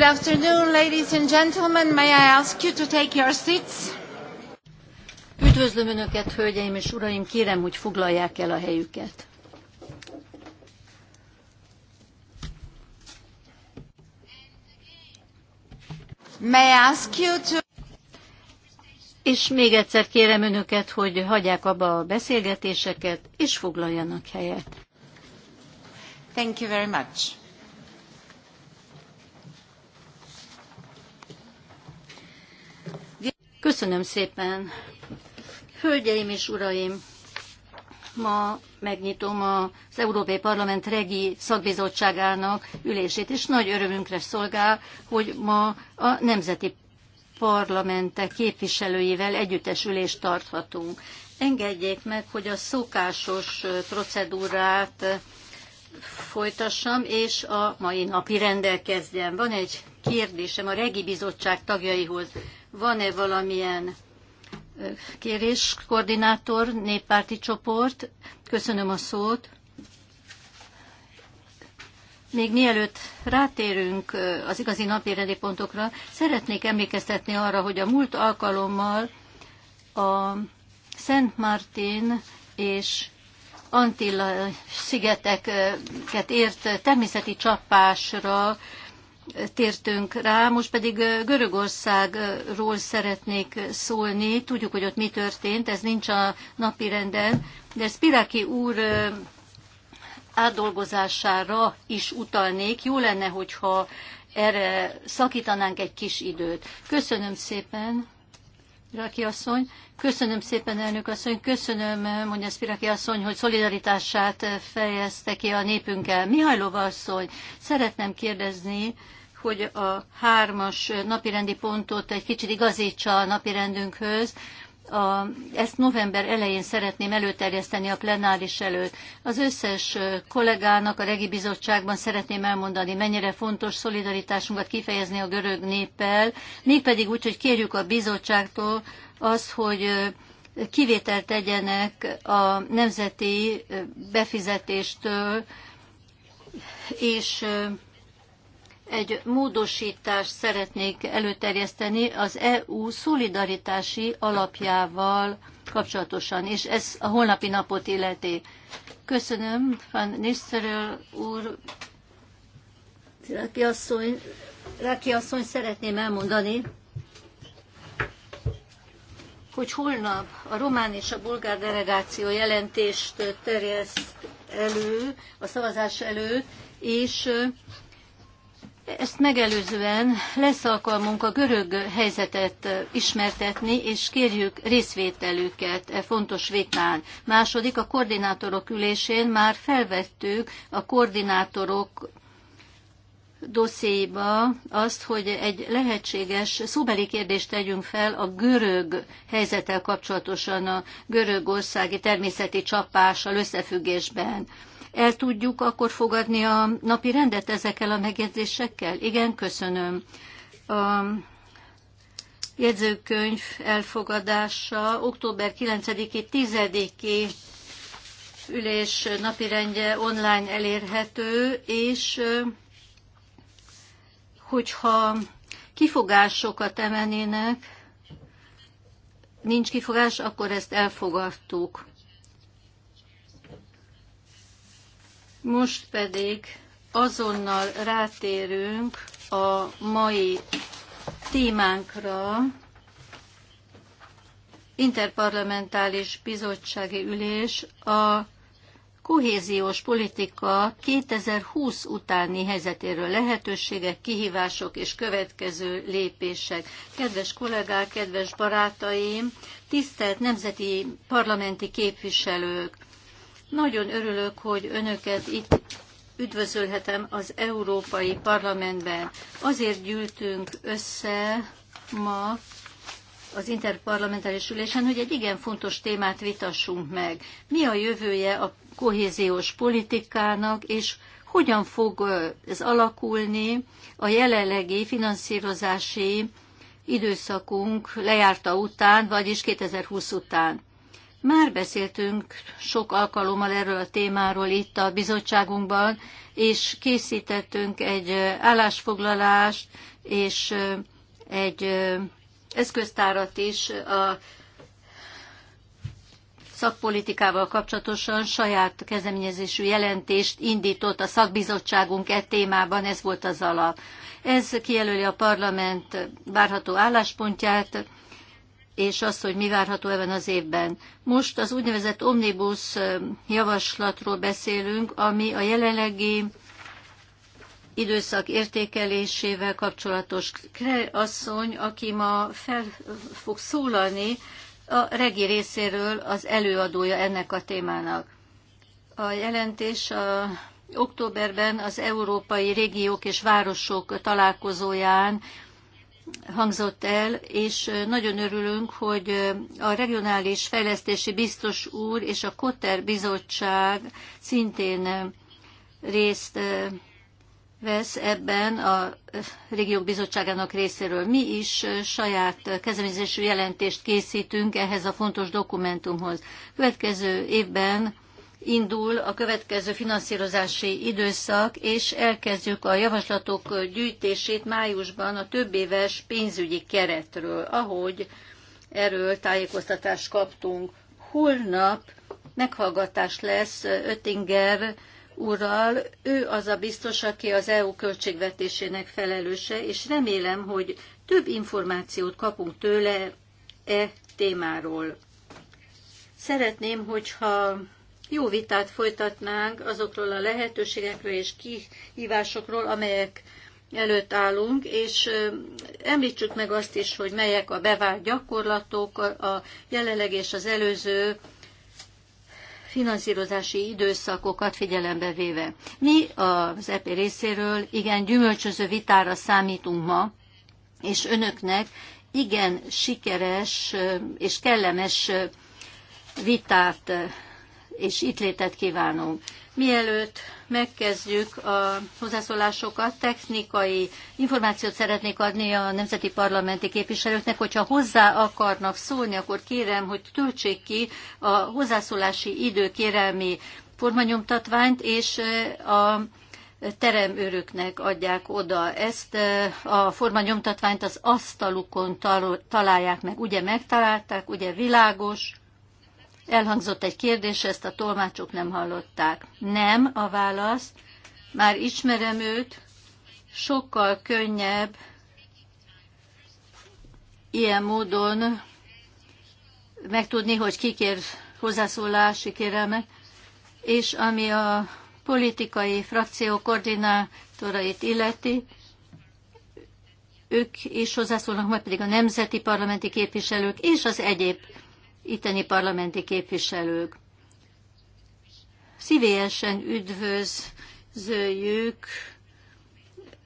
Good afternoon, ladies and gentlemen. May I ask you to take your seats? Üdvözlöm Önöket, hölgyeim és uraim, kérem, hogy foglalják el a helyüket. May I ask you to... És még egyszer kérem Önöket, hogy hagyják abba a beszélgetéseket, és foglaljanak helyet. Thank you very much. Köszönöm szépen. Hölgyeim és uraim, ma megnyitom az Európai Parlament regi szakbizottságának ülését, és nagy örömünkre szolgál, hogy ma a nemzeti parlamentek képviselőivel együttes ülést tarthatunk. Engedjék meg, hogy a szokásos procedúrát folytassam, és a mai napi rendel kezdjem. Van egy kérdésem a regi bizottság tagjaihoz. Van-e valamilyen kérés, koordinátor, néppárti csoport? Köszönöm a szót. Még mielőtt rátérünk az igazi napirendi pontokra, szeretnék emlékeztetni arra, hogy a múlt alkalommal a Szent Martin és Antilla szigeteket ért természeti csapásra tértünk rá, most pedig Görögországról szeretnék szólni. Tudjuk, hogy ott mi történt, ez nincs a napi renden, de Spiraki úr átdolgozására is utalnék. Jó lenne, hogyha erre szakítanánk egy kis időt. Köszönöm szépen, Spiraki asszony. Köszönöm szépen, elnök asszony. Köszönöm, mondja Spiraki asszony, hogy szolidaritását fejezte ki a népünkkel. Mihajlova asszony, szeretném kérdezni, hogy a hármas napirendi pontot egy kicsit igazítsa a napirendünkhöz. A, ezt november elején szeretném előterjeszteni a plenáris előtt. Az összes kollégának a regi bizottságban szeretném elmondani, mennyire fontos szolidaritásunkat kifejezni a görög néppel, mégpedig úgy, hogy kérjük a bizottságtól az, hogy kivételt tegyenek a nemzeti befizetéstől, és egy módosítást szeretnék előterjeszteni az EU szolidaritási alapjával kapcsolatosan, és ez a holnapi napot illeti. Köszönöm, Van Nisztről úr, Ráki asszony, Ráki asszony, szeretném elmondani, hogy holnap a román és a bulgár delegáció jelentést terjeszt elő, a szavazás előtt, és ezt megelőzően lesz alkalmunk a görög helyzetet ismertetni, és kérjük részvételüket e fontos vitán. Második, a koordinátorok ülésén már felvettük a koordinátorok dosszéiba azt, hogy egy lehetséges szóbeli kérdést tegyünk fel a görög helyzettel kapcsolatosan, a görögországi természeti csapással összefüggésben el tudjuk akkor fogadni a napi rendet ezekkel a megjegyzésekkel? Igen, köszönöm. A jegyzőkönyv elfogadása október 9-i 10-i ülés rendje online elérhető, és hogyha kifogásokat emelnének, nincs kifogás, akkor ezt elfogadtuk. Most pedig azonnal rátérünk a mai témánkra, interparlamentális bizottsági ülés a kohéziós politika 2020 utáni helyzetéről lehetőségek, kihívások és következő lépések. Kedves kollégák, kedves barátaim, tisztelt nemzeti parlamenti képviselők! Nagyon örülök, hogy önöket itt üdvözölhetem az Európai Parlamentben. Azért gyűltünk össze ma az interparlamentális ülésen, hogy egy igen fontos témát vitassunk meg. Mi a jövője a kohéziós politikának, és hogyan fog ez alakulni a jelenlegi finanszírozási időszakunk lejárta után, vagyis 2020 után. Már beszéltünk sok alkalommal erről a témáról itt a bizottságunkban, és készítettünk egy állásfoglalást, és egy eszköztárat is a szakpolitikával kapcsolatosan saját kezdeményezésű jelentést indított a szakbizottságunk e témában, ez volt az alap. Ez kijelöli a parlament várható álláspontját, és azt, hogy mi várható ebben az évben. Most az úgynevezett omnibus javaslatról beszélünk, ami a jelenlegi időszak értékelésével kapcsolatos. Kre asszony, aki ma fel fog szólalni, a regi részéről az előadója ennek a témának. A jelentés a októberben az Európai Régiók és Városok találkozóján hangzott el, és nagyon örülünk, hogy a Regionális Fejlesztési Biztos úr és a Kotter Bizottság szintén részt vesz ebben a Régiók Bizottságának részéről. Mi is saját kezdeményezésű jelentést készítünk ehhez a fontos dokumentumhoz. Következő évben indul a következő finanszírozási időszak, és elkezdjük a javaslatok gyűjtését májusban a többéves pénzügyi keretről, ahogy erről tájékoztatást kaptunk. Holnap meghallgatás lesz Öttinger úrral, ő az a biztos, aki az EU költségvetésének felelőse, és remélem, hogy több információt kapunk tőle e témáról. Szeretném, hogyha jó vitát folytatnánk azokról a lehetőségekről és kihívásokról, amelyek előtt állunk, és említsük meg azt is, hogy melyek a bevált gyakorlatok, a jelenleg és az előző finanszírozási időszakokat figyelembe véve. Mi az EP részéről igen gyümölcsöző vitára számítunk ma, és önöknek igen sikeres és kellemes vitát és itt létet kívánunk. Mielőtt megkezdjük a hozzászólásokat, technikai információt szeretnék adni a nemzeti parlamenti képviselőknek, hogyha hozzá akarnak szólni, akkor kérem, hogy töltsék ki a hozzászólási időkérelmi formanyomtatványt, és a teremőröknek adják oda. Ezt a formanyomtatványt az asztalukon találják meg. Ugye megtalálták, ugye világos, Elhangzott egy kérdés, ezt a tolmácsok nem hallották. Nem a válasz. Már ismerem őt, sokkal könnyebb ilyen módon megtudni, hogy kikér hozzászólási kérelmet, és ami a politikai frakció koordinátorait illeti, ők is hozzászólnak, majd pedig a nemzeti parlamenti képviselők és az egyéb itteni parlamenti képviselők. Szívélyesen üdvözöljük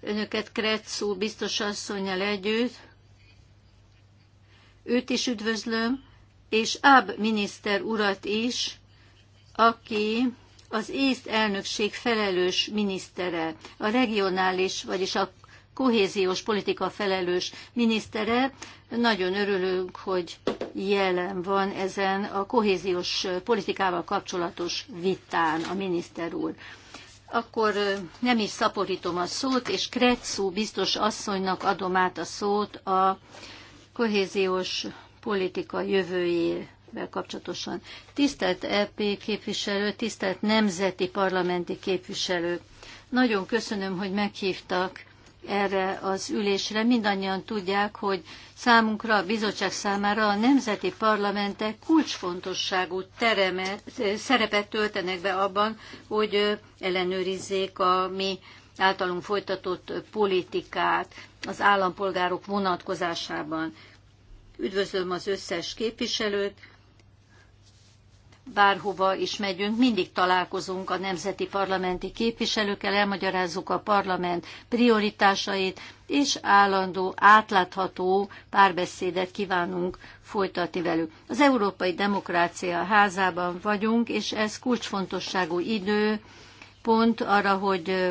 Önöket Kretszú biztos asszonyjal együtt. Őt is üdvözlöm, és Áb miniszter urat is, aki az észt elnökség felelős minisztere, a regionális, vagyis a kohéziós politika felelős minisztere. Nagyon örülünk, hogy jelen van ezen a kohéziós politikával kapcsolatos vitán a miniszter úr. Akkor nem is szaporítom a szót, és Kretszú biztos asszonynak adom át a szót a kohéziós politika jövőjével vel kapcsolatosan. Tisztelt EP képviselő, tisztelt nemzeti parlamenti képviselő, nagyon köszönöm, hogy meghívtak erre az ülésre. Mindannyian tudják, hogy számunkra, a bizottság számára a nemzeti parlamentek kulcsfontosságú tereme, szerepet töltenek be abban, hogy ellenőrizzék a mi általunk folytatott politikát az állampolgárok vonatkozásában. Üdvözlöm az összes képviselőt, bárhova is megyünk, mindig találkozunk a nemzeti parlamenti képviselőkkel, elmagyarázzuk a parlament prioritásait, és állandó, átlátható párbeszédet kívánunk folytatni velük. Az Európai Demokrácia házában vagyunk, és ez kulcsfontosságú idő, pont arra, hogy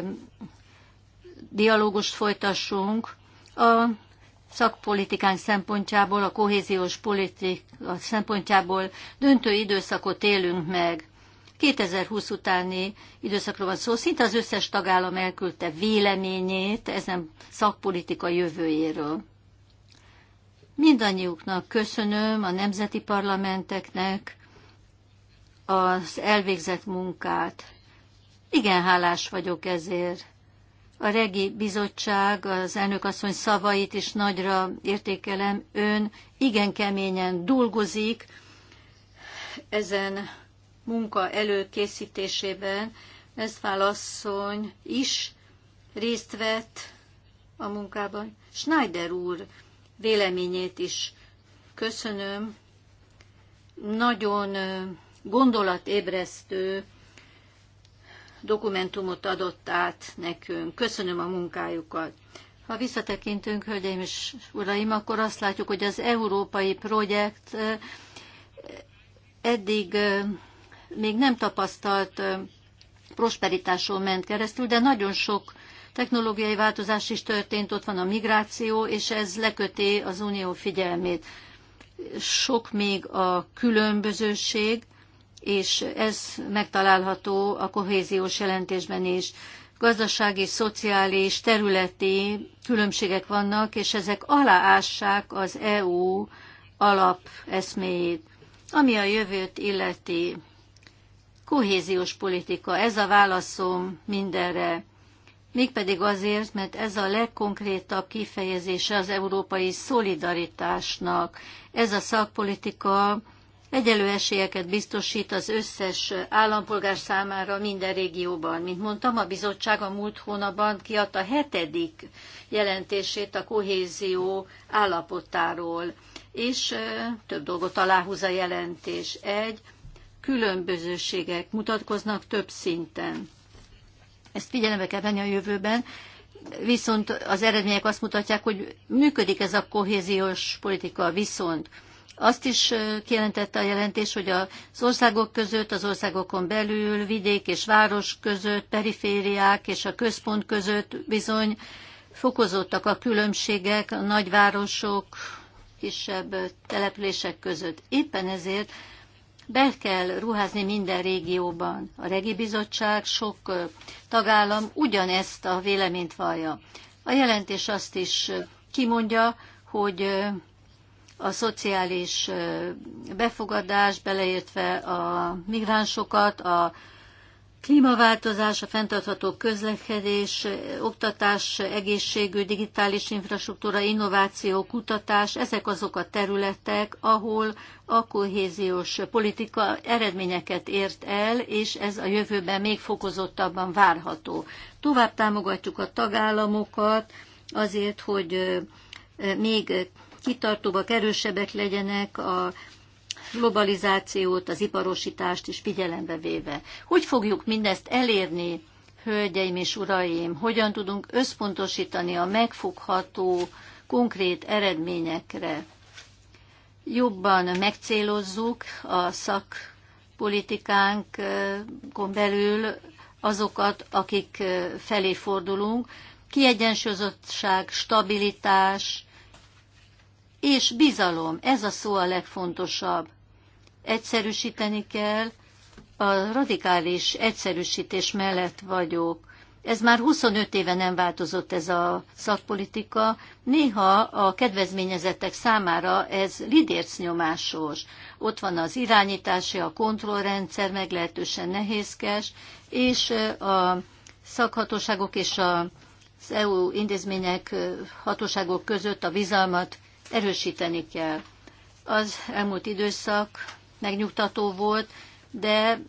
dialógust folytassunk a szakpolitikánk szempontjából, a kohéziós politika szempontjából döntő időszakot élünk meg. 2020 utáni időszakról van szó, szinte az összes tagállam elküldte véleményét ezen szakpolitika jövőjéről. Mindannyiuknak köszönöm, a nemzeti parlamenteknek az elvégzett munkát. Igen hálás vagyok ezért. A regi bizottság, az asszony szavait is nagyra értékelem. Ön igen keményen dolgozik ezen munka előkészítésében. ez asszony is részt vett a munkában. Schneider úr véleményét is köszönöm. Nagyon gondolatébresztő dokumentumot adott át nekünk. Köszönöm a munkájukat. Ha visszatekintünk, hölgyeim és uraim, akkor azt látjuk, hogy az európai projekt eddig még nem tapasztalt prosperitáson ment keresztül, de nagyon sok technológiai változás is történt, ott van a migráció, és ez leköti az unió figyelmét. Sok még a különbözőség, és ez megtalálható a kohéziós jelentésben is. Gazdasági, szociális, területi különbségek vannak, és ezek aláássák az EU alap eszméjét. Ami a jövőt illeti, kohéziós politika, ez a válaszom mindenre. Mégpedig azért, mert ez a legkonkrétabb kifejezése az európai szolidaritásnak. Ez a szakpolitika egyenlő esélyeket biztosít az összes állampolgár számára minden régióban. Mint mondtam, a bizottság a múlt hónapban kiadta hetedik jelentését a kohézió állapotáról, és több dolgot aláhúz a jelentés. Egy, különbözőségek mutatkoznak több szinten. Ezt figyelembe kell venni a jövőben, viszont az eredmények azt mutatják, hogy működik ez a kohéziós politika, viszont azt is kijelentette a jelentés, hogy az országok között, az országokon belül, vidék és város között, perifériák és a központ között bizony fokozottak a különbségek a nagyvárosok, kisebb települések között. Éppen ezért be kell ruházni minden régióban. A Regi Bizottság, sok tagállam ugyanezt a véleményt vallja. A jelentés azt is kimondja, hogy a szociális befogadás, beleértve a migránsokat, a klímaváltozás, a fenntartható közlekedés, oktatás, egészségügy, digitális infrastruktúra, innováció, kutatás, ezek azok a területek, ahol a kohéziós politika eredményeket ért el, és ez a jövőben még fokozottabban várható. Tovább támogatjuk a tagállamokat azért, hogy még kitartóbbak, erősebbek legyenek a globalizációt, az iparosítást is figyelembe véve. Hogy fogjuk mindezt elérni, hölgyeim és uraim? Hogyan tudunk összpontosítani a megfogható konkrét eredményekre? Jobban megcélozzuk a szakpolitikánkon belül azokat, akik felé fordulunk. Kiegyensúlyozottság, stabilitás, és bizalom, ez a szó a legfontosabb. Egyszerűsíteni kell, a radikális egyszerűsítés mellett vagyok. Ez már 25 éve nem változott ez a szakpolitika. Néha a kedvezményezettek számára ez nyomásos. Ott van az irányítási, a kontrollrendszer meglehetősen nehézkes, és a szakhatóságok és az EU intézmények hatóságok között a bizalmat erősíteni kell. Az elmúlt időszak megnyugtató volt, de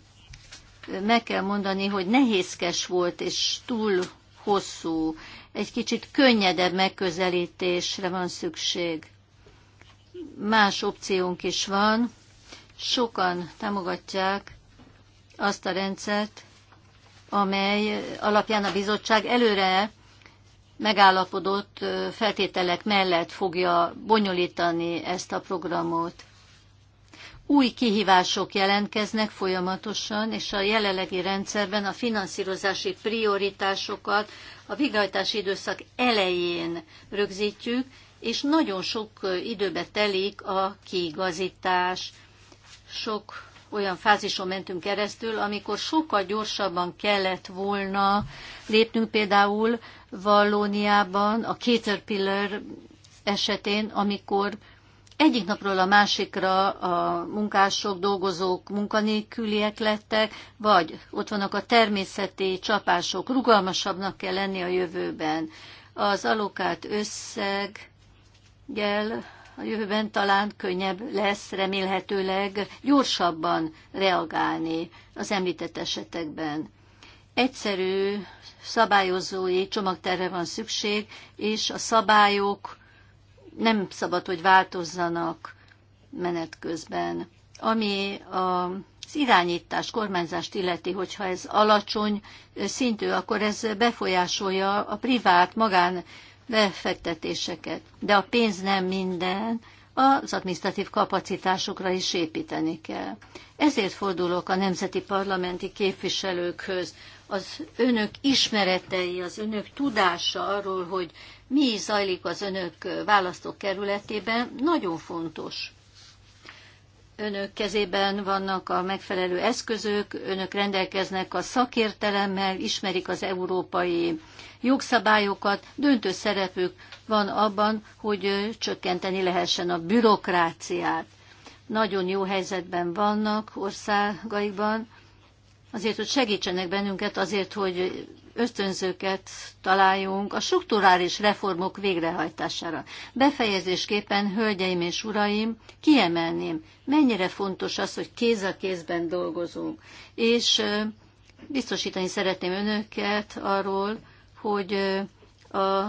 meg kell mondani, hogy nehézkes volt és túl hosszú. Egy kicsit könnyedebb megközelítésre van szükség. Más opciónk is van. Sokan támogatják azt a rendszert, amely alapján a bizottság előre megállapodott feltételek mellett fogja bonyolítani ezt a programot. Új kihívások jelentkeznek folyamatosan, és a jelenlegi rendszerben a finanszírozási prioritásokat a végrehajtási időszak elején rögzítjük, és nagyon sok időbe telik a kiigazítás, sok olyan fázison mentünk keresztül, amikor sokkal gyorsabban kellett volna lépnünk például Vallóniában, a Caterpillar esetén, amikor egyik napról a másikra a munkások, dolgozók munkanélküliek lettek, vagy ott vannak a természeti csapások, rugalmasabbnak kell lenni a jövőben. Az alokált összeggel a jövőben talán könnyebb lesz remélhetőleg gyorsabban reagálni az említett esetekben. Egyszerű szabályozói csomagterre van szükség, és a szabályok nem szabad, hogy változzanak menet közben. Ami a az irányítás, kormányzást illeti, hogyha ez alacsony szintű, akkor ez befolyásolja a privát, magán befektetéseket. De a pénz nem minden, az adminisztratív kapacitásokra is építeni kell. Ezért fordulok a nemzeti parlamenti képviselőkhöz. Az önök ismeretei, az önök tudása arról, hogy mi zajlik az önök választókerületében, nagyon fontos önök kezében vannak a megfelelő eszközök, önök rendelkeznek a szakértelemmel, ismerik az európai jogszabályokat, döntő szerepük van abban, hogy csökkenteni lehessen a bürokráciát. Nagyon jó helyzetben vannak országaikban, azért, hogy segítsenek bennünket, azért, hogy ösztönzőket találjunk a strukturális reformok végrehajtására. Befejezésképpen, hölgyeim és uraim, kiemelném, mennyire fontos az, hogy kéz a kézben dolgozunk. És biztosítani szeretném önöket arról, hogy a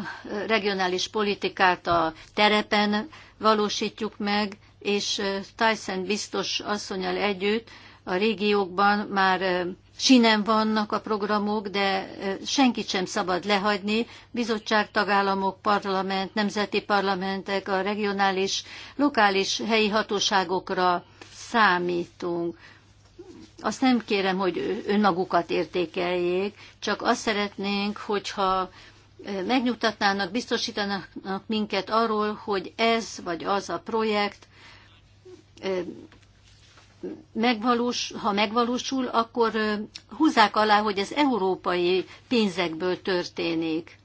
regionális politikát a terepen valósítjuk meg, és Tyson biztos asszonyal együtt a régiókban már sinem vannak a programok, de senkit sem szabad lehagyni. Bizottság, tagállamok, parlament, nemzeti parlamentek, a regionális, lokális helyi hatóságokra számítunk. Azt nem kérem, hogy önmagukat értékeljék, csak azt szeretnénk, hogyha megnyugtatnának, biztosítanak minket arról, hogy ez vagy az a projekt megvalós, ha megvalósul, akkor húzzák alá, hogy ez európai pénzekből történik.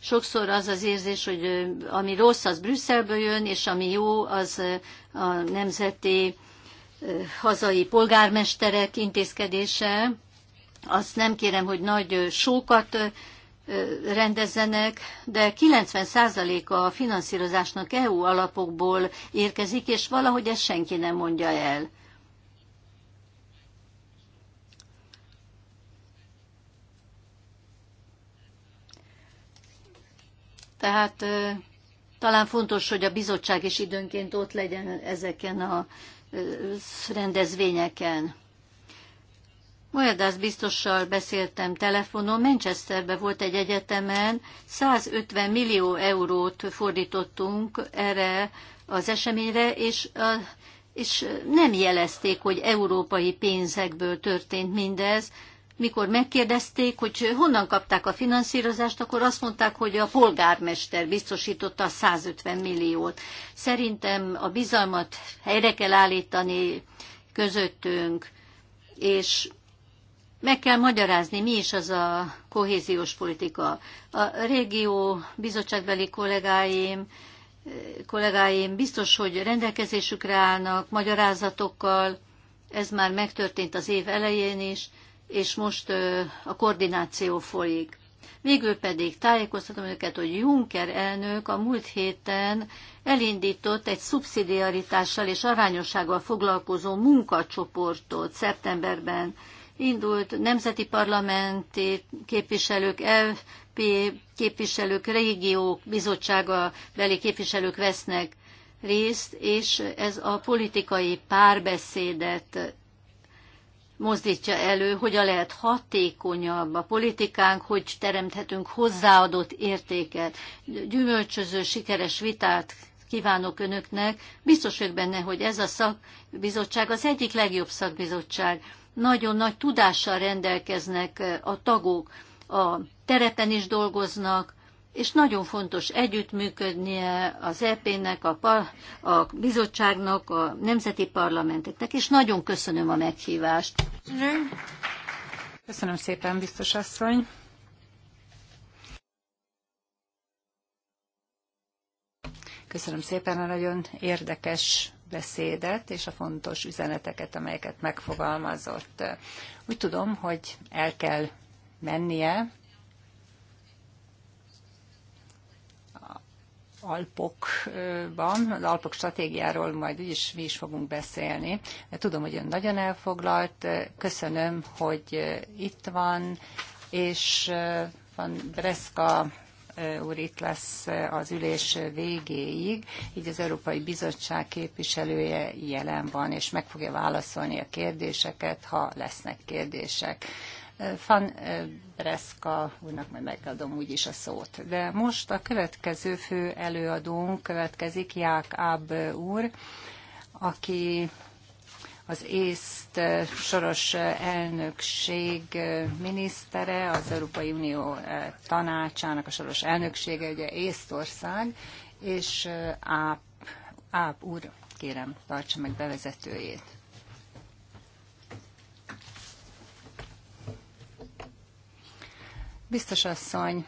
Sokszor az az érzés, hogy ami rossz, az Brüsszelből jön, és ami jó, az a nemzeti hazai polgármesterek intézkedése. Azt nem kérem, hogy nagy sókat rendezzenek, de 90%-a a finanszírozásnak EU alapokból érkezik, és valahogy ezt senki nem mondja el. Tehát talán fontos, hogy a bizottság is időnként ott legyen ezeken a rendezvényeken. Mojadász biztossal beszéltem telefonon, Manchesterbe volt egy egyetemen, 150 millió eurót fordítottunk erre az eseményre, és, a, és nem jelezték, hogy európai pénzekből történt mindez. Mikor megkérdezték, hogy honnan kapták a finanszírozást, akkor azt mondták, hogy a polgármester biztosította a 150 milliót. Szerintem a bizalmat helyre kell állítani közöttünk, és meg kell magyarázni, mi is az a kohéziós politika. A régió bizottságbeli kollégáim, kollégáim biztos, hogy rendelkezésükre állnak magyarázatokkal, ez már megtörtént az év elején is, és most a koordináció folyik. Végül pedig tájékoztatom őket, hogy Juncker elnök a múlt héten elindított egy szubszidiaritással és arányossággal foglalkozó munkacsoportot szeptemberben indult nemzeti parlamenti képviselők, LP képviselők, régiók, bizottsága beli képviselők vesznek részt, és ez a politikai párbeszédet mozdítja elő, hogyan lehet hatékonyabb a politikánk, hogy teremthetünk hozzáadott értéket. Gyümölcsöző, sikeres vitát kívánok önöknek. Biztos vagyok benne, hogy ez a szakbizottság az egyik legjobb szakbizottság nagyon nagy tudással rendelkeznek a tagok, a terepen is dolgoznak, és nagyon fontos együttműködnie az EP-nek, a, par, a bizottságnak, a nemzeti parlamenteknek, és nagyon köszönöm a meghívást. Köszönöm szépen, biztos asszony. Köszönöm szépen a nagyon érdekes beszédet és a fontos üzeneteket, amelyeket megfogalmazott. Úgy tudom, hogy el kell mennie Alpokban, az Alpok stratégiáról majd úgyis mi is fogunk beszélni. De tudom, hogy ön nagyon elfoglalt. Köszönöm, hogy itt van, és eh, van Breszka úr itt lesz eh, az ülés végéig, így az Európai Bizottság képviselője jelen van, és meg fogja válaszolni a kérdéseket, ha lesznek kérdések. Fan eh, eh, Breska úrnak majd megadom úgyis a szót. De most a következő fő előadónk következik, Ják Áb úr, aki az észt soros elnökség minisztere, az Európai Unió tanácsának a soros elnöksége, ugye Észtország, és Áp, Áp úr, kérem, tartsa meg bevezetőjét. Biztos asszony,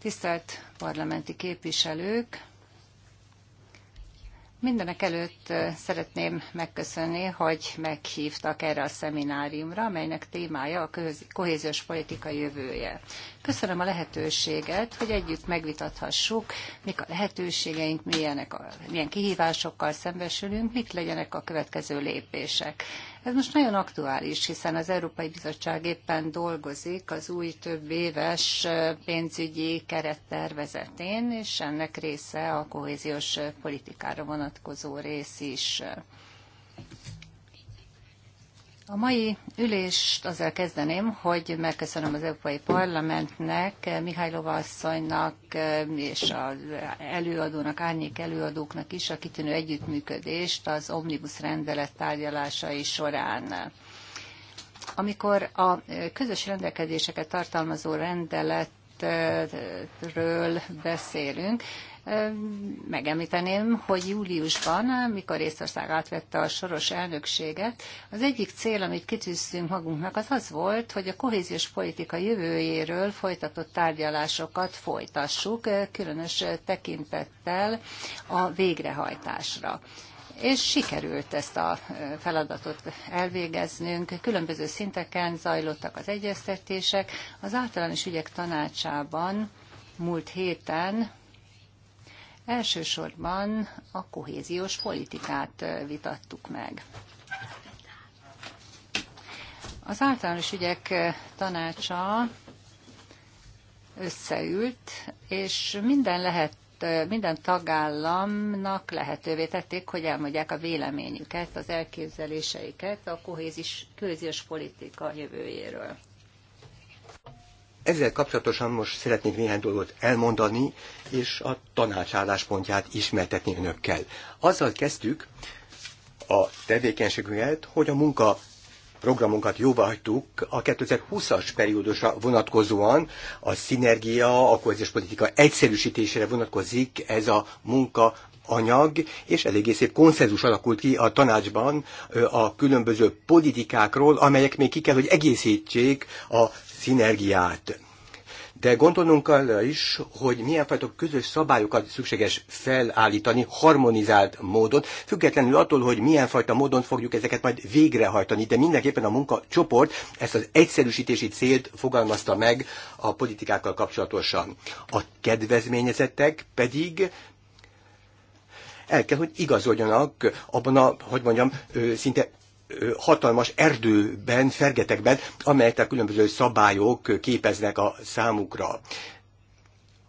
tisztelt parlamenti képviselők, Mindenek előtt szeretném megköszönni, hogy meghívtak erre a szemináriumra, amelynek témája a kohéziós politika jövője. Köszönöm a lehetőséget, hogy együtt megvitathassuk, mik a lehetőségeink, milyenek a, milyen kihívásokkal szembesülünk, mik legyenek a következő lépések. Ez most nagyon aktuális, hiszen az Európai Bizottság éppen dolgozik az új több éves pénzügyi kerettervezetén, és ennek része a kohéziós politikára vonatkozó rész is. A mai ülést azzal kezdeném, hogy megköszönöm az Európai Parlamentnek, Mihajlova asszonynak és az előadónak, árnyék előadóknak is a kitűnő együttműködést az Omnibus rendelet tárgyalásai során. Amikor a közös rendelkezéseket tartalmazó rendeletről beszélünk. Megemlíteném, hogy júliusban, mikor Észország átvette a soros elnökséget, az egyik cél, amit kitűztünk magunknak, az az volt, hogy a kohéziós politika jövőjéről folytatott tárgyalásokat folytassuk, különös tekintettel a végrehajtásra és sikerült ezt a feladatot elvégeznünk. Különböző szinteken zajlottak az egyeztetések. Az általános ügyek tanácsában múlt héten Elsősorban a kohéziós politikát vitattuk meg. Az általános ügyek tanácsa összeült, és minden lehet minden tagállamnak lehetővé tették, hogy elmondják a véleményüket, az elképzeléseiket a kohézis, kohéziós politika jövőjéről. Ezzel kapcsolatosan most szeretnék néhány dolgot elmondani, és a tanácsálláspontját ismertetni önökkel. Azzal kezdtük a tevékenységünket, hogy a munka programunkat jóvá hagytuk a 2020-as periódusra vonatkozóan, a szinergia, a kohéziós politika egyszerűsítésére vonatkozik ez a munka anyag, és eléggé szép konszenzus alakult ki a tanácsban a különböző politikákról, amelyek még ki kell, hogy egészítsék a szinergiát. De gondolnunk kell is, hogy milyen fajta közös szabályokat szükséges felállítani harmonizált módon, függetlenül attól, hogy milyen fajta módon fogjuk ezeket majd végrehajtani, de mindenképpen a munkacsoport ezt az egyszerűsítési célt fogalmazta meg a politikákkal kapcsolatosan. A kedvezményezettek pedig el kell, hogy igazodjanak abban a, hogy mondjam, szinte hatalmas erdőben, fergetekben, amelyet a különböző szabályok képeznek a számukra.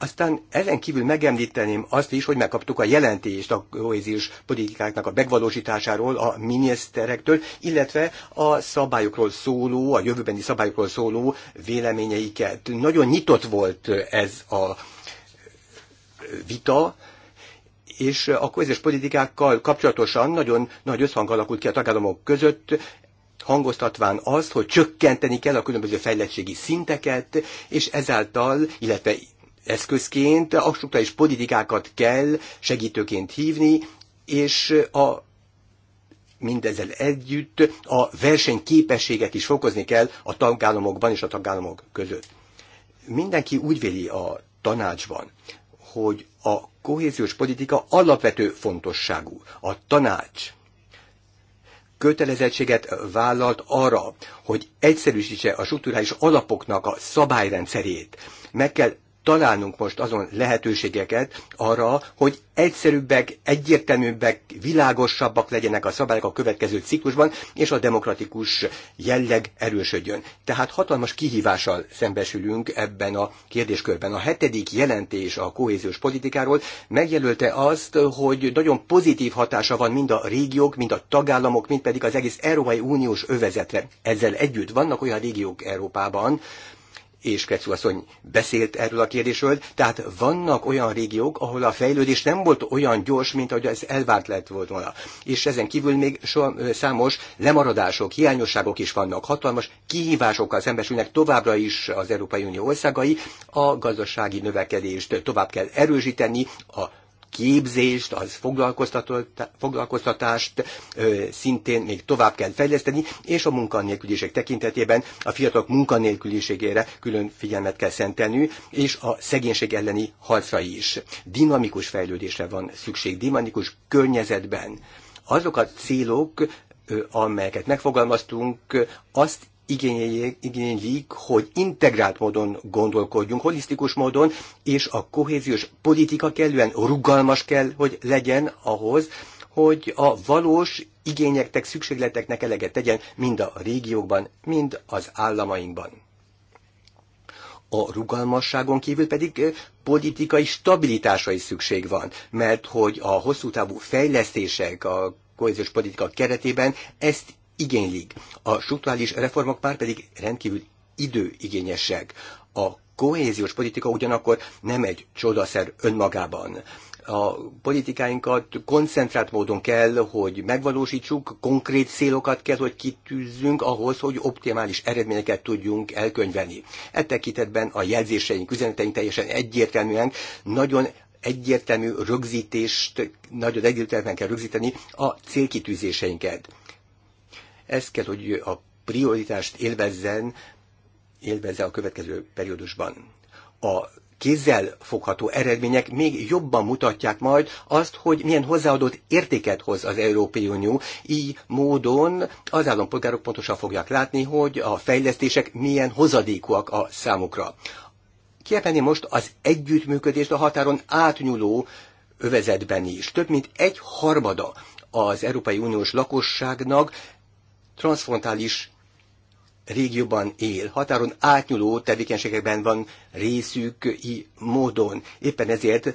Aztán ezen kívül megemlíteném azt is, hogy megkaptuk a jelentést a kohéziós politikáknak a megvalósításáról a miniszterektől, illetve a szabályokról szóló, a jövőbeni szabályokról szóló véleményeiket. Nagyon nyitott volt ez a vita, és a közös politikákkal kapcsolatosan nagyon nagy összhang alakult ki a tagállamok között, hangoztatván azt, hogy csökkenteni kell a különböző fejlettségi szinteket, és ezáltal, illetve eszközként a struktúrális politikákat kell segítőként hívni, és a mindezzel együtt a versenyképességet is fokozni kell a tagállamokban és a tagállamok között. Mindenki úgy véli a tanácsban, hogy a kohéziós politika alapvető fontosságú. A tanács kötelezettséget vállalt arra, hogy egyszerűsítse a struktúrális alapoknak a szabályrendszerét. Meg kell találnunk most azon lehetőségeket arra, hogy egyszerűbbek, egyértelműbbek, világosabbak legyenek a szabályok a következő ciklusban, és a demokratikus jelleg erősödjön. Tehát hatalmas kihívással szembesülünk ebben a kérdéskörben. A hetedik jelentés a kohéziós politikáról megjelölte azt, hogy nagyon pozitív hatása van mind a régiók, mind a tagállamok, mind pedig az egész Európai Uniós övezetre. Ezzel együtt vannak olyan régiók Európában, és Kretszú asszony beszélt erről a kérdésről, tehát vannak olyan régiók, ahol a fejlődés nem volt olyan gyors, mint ahogy ez elvárt lett volt volna. És ezen kívül még so, számos lemaradások, hiányosságok is vannak. Hatalmas kihívásokkal szembesülnek továbbra is az Európai Unió országai, a gazdasági növekedést tovább kell erősíteni, a képzést, az foglalkoztatást szintén még tovább kell fejleszteni, és a munkanélküliség tekintetében a fiatalok munkanélküliségére külön figyelmet kell szentelni, és a szegénység elleni harcra is. Dinamikus fejlődésre van szükség, dinamikus környezetben. Azok a célok, amelyeket megfogalmaztunk, azt igénylik, hogy integrált módon gondolkodjunk, holisztikus módon, és a kohéziós politika kellően rugalmas kell, hogy legyen ahhoz, hogy a valós igényeknek, szükségleteknek eleget tegyen mind a régiókban, mind az államainkban. A rugalmasságon kívül pedig eh, politikai stabilitásra is szükség van, mert hogy a hosszú távú fejlesztések, a kohéziós politika keretében ezt igénylik. A struktúrális reformok már pedig rendkívül időigényesek. A kohéziós politika ugyanakkor nem egy csodaszer önmagában a politikáinkat koncentrált módon kell, hogy megvalósítsuk, konkrét célokat kell, hogy kitűzzünk ahhoz, hogy optimális eredményeket tudjunk elkönyvelni. E tekintetben a jegyzéseink, üzeneteink teljesen egyértelműen nagyon egyértelmű rögzítést, nagyon egyértelműen kell rögzíteni a célkitűzéseinket. Ez kell, hogy a prioritást élvezzen, élvezze a következő periódusban. A kézzel fogható eredmények még jobban mutatják majd azt, hogy milyen hozzáadott értéket hoz az Európai Unió. Így módon az állampolgárok pontosan fogják látni, hogy a fejlesztések milyen hozadékúak a számukra. Kiepenni most az együttműködést a határon átnyúló övezetben is. Több mint egy harmada az Európai Uniós lakosságnak transfrontális régióban él, határon átnyúló tevékenységekben van részük i módon. Éppen ezért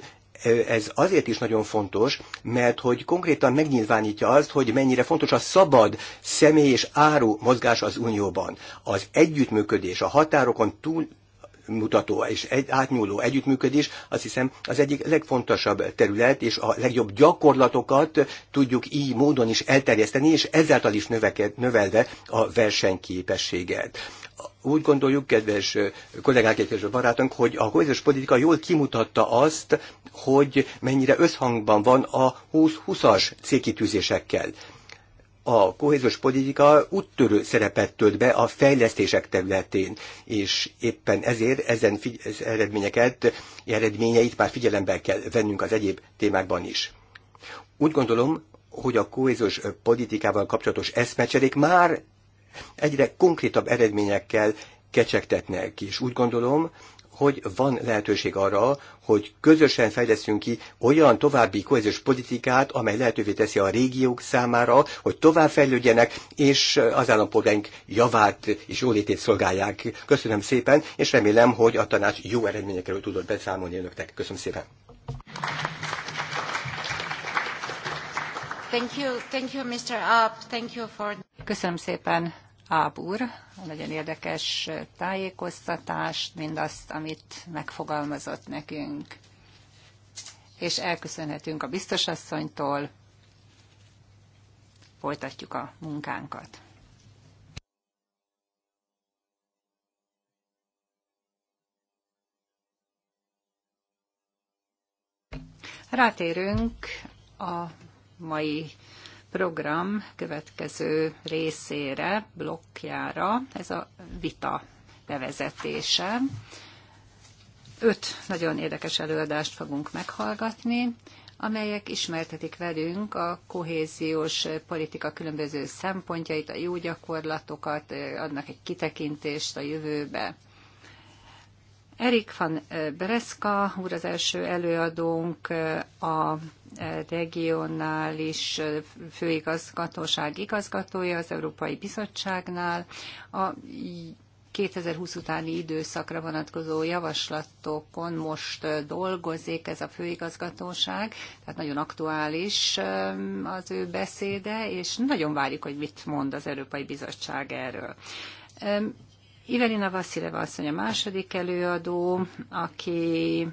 ez azért is nagyon fontos, mert hogy konkrétan megnyilvánítja azt, hogy mennyire fontos a szabad személy és áru mozgás az Unióban. Az együttműködés, a határokon túl mutató és egy, átnyúló együttműködés azt hiszem az egyik legfontosabb terület, és a legjobb gyakorlatokat tudjuk így módon is elterjeszteni, és ezáltal is növeked, növelve a versenyképességet úgy gondoljuk, kedves kollégák, kedves barátunk, hogy a kohéziós politika jól kimutatta azt, hogy mennyire összhangban van a 20-20-as célkitűzésekkel a kohéziós politika úttörő szerepet tölt be a fejlesztések területén, és éppen ezért ezen figy- eredményeket, eredményeit már figyelembe kell vennünk az egyéb témákban is. Úgy gondolom, hogy a kohéziós politikával kapcsolatos eszmecserék már egyre konkrétabb eredményekkel kecsegtetnek, és úgy gondolom, hogy van lehetőség arra, hogy közösen fejleszünk ki olyan további kohéziós politikát, amely lehetővé teszi a régiók számára, hogy tovább fejlődjenek, és az állampolgáink javát és jólétét szolgálják. Köszönöm szépen, és remélem, hogy a tanács jó eredményekről tudott beszámolni önöknek. Köszönöm szépen. Thank you, thank you, Mr. Up. Thank you for... Köszönöm szépen, Ábúr, nagyon érdekes tájékoztatást, mindazt, amit megfogalmazott nekünk. És elköszönhetünk a biztosasszonytól, folytatjuk a munkánkat. Rátérünk a mai program következő részére, blokkjára, ez a vita bevezetése. Öt nagyon érdekes előadást fogunk meghallgatni, amelyek ismertetik velünk a kohéziós politika különböző szempontjait, a jó gyakorlatokat, adnak egy kitekintést a jövőbe. Erik van Breska úr az első előadónk a regionális főigazgatóság igazgatója az Európai Bizottságnál. A 2020 utáni időszakra vonatkozó javaslatokon most dolgozik ez a főigazgatóság, tehát nagyon aktuális az ő beszéde, és nagyon várjuk, hogy mit mond az Európai Bizottság erről. Ivelina Vasileva asszony a második előadó, aki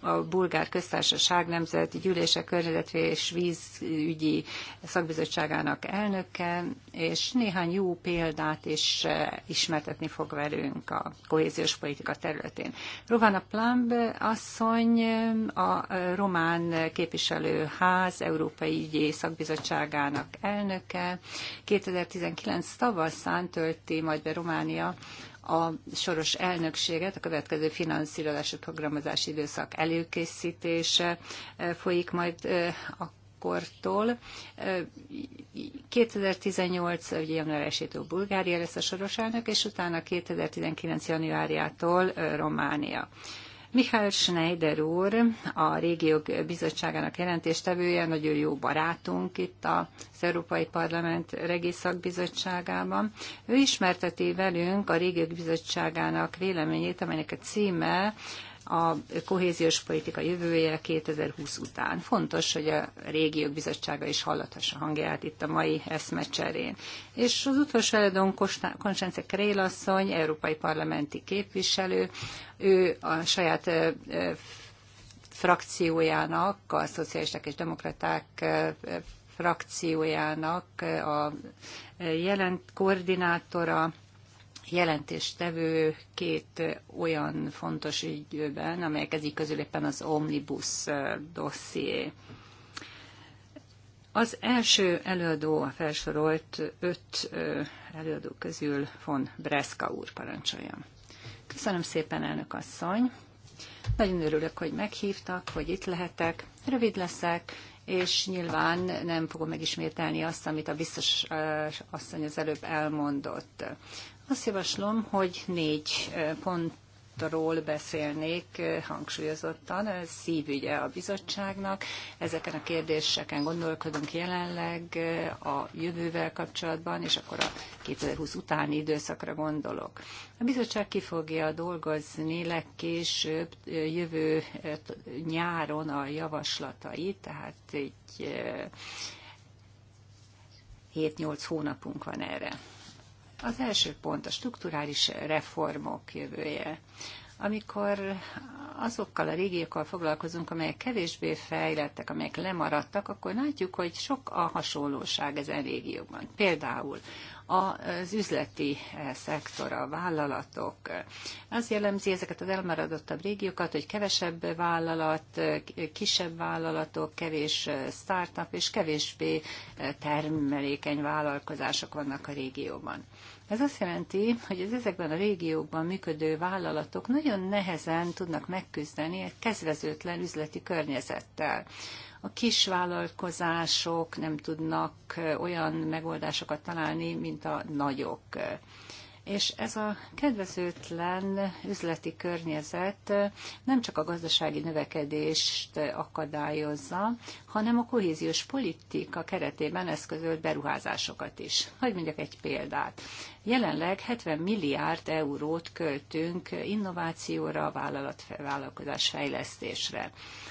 a Bulgár Köztársaság Nemzeti Gyűlése Környezetvé és Vízügyi Szakbizottságának elnöke, és néhány jó példát is eh, ismertetni fog velünk a kohéziós politika területén. Rovana Plamb asszony eh, a eh, Román Képviselőház Európai Ügyi Szakbizottságának elnöke. 2019 tavaszán tölti majd be Románia a soros elnökséget, a következő finanszírozási programozási időszak előkészítése eh, folyik majd eh, a 2018. Eh, ugye január 1-től Bulgária lesz a soros elnök, és utána 2019. januárjától Románia. Michael Schneider úr, a Régiók Bizottságának jelentéstevője, nagyon jó barátunk itt az Európai Parlament Regi Ő ismerteti velünk a Régiók Bizottságának véleményét, amelynek a címe a kohéziós politika jövője 2020 után. Fontos, hogy a régiók bizottsága is hallathassa hangját itt a mai eszmecserén. És az utolsó előadón Konstance Krélasszony, európai parlamenti képviselő, ő a saját frakciójának, a szocialisták és demokraták frakciójának a jelent koordinátora, két olyan fontos ügyben, amelyek ezik közül éppen az Omnibus dosszié. Az első előadó, a felsorolt öt előadó közül von Breska úr parancsolja. Köszönöm szépen, elnök asszony! Nagyon örülök, hogy meghívtak, hogy itt lehetek. Rövid leszek, és nyilván nem fogom megismételni azt, amit a biztos asszony az előbb elmondott. Azt javaslom, hogy négy pont ról beszélnék hangsúlyozottan. Ez szívügye a bizottságnak. Ezeken a kérdéseken gondolkodunk jelenleg a jövővel kapcsolatban, és akkor a 2020 utáni időszakra gondolok. A bizottság ki fogja dolgozni legkésőbb jövő nyáron a javaslatait, tehát egy 7-8 hónapunk van erre. Az első pont a strukturális reformok jövője. Amikor azokkal a régiókkal foglalkozunk, amelyek kevésbé fejlettek, amelyek lemaradtak, akkor látjuk, hogy sok a hasonlóság ezen régiókban. Például az üzleti eh, szektor, a vállalatok. Az jellemzi ezeket az elmaradottabb régiókat, hogy kevesebb vállalat, kisebb vállalatok, kevés eh, startup és kevésbé eh, termelékeny vállalkozások vannak a régióban. Ez azt jelenti, hogy az ezekben a régiókban működő vállalatok nagyon nehezen tudnak megküzdeni egy kezvezőtlen üzleti környezettel. A kisvállalkozások nem tudnak olyan megoldásokat találni, mint a nagyok. És ez a kedvezőtlen üzleti környezet nem csak a gazdasági növekedést akadályozza, hanem a kohéziós politika keretében eszközölt beruházásokat is. Hogy mondjak egy példát. Jelenleg 70 milliárd eurót költünk innovációra, vállalat, vállalkozás fejlesztésre.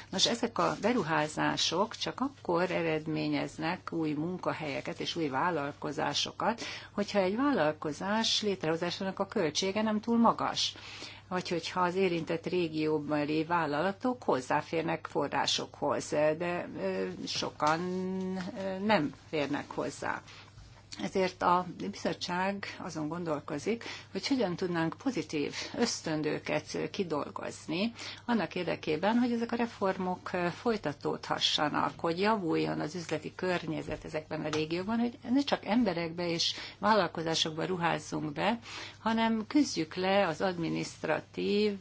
Nos, ezek a beruházások csak akkor eredményeznek új munkahelyeket és új vállalkozásokat, hogyha egy vállalkozás létrehozásának a költsége nem túl magas vagy hogyha az érintett régióban lévő vállalatok hozzáférnek forrásokhoz, de sokan nem férnek hozzá. Ezért a bizottság azon gondolkozik, hogy hogyan tudnánk pozitív ösztöndőket kidolgozni, annak érdekében, hogy ezek a reformok folytatódhassanak, hogy javuljon az üzleti környezet ezekben a régióban, hogy ne csak emberekbe és vállalkozásokba ruházzunk be, hanem küzdjük le az administratív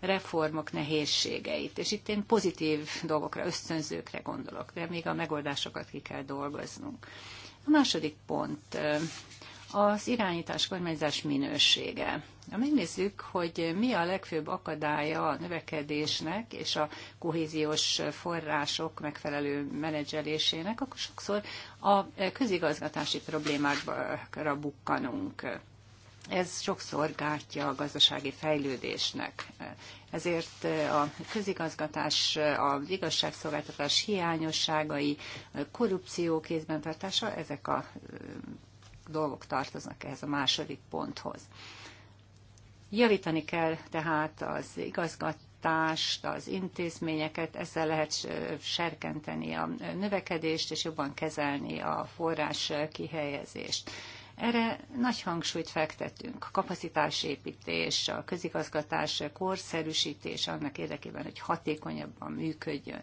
reformok nehézségeit. És itt én pozitív dolgokra, ösztönzőkre gondolok, de még a megoldásokat ki kell dolgoznunk. A második pont az irányítás kormányzás minősége. Ha megnézzük, hogy mi a legfőbb akadálya a növekedésnek és a kohéziós források megfelelő menedzselésének, akkor sokszor a közigazgatási problémákra bukkanunk. Ez sokszor gátja a gazdasági fejlődésnek ezért a közigazgatás, az igazságszolgáltatás hiányosságai, korrupció kézben tartása, ezek a dolgok tartoznak ehhez a második ponthoz. Javítani kell tehát az igazgatást, az intézményeket, ezzel lehet serkenteni a növekedést, és jobban kezelni a forrás kihelyezést. Erre nagy hangsúlyt fektetünk. A kapacitásépítés, a közigazgatás korszerűsítés annak érdekében, hogy hatékonyabban működjön.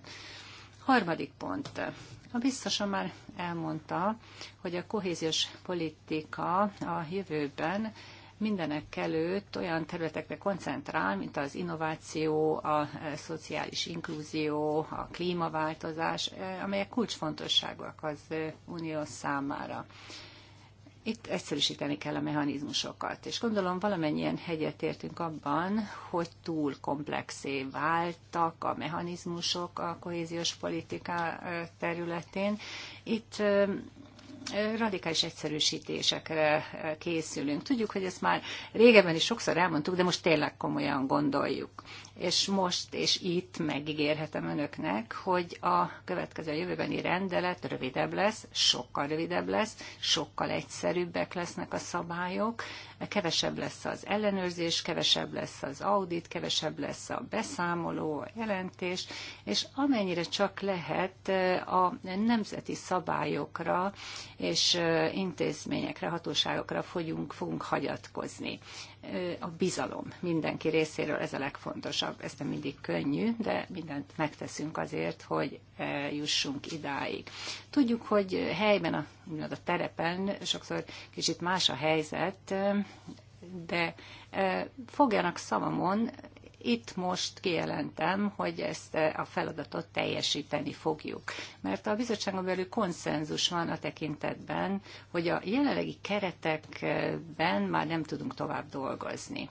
Harmadik pont. A biztosan már elmondta, hogy a kohéziós politika a jövőben mindenek előtt olyan területekre koncentrál, mint az innováció, a szociális inklúzió, a klímaváltozás, amelyek kulcsfontosságúak az unió számára. Itt egyszerűsíteni kell a mechanizmusokat, és gondolom valamennyien hegyet értünk abban, hogy túl komplexé váltak a mechanizmusok a kohéziós politika területén. Itt radikális egyszerűsítésekre készülünk. Tudjuk, hogy ezt már régebben is sokszor elmondtuk, de most tényleg komolyan gondoljuk és most és itt megígérhetem önöknek, hogy a következő a jövőbeni rendelet rövidebb lesz, sokkal rövidebb lesz, sokkal egyszerűbbek lesznek a szabályok, kevesebb lesz az ellenőrzés, kevesebb lesz az audit, kevesebb lesz a beszámoló, a jelentés, és amennyire csak lehet a nemzeti szabályokra és intézményekre, hatóságokra fogunk, fogunk hagyatkozni a bizalom mindenki részéről, ez a legfontosabb. Ez nem mindig könnyű, de mindent megteszünk azért, hogy jussunk idáig. Tudjuk, hogy helyben, a, a terepen sokszor kicsit más a helyzet, de eh, fogjanak szavamon, itt most kijelentem, hogy ezt eh, a feladatot teljesíteni fogjuk. Mert a bizottságon belül konszenzus van a tekintetben, hogy a jelenlegi keretekben már nem tudunk tovább dolgozni.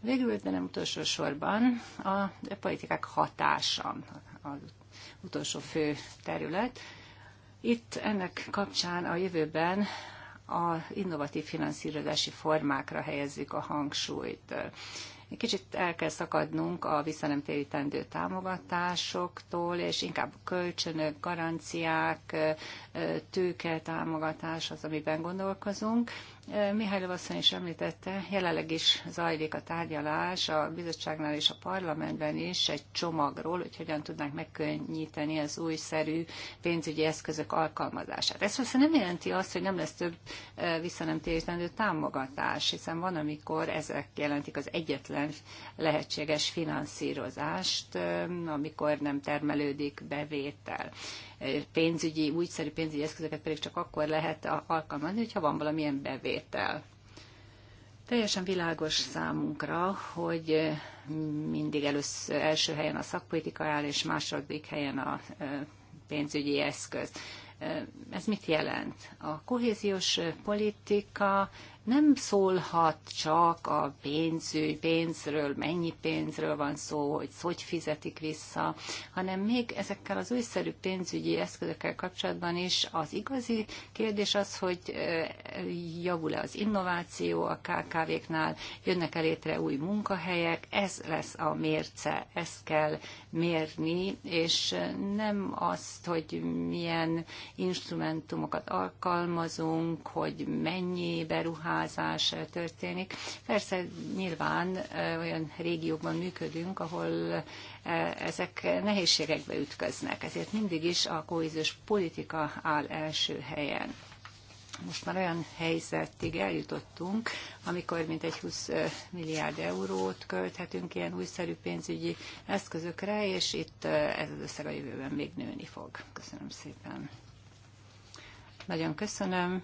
Végül, de nem utolsó sorban, a politikák hatása az utolsó fő terület. Itt ennek kapcsán a jövőben a innovatív finanszírozási formákra helyezzük a hangsúlyt. Egy kicsit el kell szakadnunk a visszanemtérítendő támogatásoktól, és inkább kölcsönök, garanciák, tőke támogatás az, amiben gondolkozunk. Mihály asszony is említette, jelenleg is zajlik a tárgyalás a bizottságnál és a parlamentben is egy csomagról, hogy hogyan tudnánk megkönnyíteni az újszerű pénzügyi eszközök alkalmazását. Ez persze nem jelenti azt, hogy nem lesz több visszanemtérítendő támogatás, hiszen van, amikor ezek jelentik az egyetlen lehetséges finanszírozást, amikor nem termelődik bevétel pénzügyi, újszerű pénzügyi eszközöket pedig csak akkor lehet alkalmazni, hogyha van valamilyen bevétel. Teljesen világos számunkra, hogy mindig először, első helyen a szakpolitika áll, és második helyen a pénzügyi eszköz. Ez mit jelent? A kohéziós politika nem szólhat csak a pénzügy, pénzről, mennyi pénzről van szó, hogy hogy fizetik vissza, hanem még ezekkel az újszerű pénzügyi eszközökkel kapcsolatban is az igazi kérdés az, hogy javul-e az innováció a KKV-knál, jönnek-e létre új munkahelyek, ez lesz a mérce, ezt kell mérni, és nem azt, hogy milyen instrumentumokat alkalmazunk, hogy mennyi beruházunk, beruházás történik. Persze nyilván olyan régiókban működünk, ahol ezek nehézségekbe ütköznek, ezért mindig is a kohéziós politika áll első helyen most már olyan helyzetig eljutottunk, amikor mintegy 20 milliárd eurót költhetünk ilyen újszerű pénzügyi eszközökre, és itt ez az összeg a jövőben még nőni fog. Köszönöm szépen. Nagyon köszönöm.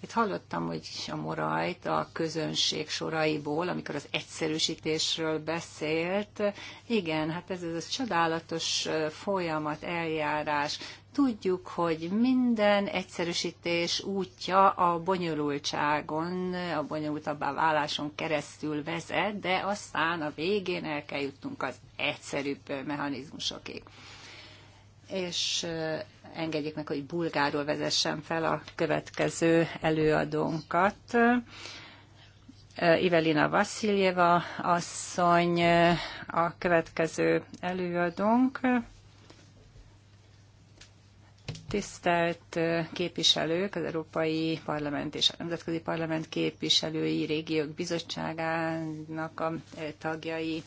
Itt hallottam, hogy a morajt a közönség soraiból, amikor az egyszerűsítésről beszélt. Igen, hát ez, ez a csodálatos folyamat, eljárás. Tudjuk, hogy minden egyszerűsítés útja a bonyolultságon, a bonyolultabbá váláson keresztül vezet, de aztán a végén el kell jutnunk az egyszerűbb mechanizmusokig és engedjék meg, hogy bulgáról vezessem fel a következő előadónkat. Ivelina Vasiljeva, asszony a következő előadónk. Tisztelt képviselők, az Európai Parlament és a Nemzetközi Parlament képviselői, régiók bizottságának a tagjai,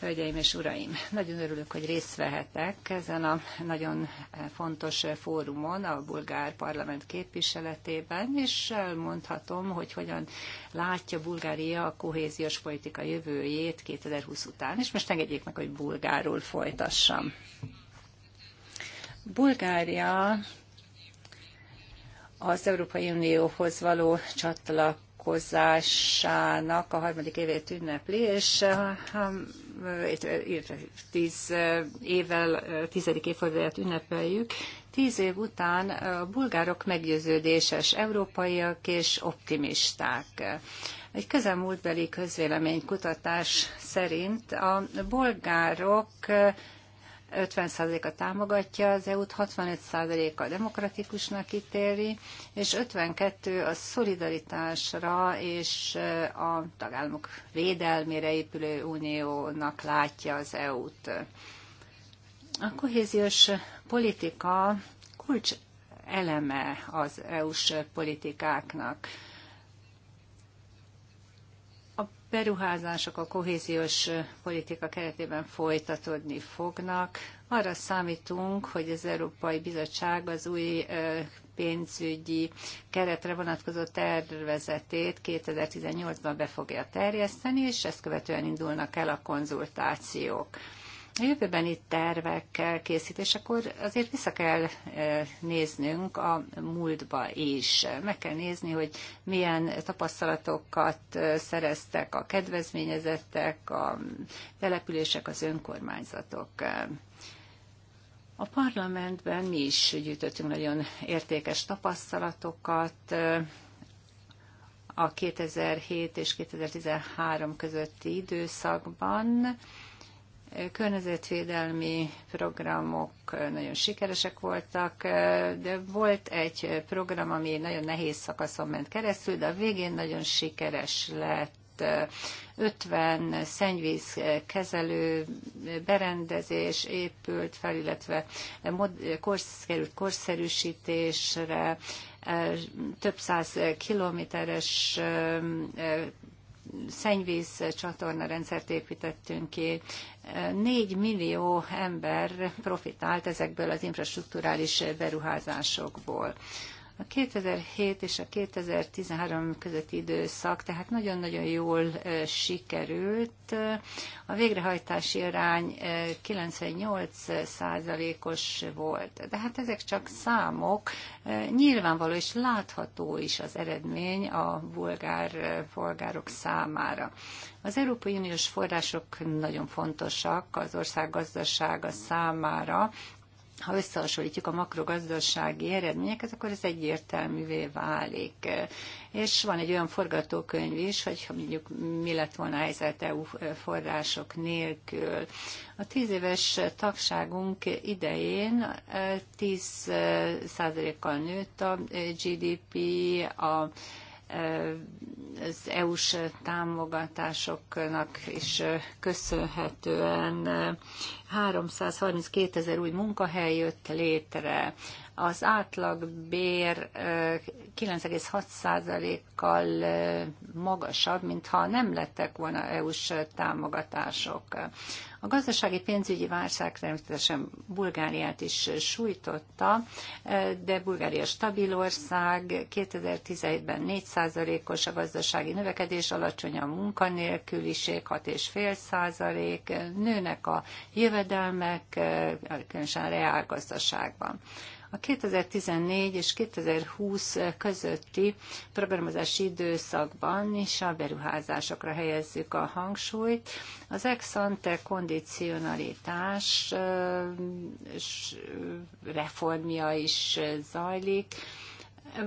Hölgyeim és uraim, nagyon örülök, hogy részt vehetek ezen a nagyon fontos fórumon a bulgár parlament képviseletében, és elmondhatom, hogy hogyan látja Bulgária a kohéziós politika jövőjét 2020 után, és most engedjék meg, hogy bulgárul folytassam. Bulgária az Európai Unióhoz való csatlak csatlakozásának a harmadik évét ünnepli, és eh, eh, tíz eh, évvel, tizedik évfordulóját ünnepeljük. Tíz év után a bulgárok meggyőződéses európaiak és optimisták. Egy közelmúltbeli közvéleménykutatás szerint a bolgárok 50%-a támogatja az EU-t, 65%-a demokratikusnak ítéli, és 52 a szolidaritásra és eh, a tagállamok védelmére épülő uniónak látja az EU-t. A kohéziós politika kulcs eleme az EU-s politikáknak beruházások a kohéziós politika keretében folytatódni fognak. Arra számítunk, hogy az Európai Bizottság az új pénzügyi keretre vonatkozó tervezetét 2018-ban be fogja terjeszteni, és ezt követően indulnak el a konzultációk a készít, tervek akkor azért vissza kell néznünk a múltba is. Meg kell nézni, hogy milyen tapasztalatokat szereztek a kedvezményezettek, a települések, az önkormányzatok. A parlamentben mi is gyűjtöttünk nagyon értékes tapasztalatokat, a 2007 és 2013 közötti időszakban környezetvédelmi programok nagyon sikeresek voltak, de volt egy program, ami nagyon nehéz szakaszon ment keresztül, de a végén nagyon sikeres lett 50 szennyvíz kezelő berendezés épült fel, illetve mod, korsz, került korszerűsítésre, több száz kilométeres szennyvíz csatorna rendszert építettünk ki, 4 millió ember profitált ezekből az infrastruktúrális beruházásokból. A 2007 és a 2013 közötti időszak, tehát nagyon-nagyon jól sikerült. A végrehajtási arány 98%-os volt. De hát ezek csak számok. Nyilvánvaló és látható is az eredmény a bulgár polgárok számára. Az Európai Uniós források nagyon fontosak az ország gazdasága számára, ha összehasonlítjuk a makrogazdasági eredményeket, akkor ez egyértelművé válik. És van egy olyan forgatókönyv is, hogy mondjuk mi lett volna a helyzet EU források nélkül. A tíz éves tagságunk idején 10 eh, eh, százalékkal nőtt a eh, GDP, a az EU-s támogatásoknak is köszönhetően 332 ezer új munkahely jött létre, az átlagbér 9,6%-kal magasabb, mintha nem lettek volna EU-s támogatások. A gazdasági pénzügyi válság természetesen Bulgáriát is sújtotta, de Bulgária stabil ország, 2017-ben 4%-os a gazdasági növekedés, alacsony a munkanélküliség, 6,5%, nőnek a jövedelmek, különösen a reálgazdaságban. A 2014 és 2020 közötti programozási időszakban is a beruházásokra helyezzük a hangsúlyt. Az ex ante kondicionalitás reformja is zajlik,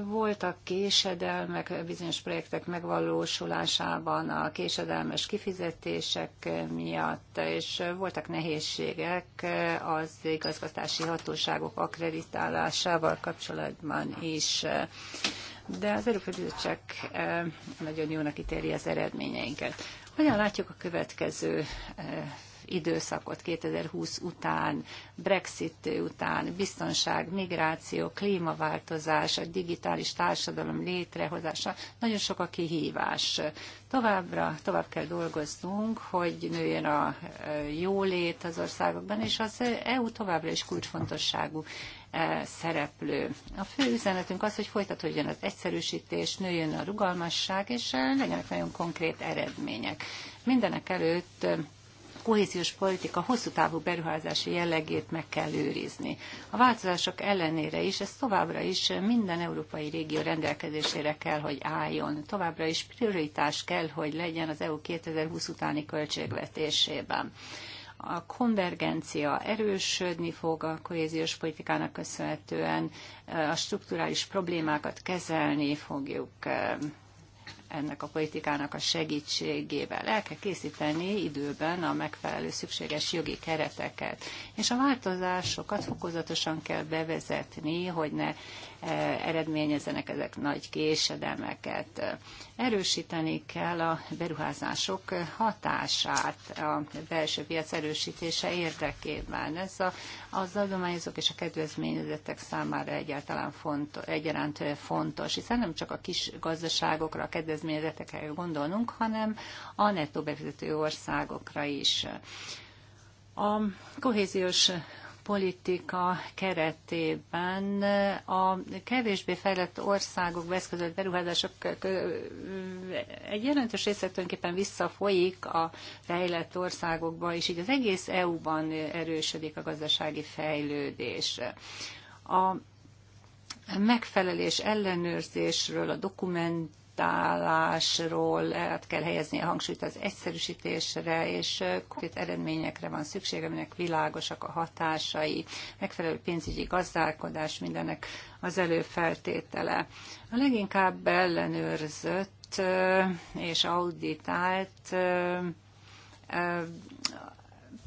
voltak késedelmek bizonyos projektek megvalósulásában, a késedelmes kifizetések miatt, és voltak nehézségek az igazgatási hatóságok akreditálásával kapcsolatban is. De az Európai Bizottság eh, nagyon jónak ítéli az eredményeinket. Hogyan látjuk a következő eh, időszakot 2020 után, Brexit után, biztonság, migráció, klímaváltozás, a digitális társadalom létrehozása, nagyon sok a kihívás. Továbbra, tovább kell dolgoznunk, hogy nőjön a e, jólét az országokban, és az EU továbbra is kulcsfontosságú e, szereplő. A fő üzenetünk az, hogy folytatódjon az egyszerűsítés, nőjön a rugalmasság, és e, legyenek nagyon konkrét eredmények. Mindenek előtt kohéziós politika hosszú távú beruházási jellegét meg kell őrizni. A változások ellenére is ez továbbra is minden európai régió rendelkezésére kell, hogy álljon. Továbbra is prioritás kell, hogy legyen az EU 2020 utáni költségvetésében a konvergencia erősödni fog a kohéziós politikának köszönhetően, a strukturális problémákat kezelni fogjuk ennek a politikának a segítségével. El kell készíteni időben a megfelelő szükséges jogi kereteket, és a változásokat fokozatosan kell bevezetni, hogy ne E, eredményezenek ezek nagy késedelmeket. Erősíteni kell a beruházások hatását a belső piac erősítése érdekében. Ez a, az adományozók és a kedvezményezettek számára egyáltalán fontos, egyaránt fontos, hiszen nem csak a kis gazdaságokra, a kedvezményezetekre gondolunk gondolnunk, hanem a nettó befizető országokra is. A kohéziós politika keretében a kevésbé fejlett országok beszközött beruházások egy jelentős része tulajdonképpen visszafolyik a fejlett országokba, és így az egész EU-ban erősödik a gazdasági fejlődés. A megfelelés ellenőrzésről, a dokument konzultálásról át kell helyezni a hangsúlyt az egyszerűsítésre, és konkrét eredményekre van szükség, aminek világosak a hatásai, megfelelő pénzügyi gazdálkodás mindenek az előfeltétele. A leginkább ellenőrzött és auditált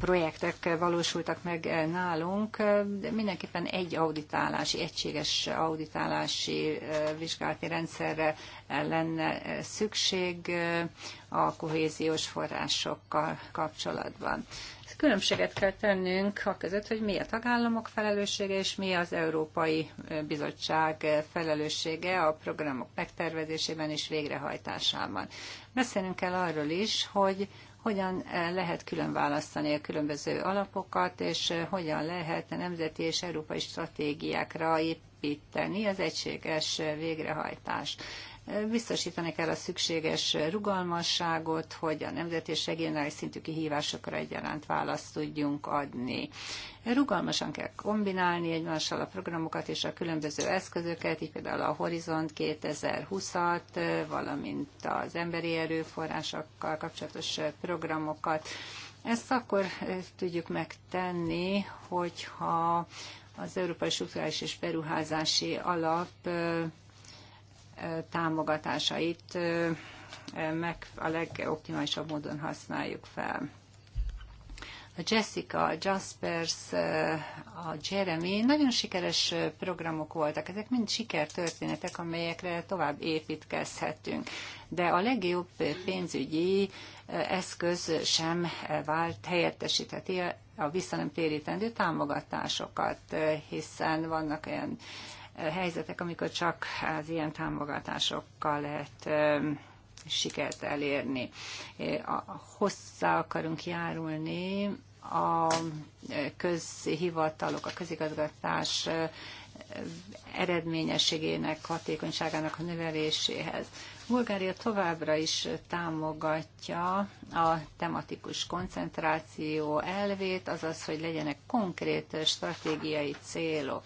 projektek valósultak meg nálunk, de mindenképpen egy auditálási, egységes auditálási vizsgálati rendszerre lenne szükség a kohéziós forrásokkal kapcsolatban. Különbséget kell tennünk a között, hogy mi a tagállamok felelőssége és mi az Európai Bizottság felelőssége a programok megtervezésében és végrehajtásában. Beszélnünk kell arról is, hogy hogyan eh, lehet külön választani a különböző alapokat, és eh, hogyan lehet a nemzeti és európai stratégiákra építeni az egységes eh, végrehajtást. Biztosítani kell a szükséges rugalmasságot, hogy a nemzeti és regionális szintű kihívásokra egyaránt választ tudjunk adni. Rugalmasan kell kombinálni egymással a programokat és a különböző eszközöket, így például a Horizont 2020-at, valamint az emberi erőforrásokkal kapcsolatos programokat. Ezt akkor eh, tudjuk megtenni, hogyha az Európai Struktúrális és Beruházási Alap eh, támogatásait meg a legoptimálisabb módon használjuk fel. A Jessica, a Jaspers, a Jeremy nagyon sikeres programok voltak. Ezek mind sikertörténetek, amelyekre tovább építkezhetünk. De a legjobb pénzügyi eszköz sem vált, helyettesítheti a visszanemtérítendő támogatásokat, hiszen vannak olyan helyzetek, amikor csak az ilyen támogatásokkal lehet sikert elérni. Hozzá akarunk járulni a közhivatalok, a közigazgatás eredményességének, hatékonyságának a növeléséhez. Bulgária továbbra is támogatja a tematikus koncentráció elvét, azaz, hogy legyenek konkrét stratégiai célok.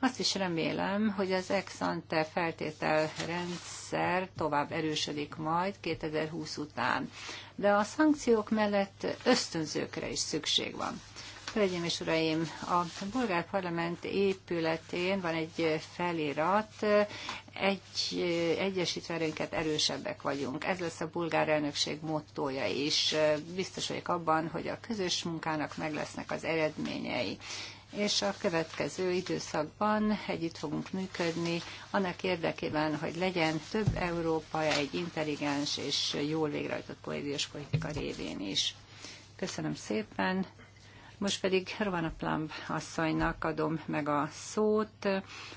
Azt is remélem, hogy az ex-ante feltételrendszer tovább erősödik majd 2020 után, de a szankciók mellett ösztönzőkre is szükség van. Hölgyeim és Uraim, a Bulgár Parlament épületén van egy felirat, egy, egyesítve erőnket erősebbek vagyunk. Ez lesz a bulgár elnökség mottoja is. Biztos vagyok abban, hogy a közös munkának meg lesznek az eredményei és a következő időszakban együtt fogunk működni, annak érdekében, hogy legyen több Európa egy intelligens és jól végrehajtott kohéziós politika révén is. Köszönöm szépen! Most pedig Rovana Plamb asszonynak adom meg a szót,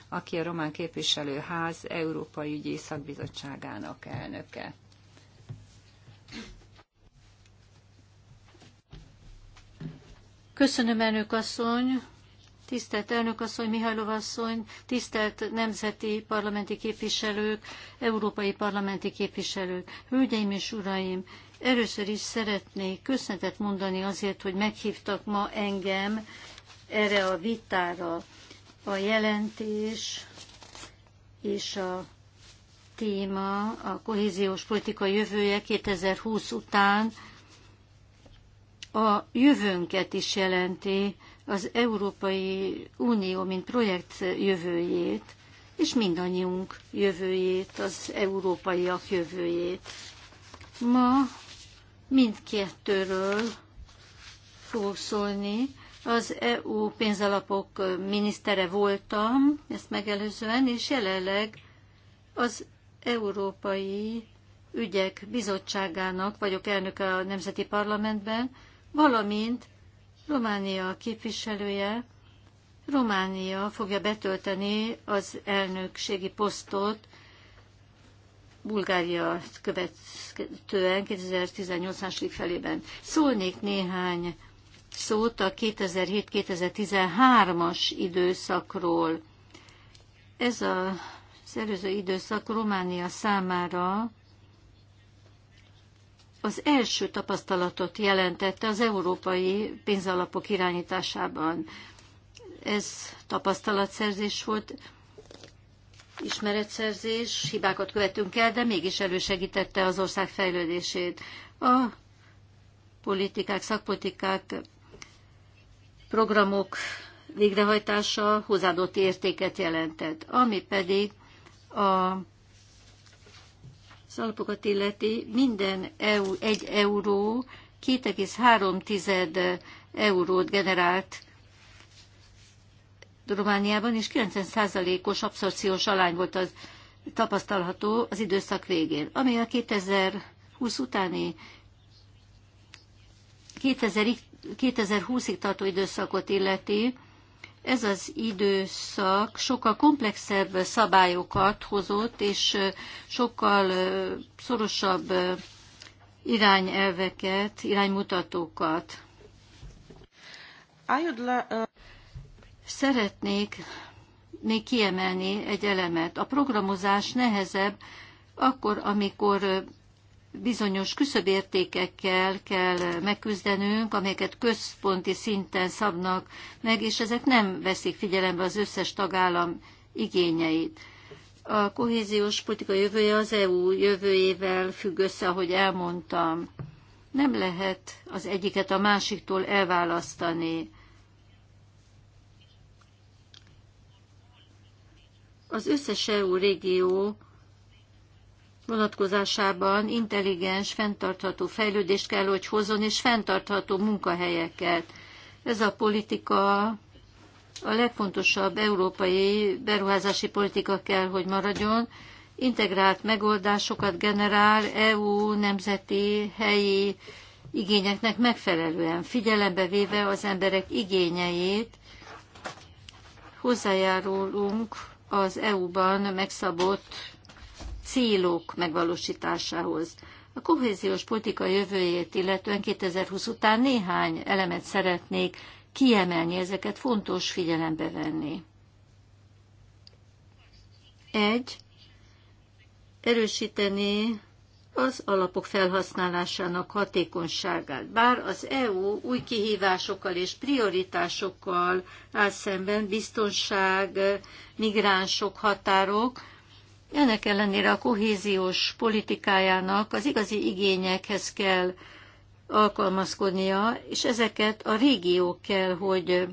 aki a Román Képviselőház Európai Ügyi Szakbizottságának elnöke. Köszönöm, elnök asszony, Tisztelt elnök asszony, Mihajlov asszony, tisztelt nemzeti parlamenti képviselők, európai parlamenti képviselők, hölgyeim és uraim, először is szeretnék köszönetet mondani azért, hogy meghívtak ma engem erre a vitára. A jelentés és a téma a kohéziós politika jövője 2020 után a jövőnket is jelenti, az Európai Unió, mint projekt jövőjét, és mindannyiunk jövőjét, az európaiak jövőjét. Ma mindkettőről fogok szólni. Az EU pénzalapok minisztere voltam, ezt megelőzően, és jelenleg az Európai Ügyek Bizottságának vagyok elnöke a Nemzeti Parlamentben, valamint Románia képviselője, Románia fogja betölteni az elnökségi posztot Bulgária követően 2018 as felében. Szólnék néhány szót a 2007-2013-as időszakról. Ez az előző időszak Románia számára az első tapasztalatot jelentette az európai pénzalapok irányításában. Ez tapasztalatszerzés volt, ismeretszerzés, hibákat követünk el, de mégis elősegítette az ország fejlődését. A politikák, szakpolitikák, programok végrehajtása hozzáadott értéket jelentett, ami pedig a az alapokat illeti, minden EU, egy euró 2,3 eurót generált Romániában, és 90%-os abszorciós alány volt az tapasztalható az időszak végén, ami a 2020 utáni 2000 2020-ig tartó időszakot illeti, ez az időszak sokkal komplexebb szabályokat hozott, és sokkal szorosabb irányelveket, iránymutatókat. Szeretnék még kiemelni egy elemet. A programozás nehezebb akkor, amikor bizonyos küszöbértékekkel kell megküzdenünk, amelyeket központi szinten szabnak meg, és ezek nem veszik figyelembe az összes tagállam igényeit. A kohéziós politika jövője az EU jövőjével függ össze, ahogy elmondtam. Nem lehet az egyiket a másiktól elválasztani. Az összes EU régió vonatkozásában intelligens, fenntartható fejlődést kell, hogy hozzon, és fenntartható munkahelyeket. Ez a politika a legfontosabb európai beruházási politika kell, hogy maradjon. Integrált megoldásokat generál EU nemzeti, helyi igényeknek megfelelően, figyelembe véve az emberek igényeit, hozzájárulunk az EU-ban megszabott célok megvalósításához. A kohéziós politika jövőjét illetően 2020 után néhány elemet szeretnék kiemelni, ezeket fontos figyelembe venni. Egy, erősíteni az alapok felhasználásának hatékonyságát. Bár az EU új kihívásokkal és prioritásokkal áll szemben, biztonság, migránsok, határok, ennek ellenére a kohéziós politikájának az igazi igényekhez kell alkalmazkodnia, és ezeket a régiók kell, hogy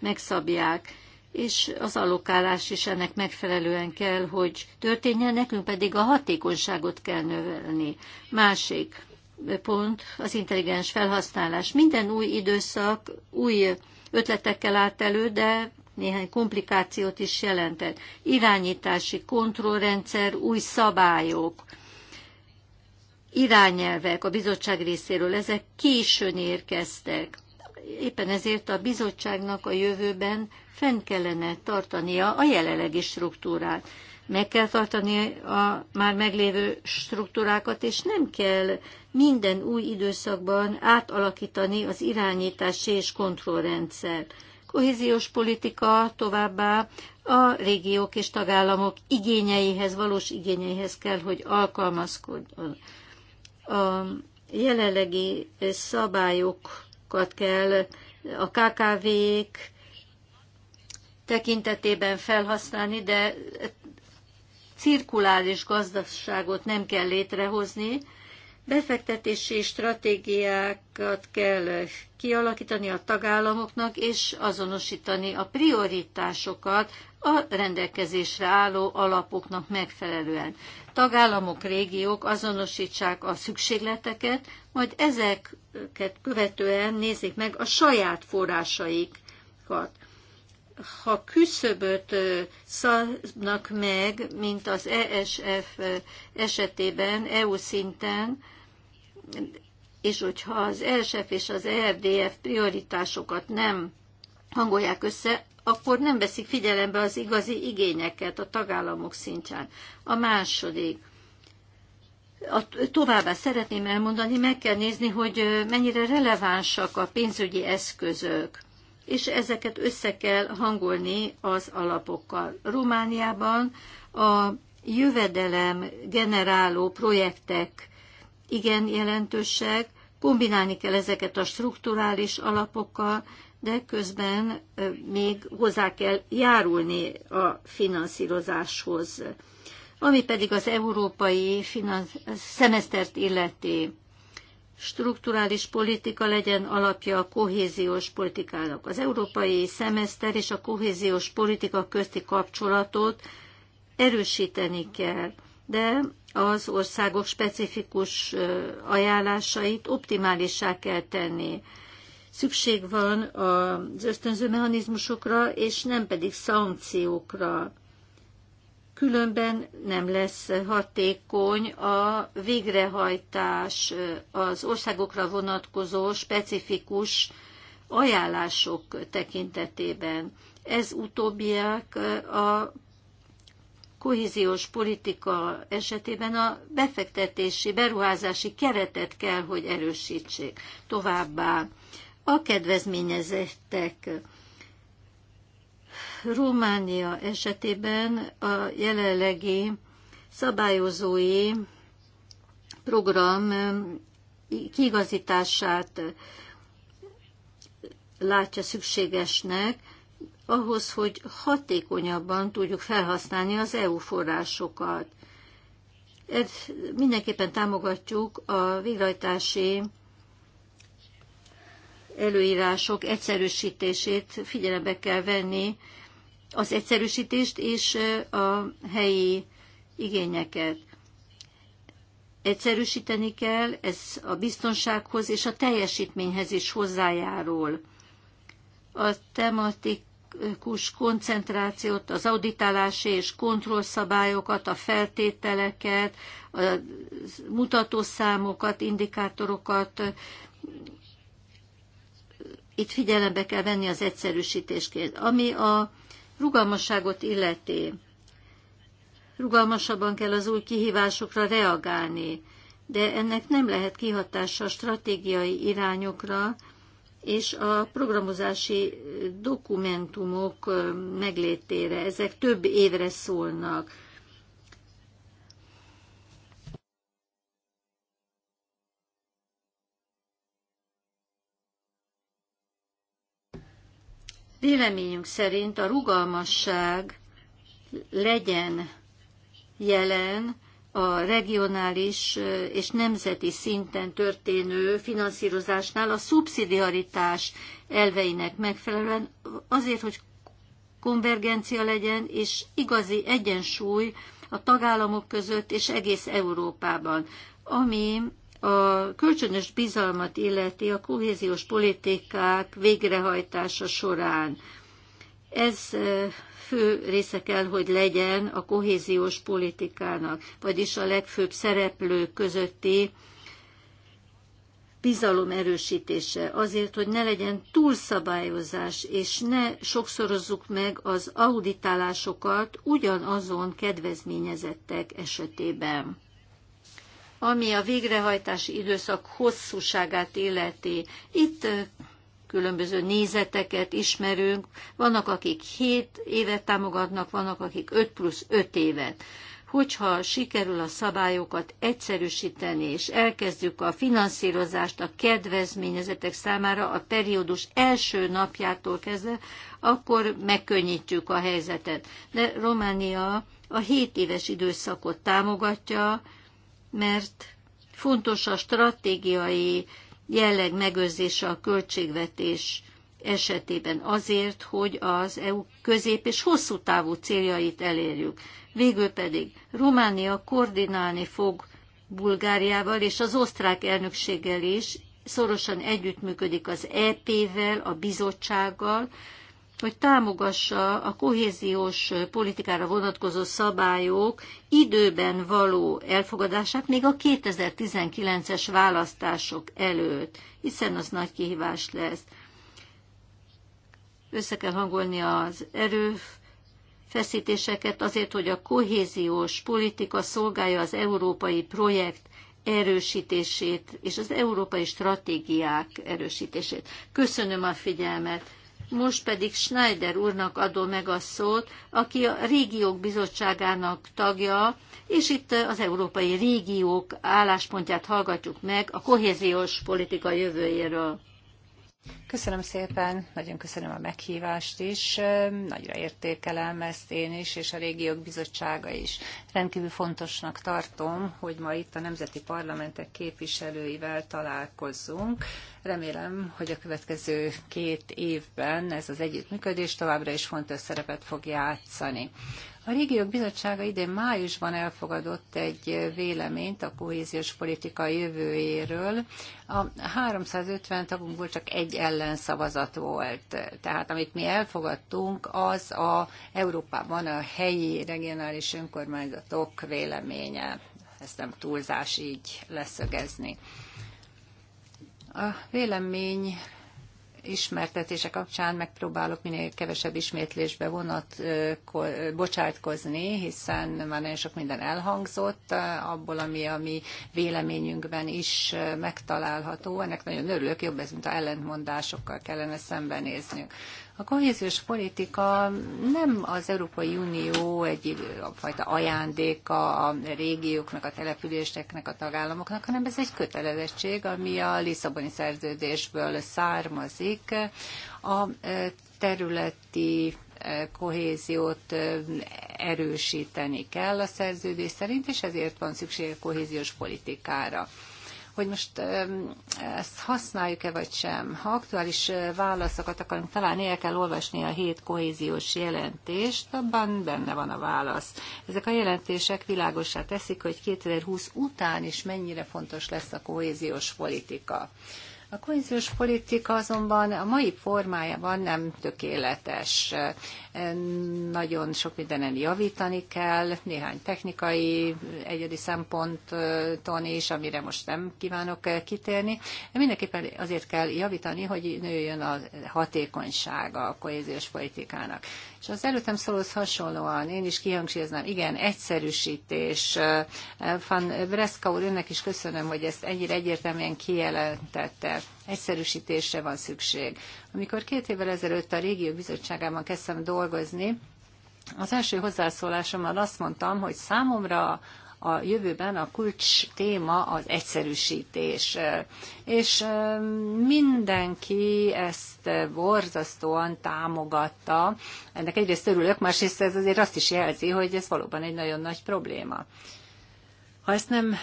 megszabják, és az allokálás is ennek megfelelően kell, hogy történjen, nekünk pedig a hatékonyságot kell növelni. Másik pont az intelligens felhasználás. Minden új időszak új ötletekkel állt elő, de néhány komplikációt is jelentett. Irányítási kontrollrendszer, új szabályok, irányelvek a bizottság részéről, ezek későn érkeztek. Éppen ezért a bizottságnak a jövőben fenn kellene tartania a jelenlegi struktúrát. Meg kell tartani a már meglévő struktúrákat, és nem kell minden új időszakban átalakítani az irányítási és kontrollrendszert Kohéziós politika továbbá a régiók és tagállamok igényeihez, valós igényeihez kell, hogy alkalmazkodjon. A jelenlegi szabályokat kell a KKV-k tekintetében felhasználni, de cirkuláris gazdaságot nem kell létrehozni, Befektetési stratégiákat kell kialakítani a tagállamoknak, és azonosítani a prioritásokat a rendelkezésre álló alapoknak megfelelően. Tagállamok, régiók azonosítsák a szükségleteket, majd ezeket követően nézik meg a saját forrásaikat ha küszöböt szabnak meg, mint az ESF esetében, EU szinten, és hogyha az ELSEF és az ERDF prioritásokat nem hangolják össze, akkor nem veszik figyelembe az igazi igényeket a tagállamok szintján. A második, a, továbbá szeretném elmondani, meg kell nézni, hogy mennyire relevánsak a pénzügyi eszközök, és ezeket össze kell hangolni az alapokkal. Romániában a jövedelem generáló projektek igen jelentősek, kombinálni kell ezeket a strukturális alapokkal, de közben még hozzá kell járulni a finanszírozáshoz. Ami pedig az európai finansz- szemesztert illeti, strukturális politika legyen alapja a kohéziós politikának. Az európai szemeszter és a kohéziós politika közti kapcsolatot erősíteni kell de az országok specifikus ajánlásait optimálissá kell tenni. Szükség van az ösztönző mechanizmusokra, és nem pedig szankciókra. Különben nem lesz hatékony a végrehajtás az országokra vonatkozó specifikus ajánlások tekintetében. Ez utóbbiak a kohéziós politika esetében a befektetési, beruházási keretet kell, hogy erősítsék. Továbbá a kedvezményezettek Románia esetében a jelenlegi szabályozói program um, kiigazítását látja szükségesnek, ahhoz, hogy hatékonyabban tudjuk felhasználni az EU forrásokat. Ezt mindenképpen támogatjuk a végrehajtási előírások egyszerűsítését, figyelembe kell venni az egyszerűsítést és a helyi igényeket. Egyszerűsíteni kell, ez a biztonsághoz és a teljesítményhez is hozzájárul. A tematik demokratikus koncentrációt, az auditálási és kontrollszabályokat, a feltételeket, a mutatószámokat, indikátorokat. Itt figyelembe kell venni az egyszerűsítésként. Ami a rugalmasságot illeti, rugalmasabban kell az új kihívásokra reagálni, de ennek nem lehet kihatása a stratégiai irányokra, és a programozási dokumentumok meglétére. Ezek több évre szólnak. Véleményünk szerint a rugalmasság legyen jelen a regionális és nemzeti szinten történő finanszírozásnál a szubszidiaritás elveinek megfelelően azért, hogy konvergencia legyen és igazi egyensúly a tagállamok között és egész Európában, ami a kölcsönös bizalmat illeti a kohéziós politikák végrehajtása során. Ez fő része kell, hogy legyen a kohéziós politikának, vagyis a legfőbb szereplők közötti bizalom erősítése, azért, hogy ne legyen túlszabályozás, és ne sokszorozzuk meg az auditálásokat ugyanazon kedvezményezettek esetében. Ami a végrehajtási időszak hosszúságát illeti, itt különböző nézeteket ismerünk. Vannak, akik 7 évet támogatnak, vannak, akik 5 plusz 5 évet. Hogyha sikerül a szabályokat egyszerűsíteni, és elkezdjük a finanszírozást a kedvezményezetek számára a periódus első napjától kezdve, akkor megkönnyítjük a helyzetet. De Románia a 7 éves időszakot támogatja, mert fontos a stratégiai jelleg megőrzése a költségvetés esetében azért, hogy az EU közép- és hosszú távú céljait elérjük. Végül pedig Románia koordinálni fog Bulgáriával és az osztrák elnökséggel is, szorosan együttműködik az EP-vel, a bizottsággal, hogy támogassa a kohéziós politikára vonatkozó szabályok időben való elfogadását még a 2019-es választások előtt, hiszen az nagy kihívás lesz. Össze kell hangolni az erőfeszítéseket azért, hogy a kohéziós politika szolgálja az európai projekt erősítését és az európai stratégiák erősítését. Köszönöm a figyelmet! Most pedig Schneider úrnak adom meg a szót, aki a Régiók Bizottságának tagja, és itt az európai régiók álláspontját hallgatjuk meg a kohéziós politika jövőjéről. Köszönöm szépen, nagyon köszönöm a meghívást is, nagyra értékelem ezt én is, és a Régiók Bizottsága is. Rendkívül fontosnak tartom, hogy ma itt a Nemzeti Parlamentek képviselőivel találkozzunk. Remélem, hogy a következő két évben ez az együttműködés továbbra is fontos szerepet fog játszani. A Régiók Bizottsága idén májusban elfogadott egy véleményt a kohéziós politika jövőjéről. A 350 tagunkból csak egy ellenszavazat volt. Tehát amit mi elfogadtunk, az a Európában a helyi regionális önkormányzatok véleménye. Ezt nem túlzás így leszögezni. A vélemény ismertetése kapcsán megpróbálok minél kevesebb ismétlésbe vonat bocsátkozni, hiszen már nagyon sok minden elhangzott abból, ami a mi véleményünkben is megtalálható. Ennek nagyon örülök, jobb ez, mint a ellentmondásokkal kellene szembenéznünk. A kohéziós politika nem az Európai Unió egy fajta ajándéka a régióknak, a településeknek, a tagállamoknak, hanem ez egy kötelezettség, ami a Lisszaboni szerződésből származik. A e, területi e, kohéziót e, erősíteni kell a szerződés szerint, és ezért van szükség a kohéziós politikára hogy most ezt használjuk-e vagy sem. Ha aktuális válaszokat akarunk találni, el kell olvasni a hét kohéziós jelentést, abban benne van a válasz. Ezek a jelentések világosá teszik, hogy 2020 után is mennyire fontos lesz a kohéziós politika. A kohéziós politika azonban a mai formájában nem tökéletes. Nagyon sok mindenen javítani kell, néhány technikai, egyedi szemponton is, amire most nem kívánok kitérni. Mindenképpen azért kell javítani, hogy nőjön a hatékonysága a kohéziós politikának. És az előttem szólóhoz hasonlóan én is kihangsúlyoznám, igen, egyszerűsítés. Van Breszka úr, önnek is köszönöm, hogy ezt ennyire egyértelműen kijelentette. Egyszerűsítésre van szükség. Amikor két évvel ezelőtt a régió bizottságában kezdtem dolgozni, az első hozzászólásommal azt mondtam, hogy számomra a jövőben a kulcs téma az egyszerűsítés. És mindenki ezt borzasztóan támogatta. Ennek egyrészt örülök, másrészt ez azért azt is jelzi, hogy ez valóban egy nagyon nagy probléma. Ha ezt nem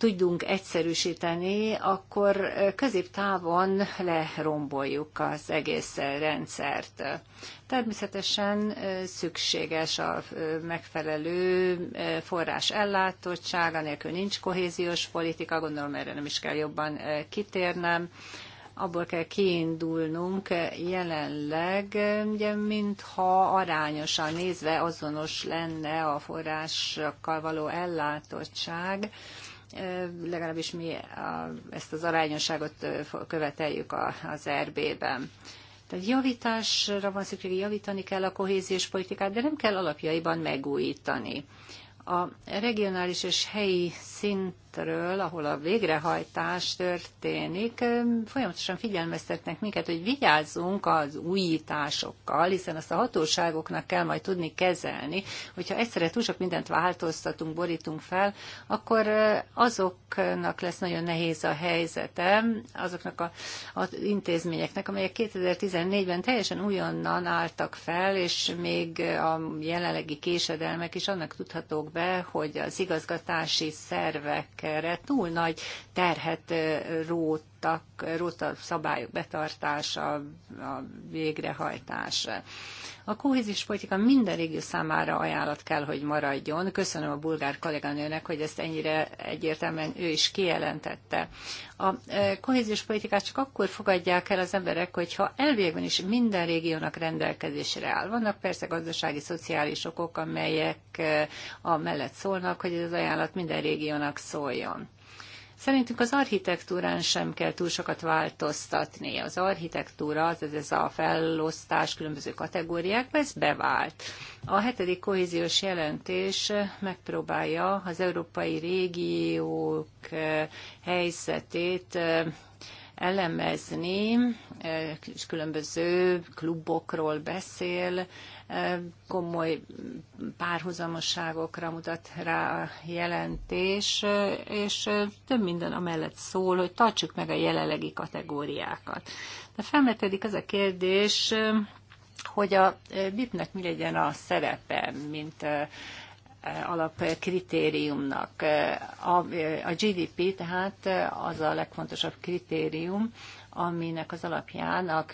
tudjunk egyszerűsíteni, akkor középtávon leromboljuk az egész rendszert. Természetesen szükséges a megfelelő forrás ellátottság, anélkül nincs kohéziós politika, gondolom erre nem is kell jobban kitérnem abból kell kiindulnunk jelenleg, ugye mintha arányosan nézve azonos lenne a forrásokkal való ellátottság, legalábbis mi a, ezt az arányosságot követeljük a, az RB-ben. Tehát javításra van szükség, javítani kell a kohéziós politikát, de nem kell alapjaiban megújítani. A regionális és helyi szintről, ahol a végrehajtás történik, folyamatosan figyelmeztetnek minket, hogy vigyázzunk az újításokkal, hiszen azt a hatóságoknak kell majd tudni kezelni. Hogyha egyszerre túl sok mindent változtatunk, borítunk fel, akkor azoknak lesz nagyon nehéz a helyzete, azoknak a, az intézményeknek, amelyek 2014-ben teljesen újonnan álltak fel, és még a jelenlegi késedelmek is annak tudhatók be, be, hogy az igazgatási szervekre túl nagy terhet rót róttak, róta szabályok betartása, a végrehajtás. A kohézis politika minden régió számára ajánlat kell, hogy maradjon. Köszönöm a bulgár kolléganőnek, hogy ezt ennyire egyértelműen ő is kijelentette. A e, kohéziós politikát csak akkor fogadják el az emberek, hogyha elvégben is minden régiónak rendelkezésre áll. Vannak persze gazdasági, szociális okok, amelyek e, a mellett szólnak, hogy ez az ajánlat minden régiónak szóljon. Szerintünk az architektúrán sem kell túl sokat változtatni. Az architektúra, az ez a felosztás különböző kategóriák, ez bevált. A hetedik kohéziós jelentés megpróbálja az európai régiók eh, helyzetét eh, elemezni, és különböző klubokról beszél, komoly párhuzamosságokra mutat rá a jelentés, és több minden amellett szól, hogy tartsuk meg a jelenlegi kategóriákat. De felmetedik az a kérdés, hogy a BIP-nek mi legyen a szerepe, mint alapkritériumnak. A, a GDP tehát az a legfontosabb kritérium, aminek az alapján a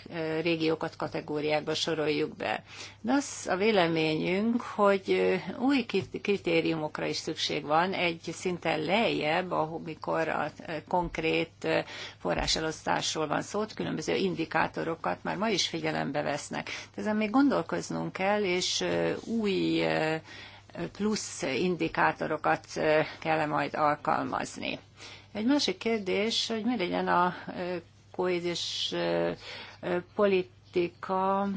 régiókat kategóriákba soroljuk be. De az a véleményünk, hogy új kritériumokra is szükség van, egy szinten lejjebb, amikor a konkrét forráselosztásról van szó, különböző indikátorokat már ma is figyelembe vesznek. De ezen még gondolkoznunk kell, és új plusz indikátorokat kell -e majd alkalmazni. Egy másik kérdés, hogy mi legyen a kohéziós politika, politika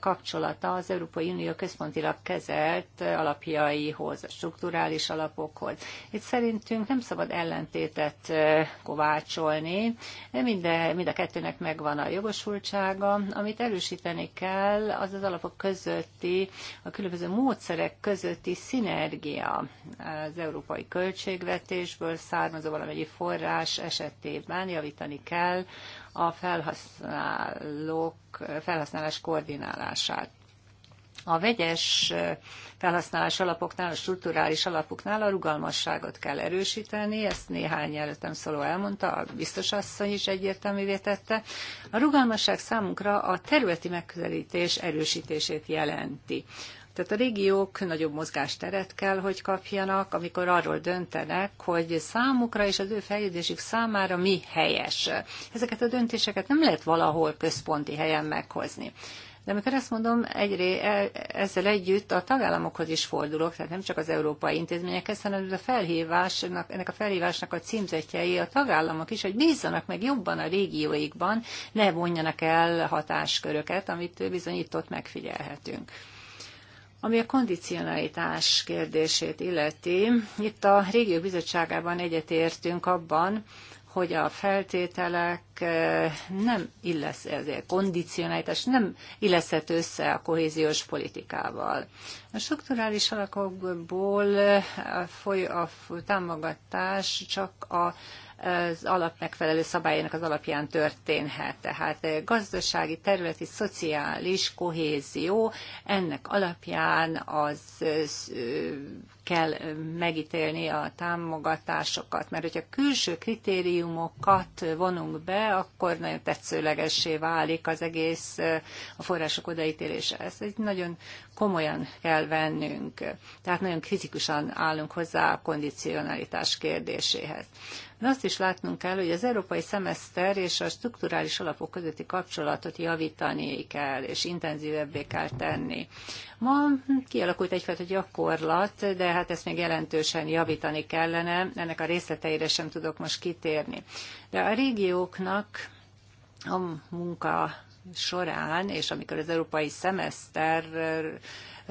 kapcsolata az Európai Unió központilag kezelt alapjaihoz, a strukturális alapokhoz. Itt szerintünk nem szabad ellentétet kovácsolni, a, mind a kettőnek megvan a jogosultsága. Amit erősíteni kell, az az alapok közötti, a különböző módszerek közötti szinergia az európai költségvetésből származó valamennyi forrás esetében javítani kell a felhasználók felhasználás koordinálását. A vegyes felhasználás alapoknál, a strukturális alapoknál a rugalmasságot kell erősíteni, ezt néhány előttem szóló elmondta, a biztos asszony is egyértelművé tette. A rugalmasság számunkra a területi megközelítés erősítését jelenti. Tehát a régiók nagyobb mozgásteret kell, hogy kapjanak, amikor arról döntenek, hogy számukra és az ő fejlődésük számára mi helyes. Ezeket a döntéseket nem lehet valahol központi helyen meghozni. De amikor ezt mondom, egyré, e, ezzel együtt a tagállamokhoz is fordulok, tehát nem csak az európai intézményekhez, hanem a felhívásnak, ennek a felhívásnak a címzetjei a tagállamok is, hogy bízzanak meg jobban a régióikban, ne vonjanak el hatásköröket, amit bizonyított megfigyelhetünk. Ami a kondicionalitás kérdését illeti, itt a régió bizottságában egyetértünk abban, hogy a feltételek eh, nem illesz, ezért kondicionálítás nem illeszhet össze a kohéziós politikával. A strukturális alakokból eh, a, foly, a támogatás csak a az alapmegfelelő szabályának az alapján történhet. Tehát eh, gazdasági, területi, szociális kohézió, ennek alapján az eh, kell eh, megítélni a támogatásokat, mert hogyha külső kritériumokat vonunk be, akkor nagyon tetszőlegessé válik az egész a források odaítélése. Ezt egy nagyon komolyan kell vennünk, tehát nagyon kritikusan állunk hozzá a kondicionalitás kérdéséhez. De azt is látnunk kell, hogy az európai szemeszter és a strukturális alapok közötti kapcsolatot javítani kell, és intenzívebbé kell tenni. Ma kialakult egyfajta gyakorlat, de hát ezt még jelentősen javítani kellene, ennek a részleteire sem tudok most kitérni. De a régióknak a munka során, és amikor az európai szemeszter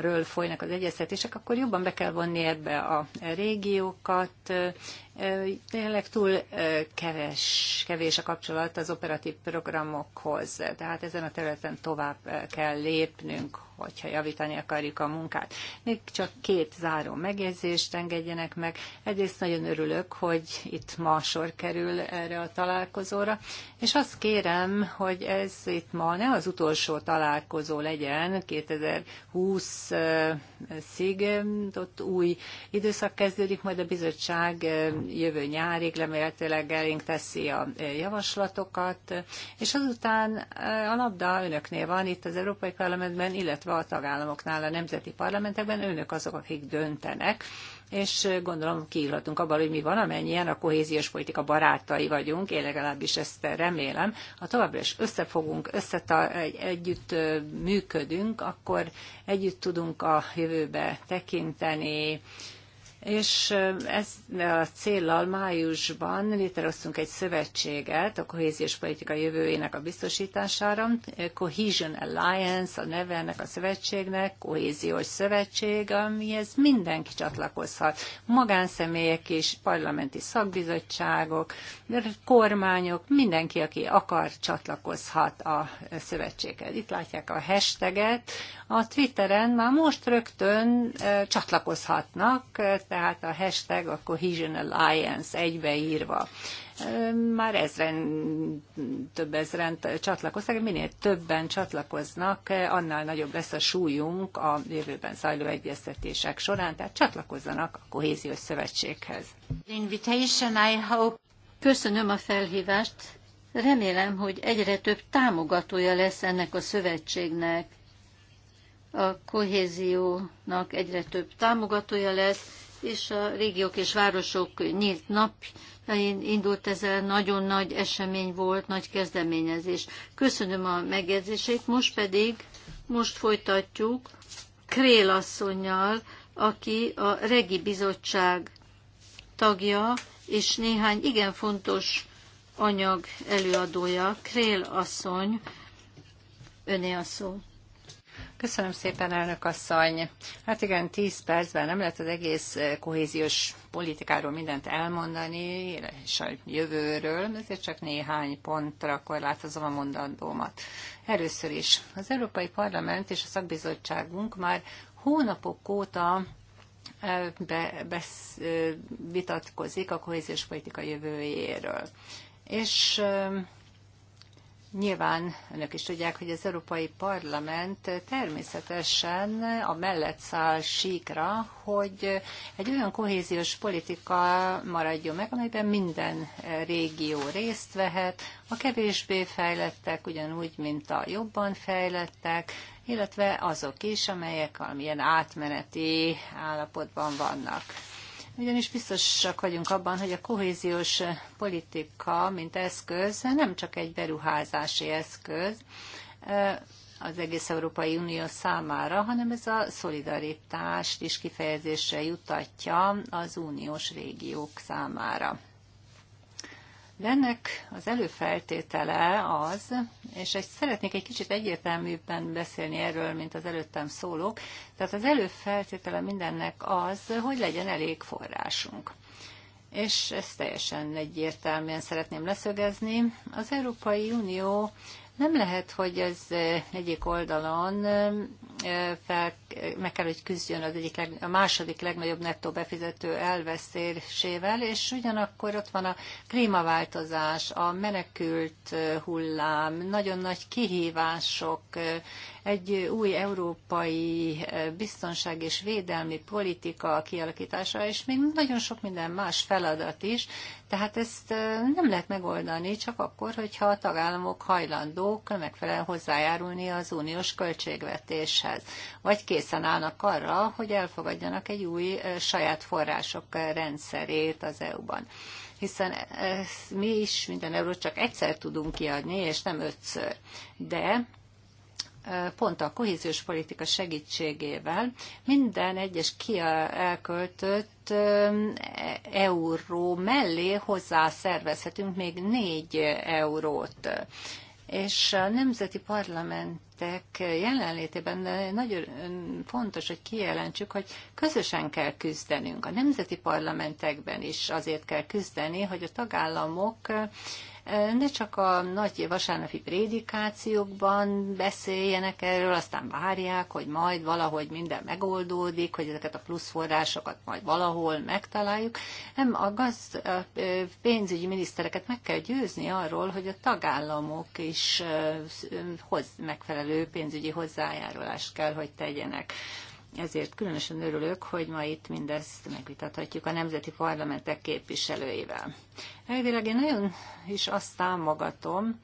ről folynak az egyeztetések, akkor jobban be kell vonni ebbe a régiókat. Tényleg túl keves, kevés a kapcsolat az operatív programokhoz, tehát ezen a területen tovább kell lépnünk, hogyha javítani akarjuk a munkát. Még csak két záró megjegyzést engedjenek meg. Egyrészt nagyon örülök, hogy itt ma sor kerül erre a találkozóra, és azt kérem, hogy ez itt ma ne az utolsó találkozó legyen 2020 2020 ott új időszak kezdődik, majd a bizottság jövő nyárig remélhetőleg elénk teszi a javaslatokat, és azután a labda önöknél van itt az Európai Parlamentben, illetve a tagállamoknál, a nemzeti parlamentekben, önök azok, akik döntenek, és gondolom kiírhatunk abban, hogy mi van, amennyien a kohéziós politika barátai vagyunk, én legalábbis ezt remélem. Ha továbbra is összefogunk, összeta, együtt működünk, akkor együtt tudunk a jövőbe tekinteni, és ezzel a céllal májusban létrehoztunk egy szövetséget a kohéziós politika jövőjének a biztosítására. Cohesion Alliance a neve ennek a szövetségnek, kohéziós szövetség, amihez mindenki csatlakozhat. Magánszemélyek és parlamenti szakbizottságok, kormányok, mindenki, aki akar, csatlakozhat a szövetséghez. Itt látják a hashtaget. A Twitteren már most rögtön csatlakozhatnak, tehát a hashtag a Cohesion Alliance egybeírva. Már ezren, több ezren csatlakoztak, minél többen csatlakoznak, annál nagyobb lesz a súlyunk a jövőben zajló egyeztetések során, tehát csatlakozzanak a Kohéziós Szövetséghez. Köszönöm a felhívást, Remélem, hogy egyre több támogatója lesz ennek a szövetségnek. A kohéziónak egyre több támogatója lesz, és a régiók és városok nyílt nap, indult ez ezzel, nagyon nagy esemény volt, nagy kezdeményezés. Köszönöm a megjegyzését, most pedig, most folytatjuk Krél asszonynal, aki a Regi Bizottság tagja, és néhány igen fontos anyag előadója. Krél asszony, öné a szó. Köszönöm szépen, elnök asszony. Hát igen, 10 percben nem lehet az egész eh, kohéziós politikáról mindent elmondani, és a jövőről, ezért csak néhány pontra korlátozom a mondandómat. Először is, az Európai Parlament és a szakbizottságunk már hónapok óta eh, be, besz, eh, vitatkozik a kohéziós politika jövőjéről. És Nyilván önök is tudják, hogy az Európai Parlament természetesen a mellett száll síkra, hogy egy olyan kohéziós politika maradjon meg, amelyben minden régió részt vehet, a kevésbé fejlettek ugyanúgy, mint a jobban fejlettek, illetve azok is, amelyek amilyen átmeneti állapotban vannak ugyanis biztosak vagyunk abban, hogy a kohéziós politika, mint eszköz, nem csak egy beruházási eszköz az egész Európai Unió számára, hanem ez a szolidaritást is kifejezésre jutatja az uniós régiók számára. De ennek az előfeltétele az, és egy, szeretnék egy kicsit egyértelműbben beszélni erről, mint az előttem szólók, tehát az előfeltétele mindennek az, hogy legyen elég forrásunk. És ezt teljesen egyértelműen szeretném leszögezni. Az Európai Unió nem lehet, hogy ez egyik oldalon fel, meg kell, hogy küzdjön az egyik, a második legnagyobb nettó befizető elveszésével, és ugyanakkor ott van a klímaváltozás, a menekült hullám, nagyon nagy kihívások, egy új európai eh, biztonság és védelmi politika kialakítása, és még nagyon sok minden más feladat is, tehát ezt eh, nem lehet megoldani csak akkor, hogyha a tagállamok hajlandók megfelelően hozzájárulni az uniós költségvetéshez, vagy készen állnak arra, hogy elfogadjanak egy új eh, saját források rendszerét az EU-ban hiszen mi is minden eurót csak egyszer tudunk kiadni, és nem ötször. De pont a kohéziós politika segítségével minden egyes ki elköltött euró mellé hozzászervezhetünk még négy eurót és a nemzeti parlamentek jelenlétében nagyon fontos, hogy kijelentsük, hogy közösen kell küzdenünk. A nemzeti parlamentekben is azért kell küzdeni, hogy a tagállamok ne csak a nagy vasárnapi prédikációkban beszéljenek erről, aztán várják, hogy majd valahogy minden megoldódik, hogy ezeket a plusz forrásokat majd valahol megtaláljuk. Nem, a, gaz a pénzügyi minisztereket meg kell győzni arról, hogy a tagállamok is hoz megfelelő pénzügyi hozzájárulást kell, hogy tegyenek. Ezért különösen örülök, hogy ma itt mindezt megvitathatjuk a nemzeti parlamentek képviselőivel. Elvileg én nagyon is azt támogatom,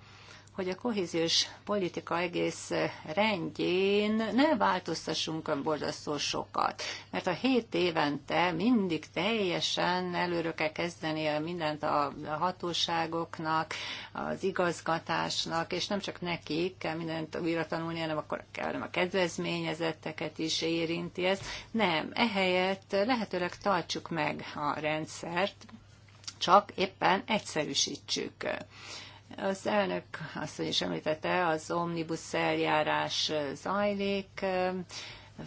hogy a kohéziós politika egész rendjén ne változtassunk borzasztó sokat. Mert a hét évente mindig teljesen előre kell kezdeni mindent a hatóságoknak, az igazgatásnak, és nem csak nekik kell mindent újra tanulni, hanem akkor kell, hanem a kedvezményezetteket is érinti ez. Nem, ehelyett lehetőleg tartsuk meg a rendszert, csak éppen egyszerűsítsük az elnök azt is említette, az omnibus eljárás zajlik,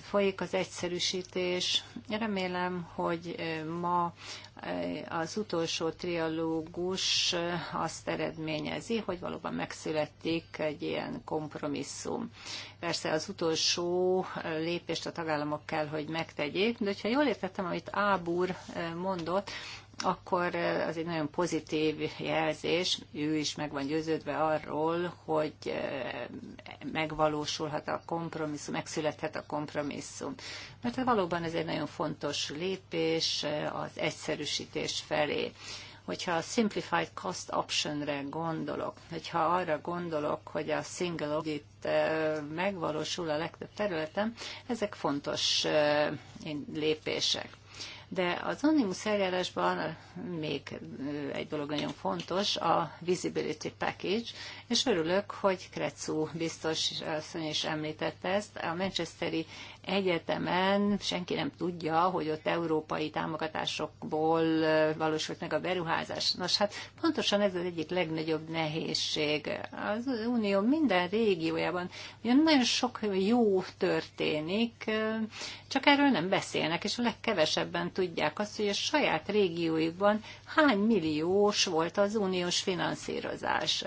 folyik az egyszerűsítés. Remélem, hogy ma eh, az utolsó trialógus azt eredményezi, hogy valóban megszületik egy ilyen kompromisszum. Persze az utolsó lépést a tagállamok kell, hogy megtegyék, de ha jól értettem, amit Ábúr eh, mondott, akkor eh, az egy nagyon pozitív jelzés, ő is meg van győződve arról, hogy eh, megvalósulhat a kompromisszum, megszülethet a kompromisszum. Mert hát valóban ez egy nagyon fontos lépés eh, az egyszerűsítés felé hogyha a Simplified Cost Optionre gondolok, hogyha arra gondolok, hogy a single audit megvalósul a legtöbb területen, ezek fontos lépések. De az anonimus eljárásban még egy dolog nagyon fontos, a visibility package, és örülök, hogy Kretszú biztos asszony is említette ezt. A Manchesteri egyetemen senki nem tudja, hogy ott európai támogatásokból valósult meg a beruházás. Nos, hát pontosan ez az egyik legnagyobb nehézség. Az Unió minden régiójában nagyon sok jó történik, csak erről nem beszélnek, és a legkevesebben tudják azt, hogy a saját régiójukban hány milliós volt az uniós finanszírozás.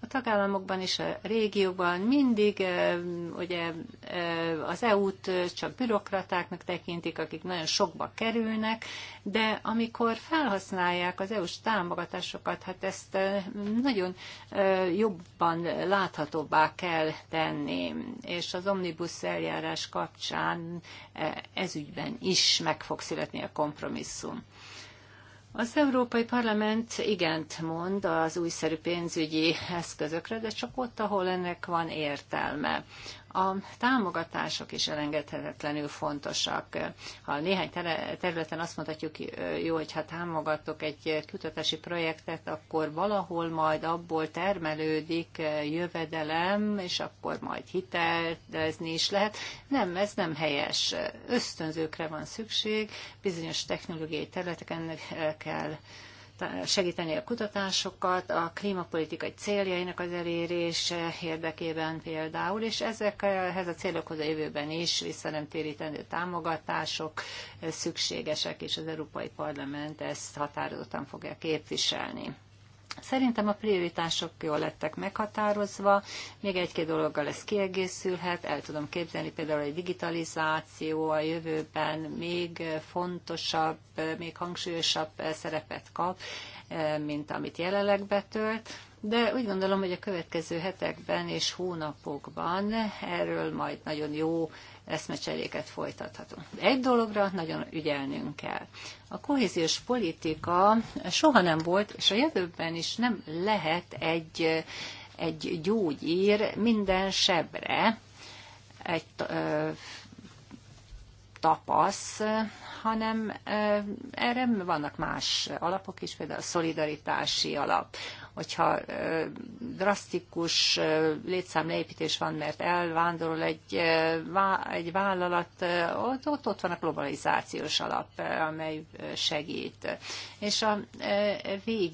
A tagállamokban és a régióban mindig eh, ugye, eh, az EU-t csak bürokratáknak tekintik, akik nagyon sokba kerülnek, de amikor felhasználják az EU-s támogatásokat, hát ezt nagyon jobban láthatóbbá kell tenni, és az omnibus eljárás kapcsán ezügyben is meg fog születni a kompromisszum. Az Európai Parlament igent mond az újszerű pénzügyi eszközökre, de csak ott, ahol ennek van értelme. A támogatások is elengedhetetlenül fontosak. Ha néhány területen azt mondhatjuk, jó, hogy ha támogatok egy kutatási projektet, akkor valahol majd abból termelődik jövedelem, és akkor majd hitelezni is lehet. Nem, ez nem helyes. Ösztönzőkre van szükség, bizonyos technológiai területeken kell segíteni a kutatásokat, a klímapolitikai céljainak az elérés érdekében például, és ezekhez a célokhoz a jövőben is visszanemtérítendő támogatások szükségesek, és az Európai Parlament ezt határozottan fogja képviselni. Szerintem a prioritások jól lettek meghatározva, még egy-két dologgal ez kiegészülhet, el tudom képzelni például, hogy digitalizáció a jövőben még fontosabb, még hangsúlyosabb szerepet kap, eh, mint amit jelenleg betölt, de úgy gondolom, hogy a következő hetekben és hónapokban erről majd nagyon jó eszmecseréket folytathatunk. Egy dologra nagyon ügyelnünk kell. A kohéziós politika soha nem volt, és a jövőben is nem lehet egy, egy gyógyír minden sebre, egy ö, tapasz, hanem erre vannak más alapok is, például a szolidaritási alap hogyha drasztikus létszámleépítés van, mert elvándorol egy, egy vállalat, ott, ott, ott van a globalizációs alap, amely segít. És a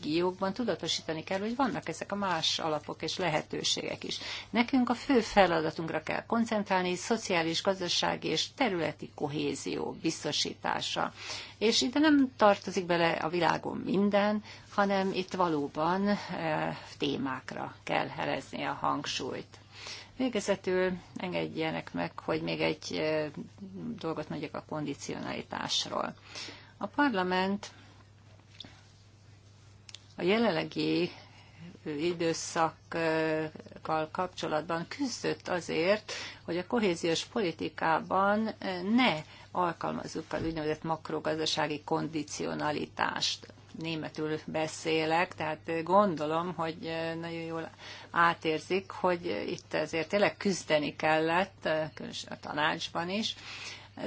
jogban tudatosítani kell, hogy vannak ezek a más alapok és lehetőségek is. Nekünk a fő feladatunkra kell koncentrálni, szociális, gazdasági és területi kohézió biztosítása. És ide nem tartozik bele a világon minden, hanem itt valóban e, témákra kell helezni a hangsúlyt. Végezetül engedjenek meg, hogy még egy e, dolgot mondjak a kondicionalitásról. A parlament a jelenlegi időszakkal kapcsolatban küzdött azért, hogy a kohéziós politikában e, ne alkalmazzuk az úgynevezett makrogazdasági kondicionalitást németül beszélek, tehát gondolom, hogy eh, nagyon jól átérzik, hogy itt ezért tényleg küzdeni kellett, eh, különösen a tanácsban is.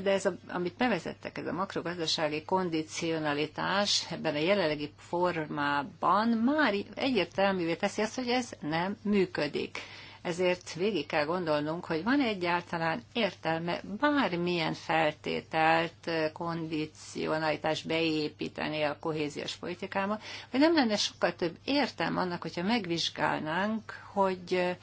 De ez, a, amit bevezettek, ez a makrogazdasági kondicionalitás ebben a jelenlegi formában már egyértelművé teszi azt, hogy ez nem működik ezért végig kell gondolnunk, hogy van egyáltalán értelme bármilyen feltételt, eh, kondicionalitás beépíteni a kohéziós politikába, vagy nem lenne sokkal több értelme annak, hogyha megvizsgálnánk, hogy eh,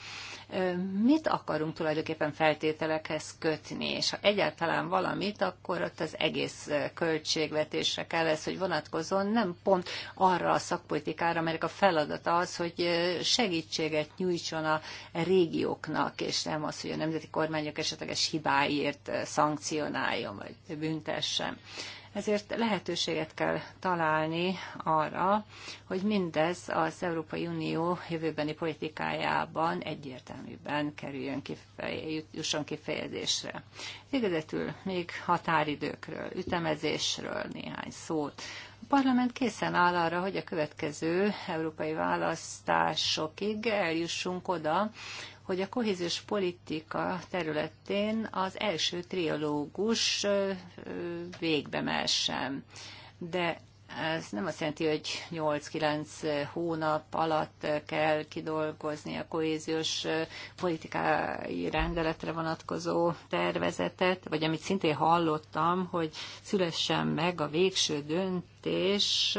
mit akarunk tulajdonképpen feltételekhez kötni, és ha egyáltalán valamit, akkor ott az egész költségvetésre kell ez, hogy vonatkozon, nem pont arra a szakpolitikára, mert a feladata az, hogy segítséget nyújtson a régióknak, és nem az, hogy a nemzeti kormányok esetleges hibáiért szankcionáljon, vagy büntessen. Ezért lehetőséget kell találni arra, hogy mindez az Európai Unió jövőbeni politikájában egyértelműben kerüljön kifeje, jusson kifejezésre. Végezetül még határidőkről, ütemezésről néhány szót. A parlament készen áll arra, hogy a következő európai választásokig eljussunk oda, hogy a kohéziós politika területén az első triológus végbe mehessen. De ez nem azt jelenti, hogy 8-9 hónap alatt kell kidolgozni a kohéziós politikai rendeletre vonatkozó tervezetet, vagy amit szintén hallottam, hogy szülessen meg a végső dönt, jelentés,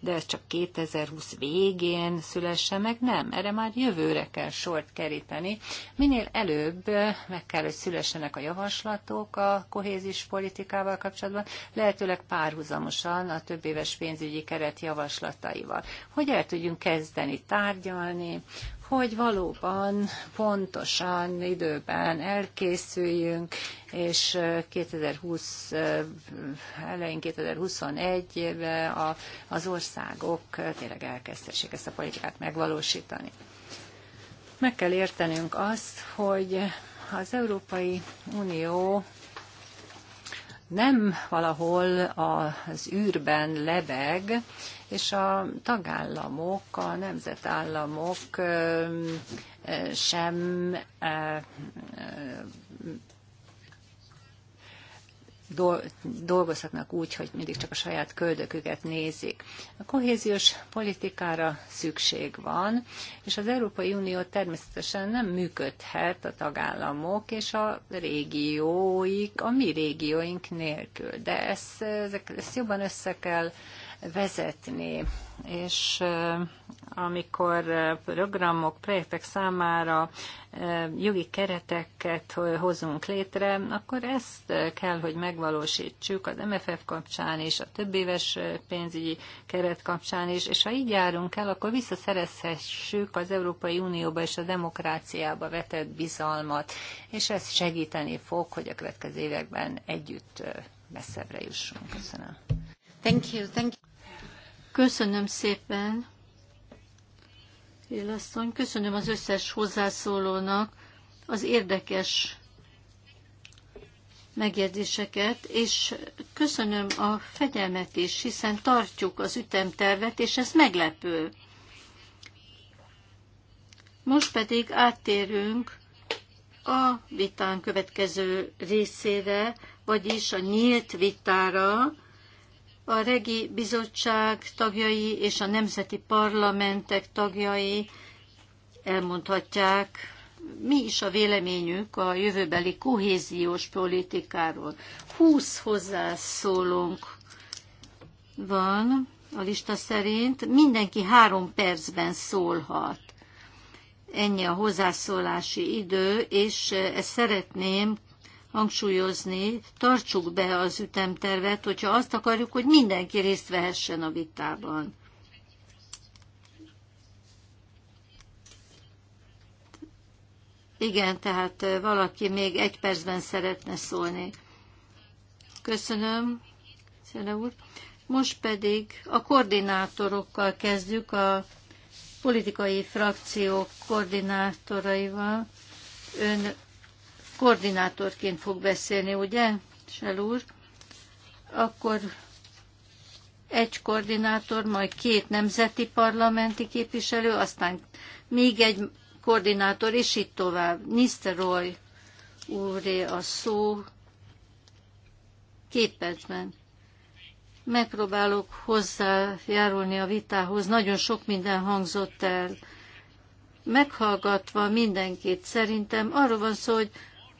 de ez csak 2020 végén szülesse meg, nem, erre már jövőre kell sort keríteni. Minél előbb meg kell, hogy szülessenek a javaslatok a kohézis politikával kapcsolatban, lehetőleg párhuzamosan a több éves pénzügyi keret javaslataival. Hogy el tudjunk kezdeni tárgyalni, hogy valóban pontosan időben elkészüljünk, és 2020 elején 2021-ben az országok tényleg elkezdhessék ezt a politikát megvalósítani. Meg kell értenünk azt, hogy az Európai Unió nem valahol az űrben lebeg, és a tagállamok, a nemzetállamok sem dolgozhatnak úgy, hogy mindig csak a saját köldöküket nézik. A kohéziós politikára szükség van, és az Európai Unió természetesen nem működhet a tagállamok és a régióik, a mi régióink nélkül. De ezt, ezek, ezt jobban össze kell vezetni. És eh, amikor eh, programok, projektek számára eh, jogi kereteket hozunk létre, akkor ezt kell, hogy megvalósítsuk az MFF kapcsán is, a több éves pénzügyi keret kapcsán is, és ha így járunk el, akkor visszaszerezhessük az Európai Unióba és a demokráciába vetett bizalmat, és ez segíteni fog, hogy a következő években együtt messzebbre jussunk. Köszönöm. Thank you, thank you. Köszönöm szépen, Élasszony, köszönöm az összes hozzászólónak az érdekes megjegyzéseket, és köszönöm a fegyelmet is, hiszen tartjuk az ütemtervet, és ez meglepő. Most pedig áttérünk a vitán következő részére, vagyis a nyílt vitára, a regi bizottság tagjai és a nemzeti parlamentek tagjai elmondhatják, mi is a véleményük a jövőbeli kohéziós politikáról. Húsz hozzászólónk van a lista szerint, mindenki három percben szólhat. Ennyi a hozzászólási idő, és eh, ezt szeretném hangsúlyozni, tartsuk be az ütemtervet, hogyha azt akarjuk, hogy mindenki részt vehessen a vitában. Igen, tehát valaki még egy percben szeretne szólni. Köszönöm, Szere úr. Most pedig a koordinátorokkal kezdjük, a politikai frakciók koordinátoraival. Ön koordinátorként fog beszélni, ugye, Sel úr? Akkor egy koordinátor, majd két nemzeti parlamenti képviselő, aztán még egy koordinátor, és itt tovább. Roy úré a szó két percben. Megpróbálok hozzájárulni a vitához. Nagyon sok minden hangzott el. Meghallgatva mindenkit, szerintem arról van szó, hogy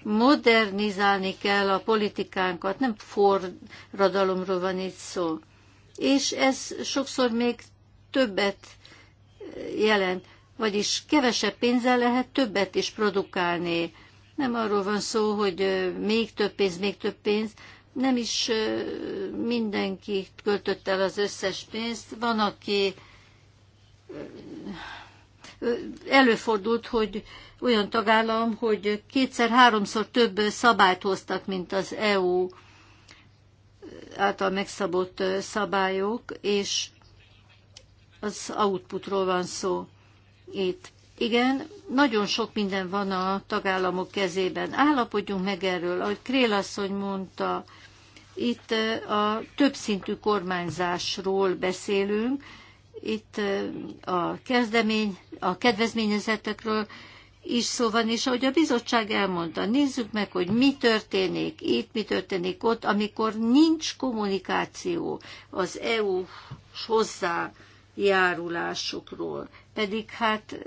modernizálni kell a politikánkat, nem forradalomról van itt szó. És ez sokszor még többet jelent, vagyis kevesebb pénzzel lehet többet is produkálni. Nem arról van szó, hogy még több pénz, még több pénz, nem is mindenki költött el az összes pénzt. Van, aki előfordult, hogy olyan tagállam, hogy kétszer-háromszor több szabályt hoztak, mint az EU által megszabott szabályok, és az outputról van szó itt. Igen, nagyon sok minden van a tagállamok kezében. Állapodjunk meg erről, ahogy Krélasszony mondta, itt a többszintű kormányzásról beszélünk, itt a kezdemény, a kedvezményezetekről, is szó van, és ahogy a bizottság elmondta, nézzük meg, hogy mi történik itt, mi történik ott, amikor nincs kommunikáció az EU hozzájárulásukról. Pedig hát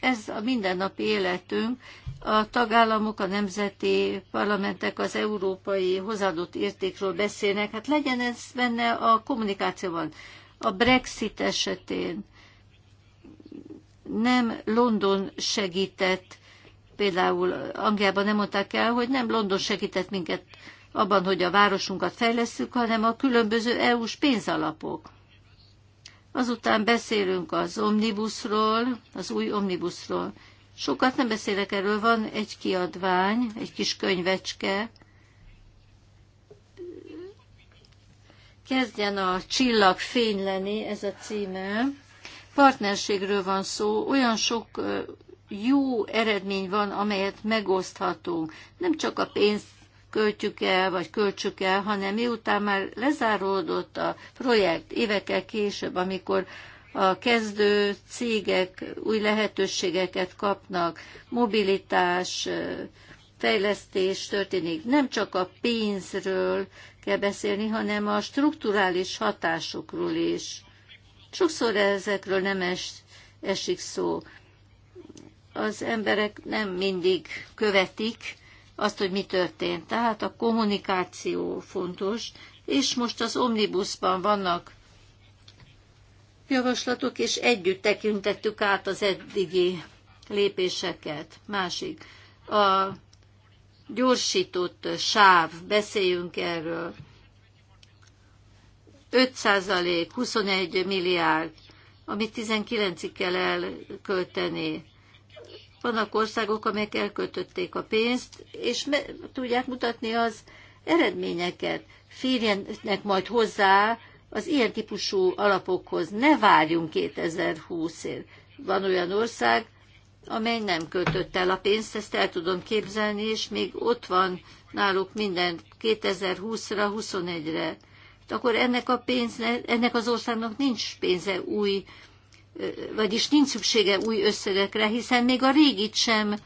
ez a mindennapi életünk, a tagállamok, a nemzeti parlamentek az európai hozzáadott értékről beszélnek, hát legyen ez benne a kommunikációban. A Brexit esetén nem London segített, például Angliában nem mondták el, hogy nem London segített minket abban, hogy a városunkat fejlesztjük, hanem a különböző EU-s pénzalapok. Azután beszélünk az omnibusról, az új omnibusról. Sokat nem beszélek erről, van egy kiadvány, egy kis könyvecske. Kezdjen a csillag fény lenni, ez a címe partnerségről van szó, olyan sok jó eredmény van, amelyet megoszthatunk. Nem csak a pénzt költjük el, vagy költsük el, hanem miután már lezáródott a projekt évekkel később, amikor a kezdő cégek új lehetőségeket kapnak, mobilitás, fejlesztés történik. Nem csak a pénzről kell beszélni, hanem a strukturális hatásokról is. Sokszor ezekről nem es, esik szó. Az emberek nem mindig követik azt, hogy mi történt. Tehát a kommunikáció fontos, és most az omnibusban vannak javaslatok, és együtt tekintettük át az eddigi lépéseket. Másik. A gyorsított sáv, beszéljünk erről. 5 százalék, 21 milliárd, amit 19-ig kell elkölteni. Vannak országok, amelyek elköltötték a pénzt, és me- tudják mutatni az eredményeket. Férjenek majd hozzá az ilyen típusú alapokhoz. Ne várjunk 2020-ért. Van olyan ország, amely nem költött el a pénzt, ezt el tudom képzelni, és még ott van náluk minden 2020-ra, 21-re akkor ennek, a ennek az országnak nincs pénze új, vagyis nincs szüksége új összegekre, hiszen még a régit sem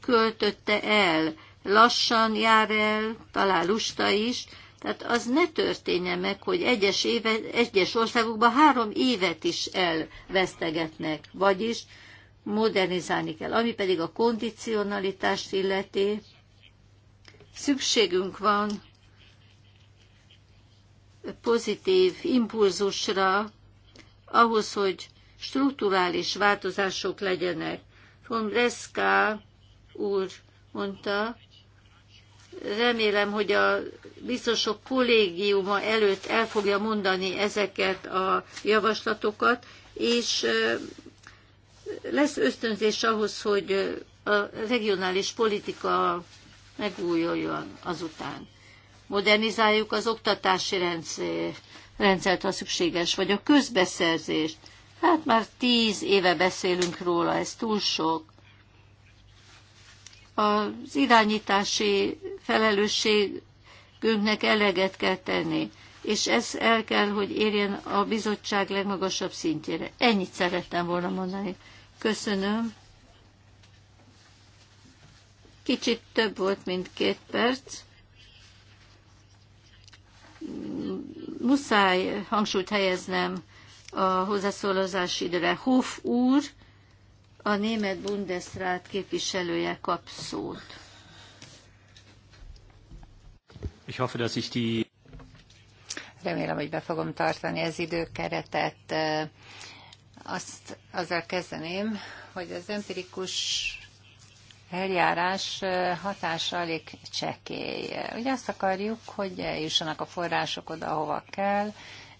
költötte el. Lassan jár el, talán lusta is, tehát az ne történjen meg, hogy egyes, éve, egyes országokban három évet is elvesztegetnek, vagyis modernizálni kell. Ami pedig a kondicionalitást illeti, szükségünk van pozitív impulzusra, ahhoz, hogy strukturális változások legyenek. Von Breska úr mondta, remélem, hogy a biztosok kollégiuma előtt el fogja mondani ezeket a javaslatokat, és lesz ösztönzés ahhoz, hogy a regionális politika megújuljon azután modernizáljuk az oktatási rendszert, ha szükséges, vagy a közbeszerzést. Hát már tíz éve beszélünk róla, ez túl sok. Az irányítási felelősségünknek eleget kell tenni, és ez el kell, hogy érjen a bizottság legmagasabb szintjére. Ennyit szerettem volna mondani. Köszönöm. Kicsit több volt, mint két perc muszáj hangsúlyt helyeznem a hozzászólózás időre. Hof úr, a német Bundesrat képviselője kap szót. Ich hoffe, dass ich die Remélem, hogy be fogom tartani az időkeretet. Azt azzal kezdeném, hogy az empirikus eljárás hatása elég csekély. Ugye azt akarjuk, hogy eljussanak a források oda, ahova kell,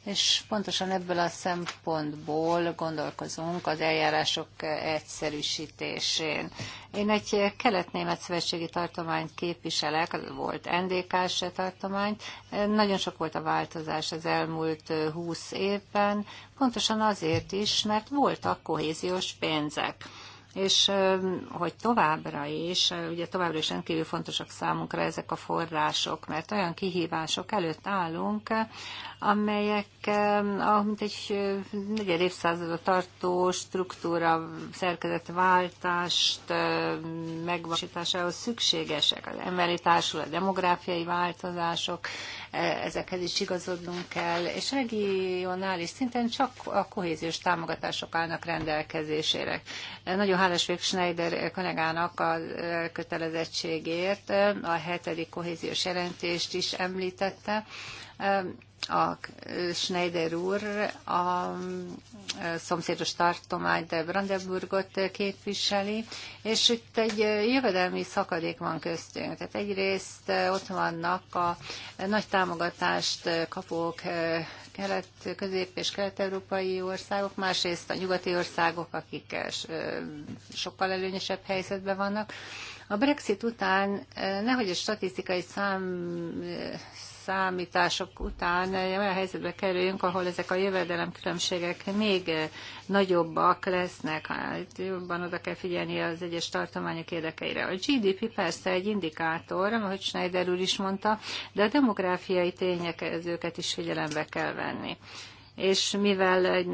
és pontosan ebből a szempontból gondolkozunk az eljárások egyszerűsítésén. Én egy kelet-német szövetségi tartományt képviselek, volt NDK-s tartományt. Nagyon sok volt a változás az elmúlt húsz évben, pontosan azért is, mert voltak kohéziós pénzek és hogy továbbra is, ugye továbbra is rendkívül fontosak számunkra ezek a források, mert olyan kihívások előtt állunk, amelyek mint egy negyed évszázadot tartó struktúra, szerkezetváltást megvalósításához szükségesek. Az emberi társulat, a demográfiai változások, ezekhez is igazodnunk kell, és regionális szinten csak a kohéziós támogatások állnak rendelkezésére. Nagyon hálás Schneider kollégának a kötelezettségért. A hetedik kohéziós jelentést is említette a Schneider úr a szomszédos tartomány, de Brandenburgot képviseli, és itt egy jövedelmi szakadék van köztünk. Tehát egyrészt ott vannak a nagy támogatást kapók kelet, közép- és kelet-európai országok, másrészt a nyugati országok, akik sokkal előnyösebb helyzetben vannak. A Brexit után nehogy a statisztikai szám számítások után olyan helyzetbe kerüljünk, ahol ezek a jövedelemkülönbségek még nagyobbak lesznek. Hát jobban oda kell figyelni az egyes tartományok érdekeire. A GDP persze egy indikátor, ahogy Schneider úr is mondta, de a demográfiai tények, ezőket is figyelembe kell venni és mivel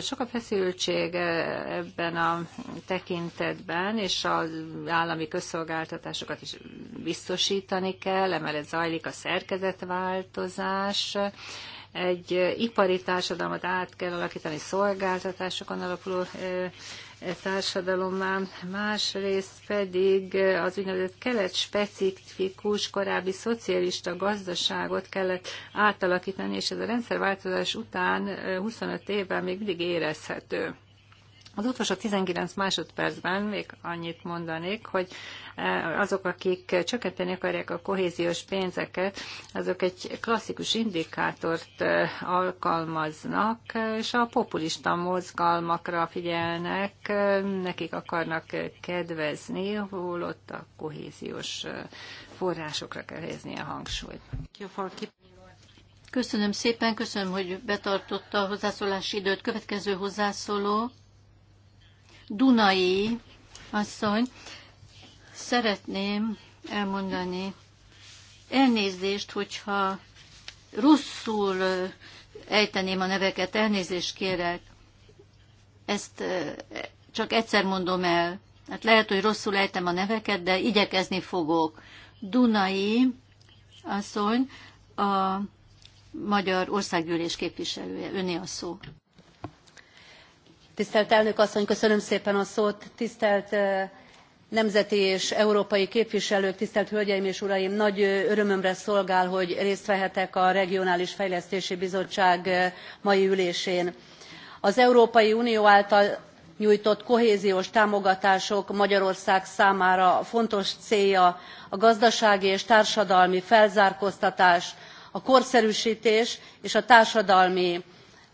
sok a feszültség ebben a tekintetben, és az állami közszolgáltatásokat is biztosítani kell, emellett zajlik a szerkezetváltozás, egy ipari társadalmat át kell alakítani szolgáltatásokon alapuló társadalommá, másrészt pedig az úgynevezett kelet-specifikus korábbi szocialista gazdaságot kellett átalakítani, és ez a rendszerváltozás után 25 évvel még mindig érezhető. Az utolsó 19 másodpercben még annyit mondanék, hogy eh, azok, akik csökkenteni akarják a kohéziós pénzeket, azok egy klasszikus indikátort eh, alkalmaznak, és a populista mozgalmakra figyelnek, eh, nekik akarnak kedvezni, holott a kohéziós forrásokra kell helyezni a hangsúlyt. Köszönöm szépen, köszönöm, hogy betartotta a hozzászólási időt. Következő hozzászóló. Dunai asszony, szeretném elmondani elnézést, hogyha rosszul ejteném a neveket, elnézést kérek. Ezt csak egyszer mondom el. Hát lehet, hogy rosszul ejtem a neveket, de igyekezni fogok. Dunai asszony, a Magyar Országgyűlés képviselője. Öné a szó tisztelt elnök asszony köszönöm szépen a szót tisztelt nemzeti és európai képviselők tisztelt hölgyeim és uraim! nagy örömömre szolgál hogy részt vehetek a regionális fejlesztési bizottság mai ülésén. az európai unió által nyújtott kohéziós támogatások magyarország számára fontos célja a gazdasági és társadalmi felzárkóztatás a korszerűstés és a társadalmi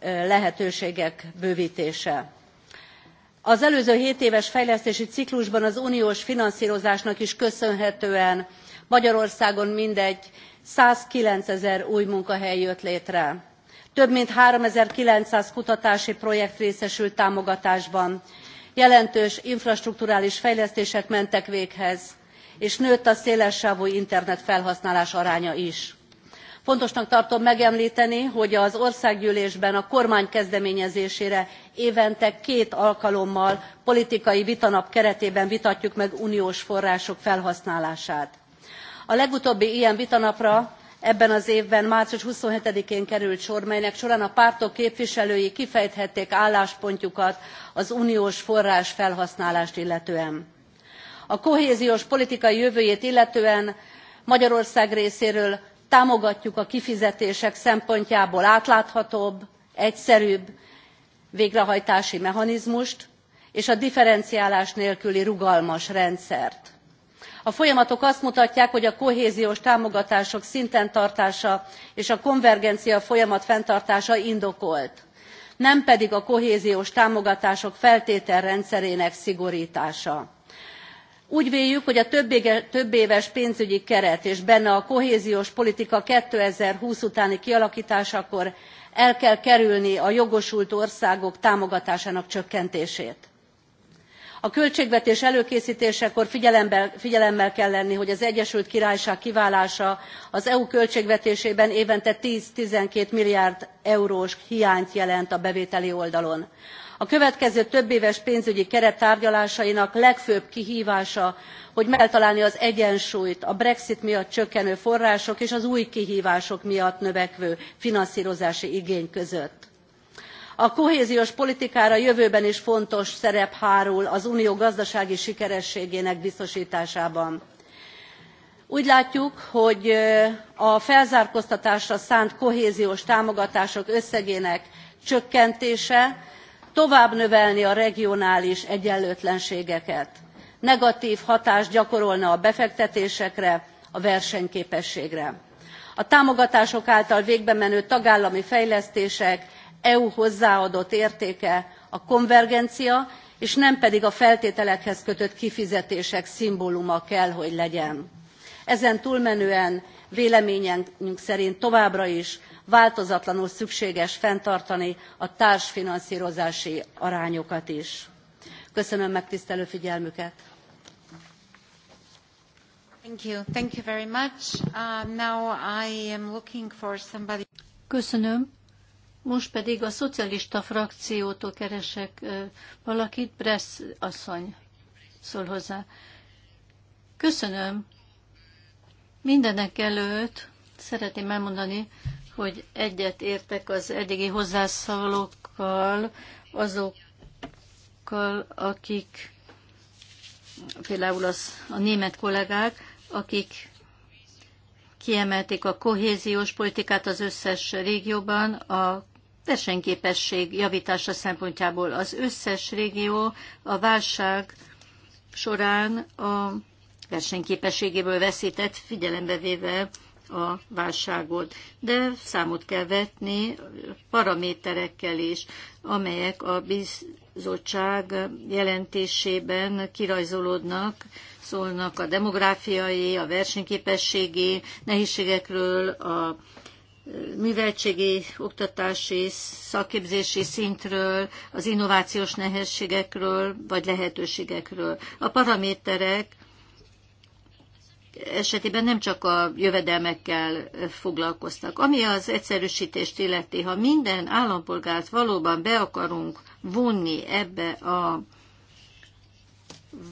lehetőségek bővítése. Az előző hétéves éves fejlesztési ciklusban az uniós finanszírozásnak is köszönhetően Magyarországon mindegy 109 ezer új munkahely jött létre. Több mint 3900 kutatási projekt részesült támogatásban, jelentős infrastrukturális fejlesztések mentek véghez és nőtt a szélessávú internet felhasználás aránya is fontosnak tartom megemlteni hogy az országgyűlésben a kormány kezdeményezésére évente két alkalommal politikai vitanap keretében vitatjuk meg uniós források felhasználását. a legutóbbi ilyen vitanapra ebben az évben március twenty seven én került sor melynek során a pártok képviselői kifejthették álláspontjukat az uniós forrásfelhasználást illetően. a kohéziós politika jövőjét illetően magyarország részéről támogatjuk a kifizetések szempontjából átláthatóbb egyszerűbb végrehajtási mechanizmust és a differenciálás nélküli rugalmas rendszert. a folyamatok azt mutatják hogy a kohéziós támogatások szinten tartása és a konvergencia folyamat fenntartása indokolt nem pedig a kohéziós támogatások feltételrendszerének szigortása úgy véljük hogy a többéves pénzügyi keret és benne a kohéziós politika two thousand and twenty utáni kialaktásakor el kell kerülni a jogosult országok támogatásának csökkentését. a költségvetés előkésztésekor figyelemmel kell lenni hogy az egyesült királyság kiválása az eu költségvetésében évente ten twelve milliárd eurós hiányt jelent a bevételi oldalon a következő többéves pénzügyi keret tárgyalásainak legfőbb kihvása hogy meg kell találni az egyensúlyt a brexit miatt csökkenő források és az új kihvások miatt növekvő finanszrozási igény között. a kohéziós politikára a jövőben is fontos szerep hárul az unió gazdasági sikerességének biztostásában. úgy látjuk hogy a felzárkóztatásra szánt kohéziós támogatások összegének csökkentése tovább növelni a regionális egyenlőtlenségeket negatv hatást gyakorolna a befektetésekre a versenyképességre. a támogatások által végbemenő tagállami fejlesztések eu hozzáadott értéke a konvergencia és nem pedig a feltételekhez kötött kifizetések szimbóluma kell hogy legyen. ezen túlmenően véleményünk szerint továbbra is változatlanul szükséges fenntartani a társfinanszírozási arányokat is. Köszönöm megtisztelő figyelmüket. Köszönöm. Most pedig a szocialista frakciótól keresek uh, valakit, Bressz asszony szól hozzá. Köszönöm. Mindenek előtt szeretném elmondani, hogy egyet értek az eddigi hozzászólókkal, azokkal, akik például az, a német kollégák, akik kiemelték a kohéziós politikát az összes régióban, a versenyképesség javítása szempontjából az összes régió a válság során a versenyképességéből veszített, figyelembe véve a válságot, de számot kell vetni paraméterekkel is, amelyek a bizottság jelentésében kirajzolódnak, szólnak a demográfiai, a versenyképességi nehézségekről, a műveltségi, oktatási, szakképzési szintről, az innovációs nehézségekről vagy lehetőségekről. A paraméterek esetében nem csak a jövedelmekkel foglalkoztak. Ami az egyszerűsítést illeti, ha minden állampolgárt valóban be akarunk vonni ebbe a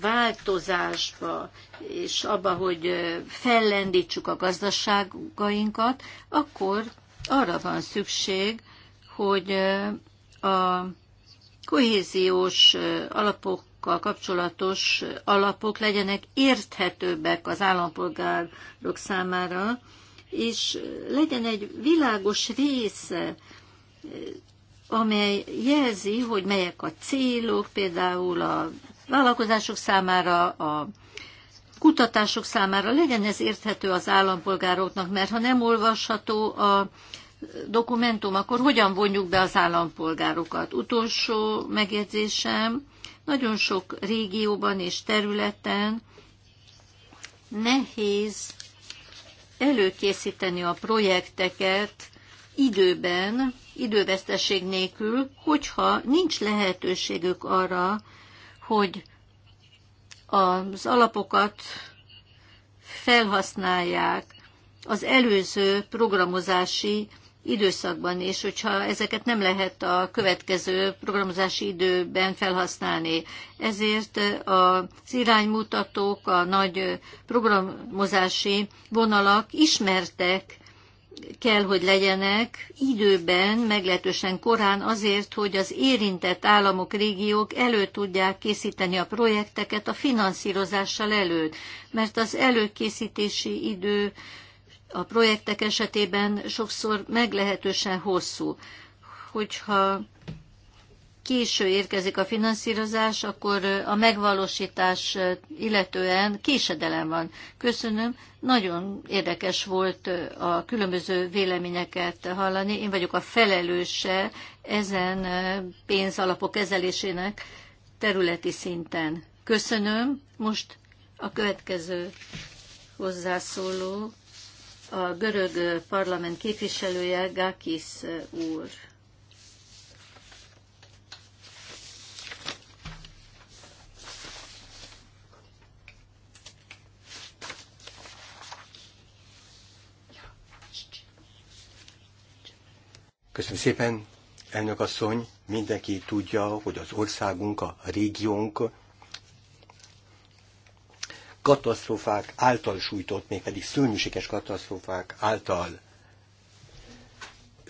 változásba, és abba, hogy fellendítsük a gazdaságainkat, akkor arra van szükség, hogy a kohéziós alapok adatokkal kapcsolatos alapok legyenek érthetőbbek az állampolgárok számára, és legyen egy világos része, amely jelzi, hogy melyek a célok, például a vállalkozások számára, a kutatások számára legyen ez érthető az állampolgároknak, mert ha nem olvasható a dokumentum, akkor hogyan vonjuk be az állampolgárokat? Utolsó megjegyzésem, nagyon sok régióban és területen nehéz előkészíteni a projekteket időben, időveszteség nélkül, hogyha nincs lehetőségük arra, hogy az alapokat felhasználják az előző programozási időszakban és hogyha ezeket nem lehet a következő programozási időben felhasználni. Ezért az iránymutatók, a nagy programozási vonalak ismertek kell, hogy legyenek időben, meglehetősen korán azért, hogy az érintett államok, régiók elő tudják készíteni a projekteket a finanszírozással előtt, mert az előkészítési idő a projektek esetében sokszor meglehetősen hosszú. Hogyha késő érkezik a finanszírozás, akkor a megvalósítás illetően késedelem van. Köszönöm. Nagyon érdekes volt a különböző véleményeket hallani. Én vagyok a felelőse ezen pénzalapok kezelésének területi szinten. Köszönöm. Most a következő hozzászóló a görög parlament képviselője Gákis úr. Köszönöm szépen, elnök asszony, mindenki tudja, hogy az országunk, a régiónk katasztrófák által sújtott, mégpedig szörnyűséges katasztrófák által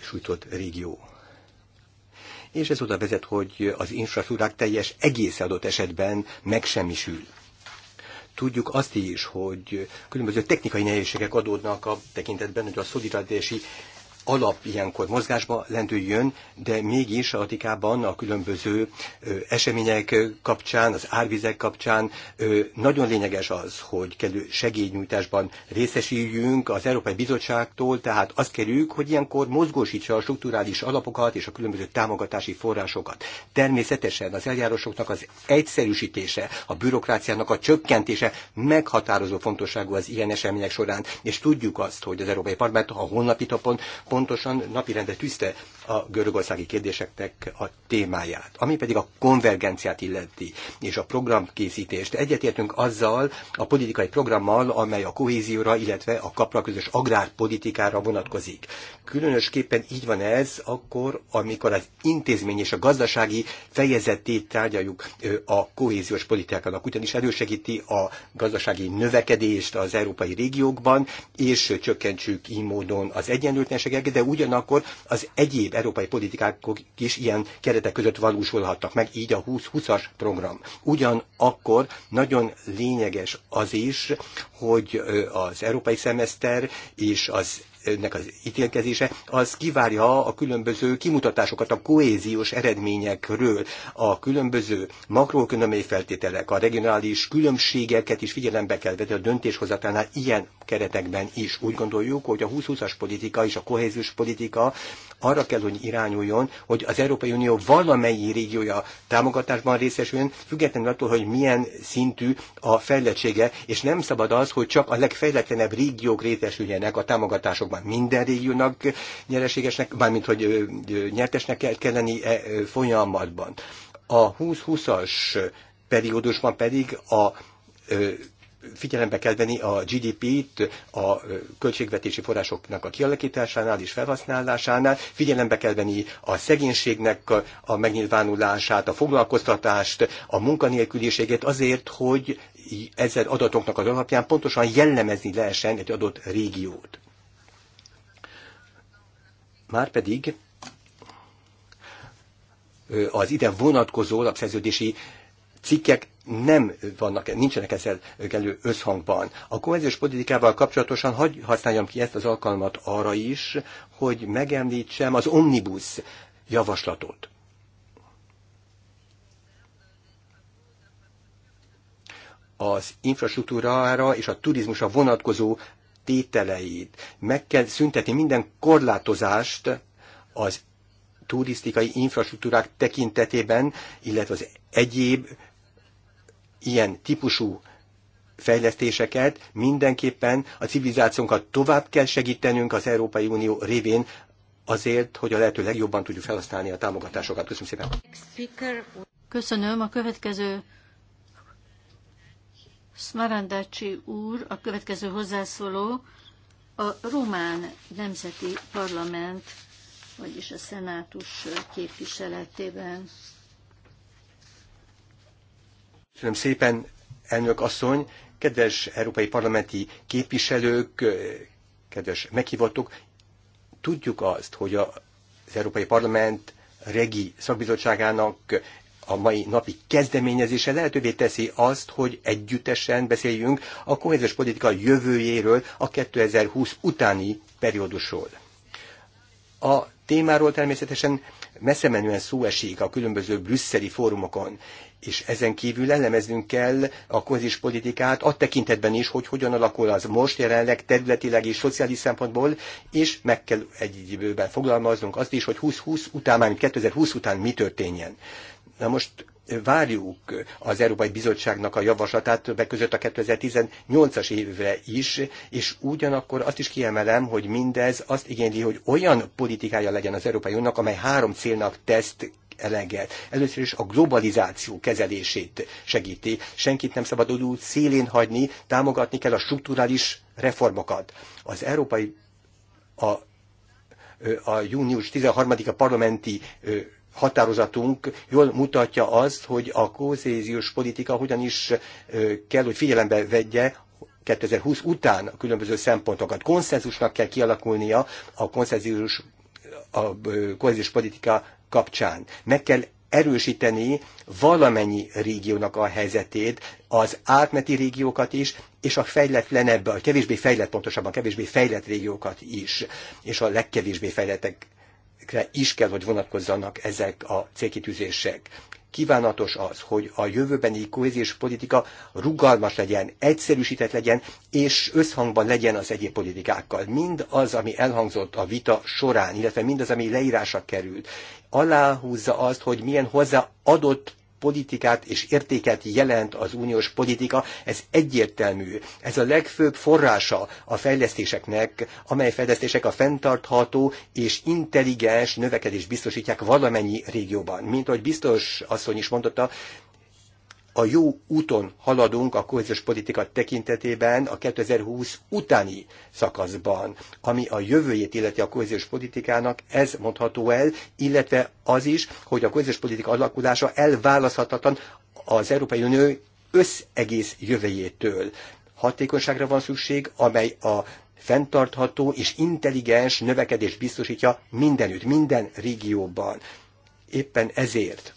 sújtott régió. És ez oda vezet, hogy az infrastruktúrák teljes egész adott esetben megsemmisül. Tudjuk azt is, hogy különböző technikai nehézségek adódnak a tekintetben, hogy a szolidaritási alap ilyenkor mozgásba lendüljön, de mégis Atikában a különböző események kapcsán, az árvizek kapcsán nagyon lényeges az, hogy kellő segélynyújtásban részesüljünk az Európai Bizottságtól, tehát azt kerüljük, hogy ilyenkor mozgósítsa a strukturális alapokat és a különböző támogatási forrásokat. Természetesen az eljárásoknak az egyszerűsítése, a bürokráciának a csökkentése meghatározó fontosságú az ilyen események során, és tudjuk azt, hogy az Európai Parlament a honlapi pontosan napirendre tűzte a görögországi kérdéseknek a témáját. Ami pedig a konvergenciát illeti, és a programkészítést. Egyetértünk azzal a politikai programmal, amely a kohézióra, illetve a kapra közös agrárpolitikára vonatkozik. Különösképpen így van ez akkor, amikor az intézmény és a gazdasági fejezetét tárgyaljuk a kohéziós politikának, ugyanis elősegíti a gazdasági növekedést az európai régiókban, és csökkentsük így módon az egyenlőtlenségeket, de ugyanakkor az egyéb európai politikák is ilyen keretek között valósulhatnak meg, így a 20-20-as program. Ugyanakkor nagyon lényeges az is, hogy az európai szemeszter és az ennek az ítélkezése, az kivárja a különböző kimutatásokat a kohéziós eredményekről, a különböző makroökonomiai feltételek, a regionális különbségeket is figyelembe kell vetni a döntéshozatánál ilyen keretekben is. Úgy gondoljuk, hogy a 2020-as politika és a kohéziós politika arra kell, hogy irányuljon, hogy az Európai Unió valamennyi régiója támogatásban részesüljön, függetlenül attól, hogy milyen szintű a fejlettsége, és nem szabad az, hogy csak a legfejletlenebb régiók részesüljenek a támogatásokban országban minden régiónak nyereségesnek, mármint hogy nyertesnek kell, kell lenni e folyamatban. A 20-20-as periódusban pedig a figyelembe kell venni a GDP-t a költségvetési forrásoknak a kialakításánál és felhasználásánál, figyelembe kell venni a szegénységnek a megnyilvánulását, a foglalkoztatást, a munkanélküliséget azért, hogy ezzel adatoknak az alapján pontosan jellemezni lehessen egy adott régiót. Márpedig az ide vonatkozó alapszerződési cikkek nem vannak, nincsenek ezzel kellő összhangban. A kohéziós politikával kapcsolatosan hagy használjam ki ezt az alkalmat arra is, hogy megemlítsem az omnibus javaslatot. az infrastruktúrára és a turizmusra vonatkozó tételeit. Meg kell szüntetni minden korlátozást az turisztikai infrastruktúrák tekintetében, illetve az egyéb ilyen típusú fejlesztéseket mindenképpen a civilizációnkat tovább kell segítenünk az Európai Unió révén, azért, hogy a lehető legjobban tudjuk felhasználni a támogatásokat. Köszönöm szépen. Köszönöm. A következő Smarandacsi úr, a következő hozzászóló, a Román Nemzeti Parlament, vagyis a Szenátus képviseletében. Köszönöm szépen, elnök asszony, kedves európai parlamenti képviselők, kedves meghívottok, tudjuk azt, hogy az Európai Parlament regi szakbizottságának a mai napi kezdeményezése lehetővé teszi azt, hogy együttesen beszéljünk a kohéziós politika jövőjéről a 2020 utáni periódusról. A témáról természetesen messze menően szó esik a különböző brüsszeli fórumokon, és ezen kívül elemeznünk kell a kozis politikát a tekintetben is, hogy hogyan alakul az most jelenleg területileg és szociális szempontból, és meg kell időben foglalmaznunk azt is, hogy 2020 után, 2020 után mi történjen. Na most várjuk az Európai Bizottságnak a javaslatát többek között a 2018-as évre is, és ugyanakkor azt is kiemelem, hogy mindez azt igényli, hogy olyan politikája legyen az Európai Uniónak, amely három célnak teszt eleget. Először is a globalizáció kezelését segíti. Senkit nem szabad út szélén hagyni, támogatni kell a strukturális reformokat. Az európai a, a június 13-a parlamenti határozatunk jól mutatja azt, hogy a kohéziós politika hogyan is kell, hogy figyelembe vegye 2020 után a különböző szempontokat. Konszenzusnak kell kialakulnia a konszenzus a kohéziós politika kapcsán. Meg kell erősíteni valamennyi régiónak a helyzetét, az átmeti régiókat is, és a fejletlenebb, a kevésbé fejlett, pontosabban kevésbé fejlett régiókat is, és a legkevésbé fejlettek cégekre is kell, hogy vonatkozzanak ezek a célkitűzések. Kívánatos az, hogy a jövőbeni kohéziós politika rugalmas legyen, egyszerűsített legyen, és összhangban legyen az egyéb politikákkal. Mind az, ami elhangzott a vita során, illetve mindaz, ami leírásra került, aláhúzza azt, hogy milyen hozzáadott politikát és értéket jelent az uniós politika, ez egyértelmű. Ez a legfőbb forrása a fejlesztéseknek, amely fejlesztések a fenntartható és intelligens növekedés biztosítják valamennyi régióban. Mint ahogy biztos asszony is mondotta, a jó úton haladunk a kohéziós politika tekintetében a 2020 utáni szakaszban, ami a jövőjét illeti a kohéziós politikának, ez mondható el, illetve az is, hogy a kohéziós politika alakulása elválaszthatatlan az Európai Unió összegész jövőjétől. Hatékonyságra van szükség, amely a fenntartható és intelligens növekedést biztosítja mindenütt, minden régióban. Éppen ezért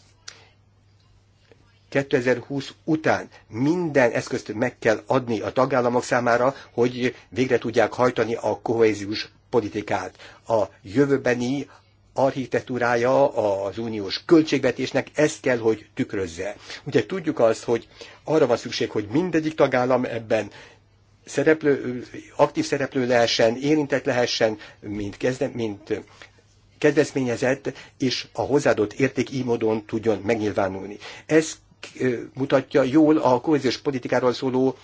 2020 után minden eszközt meg kell adni a tagállamok számára, hogy végre tudják hajtani a kohéziós politikát. A jövőbeni architektúrája az uniós költségvetésnek ezt kell, hogy tükrözze. Ugye tudjuk azt, hogy arra van szükség, hogy mindegyik tagállam ebben szereplő, aktív szereplő lehessen, érintett lehessen, mint, kezde, mint kedvezményezett, és a hozzáadott érték így módon tudjon megnyilvánulni. Ez mutatja jól a kohéziós politikáról szóló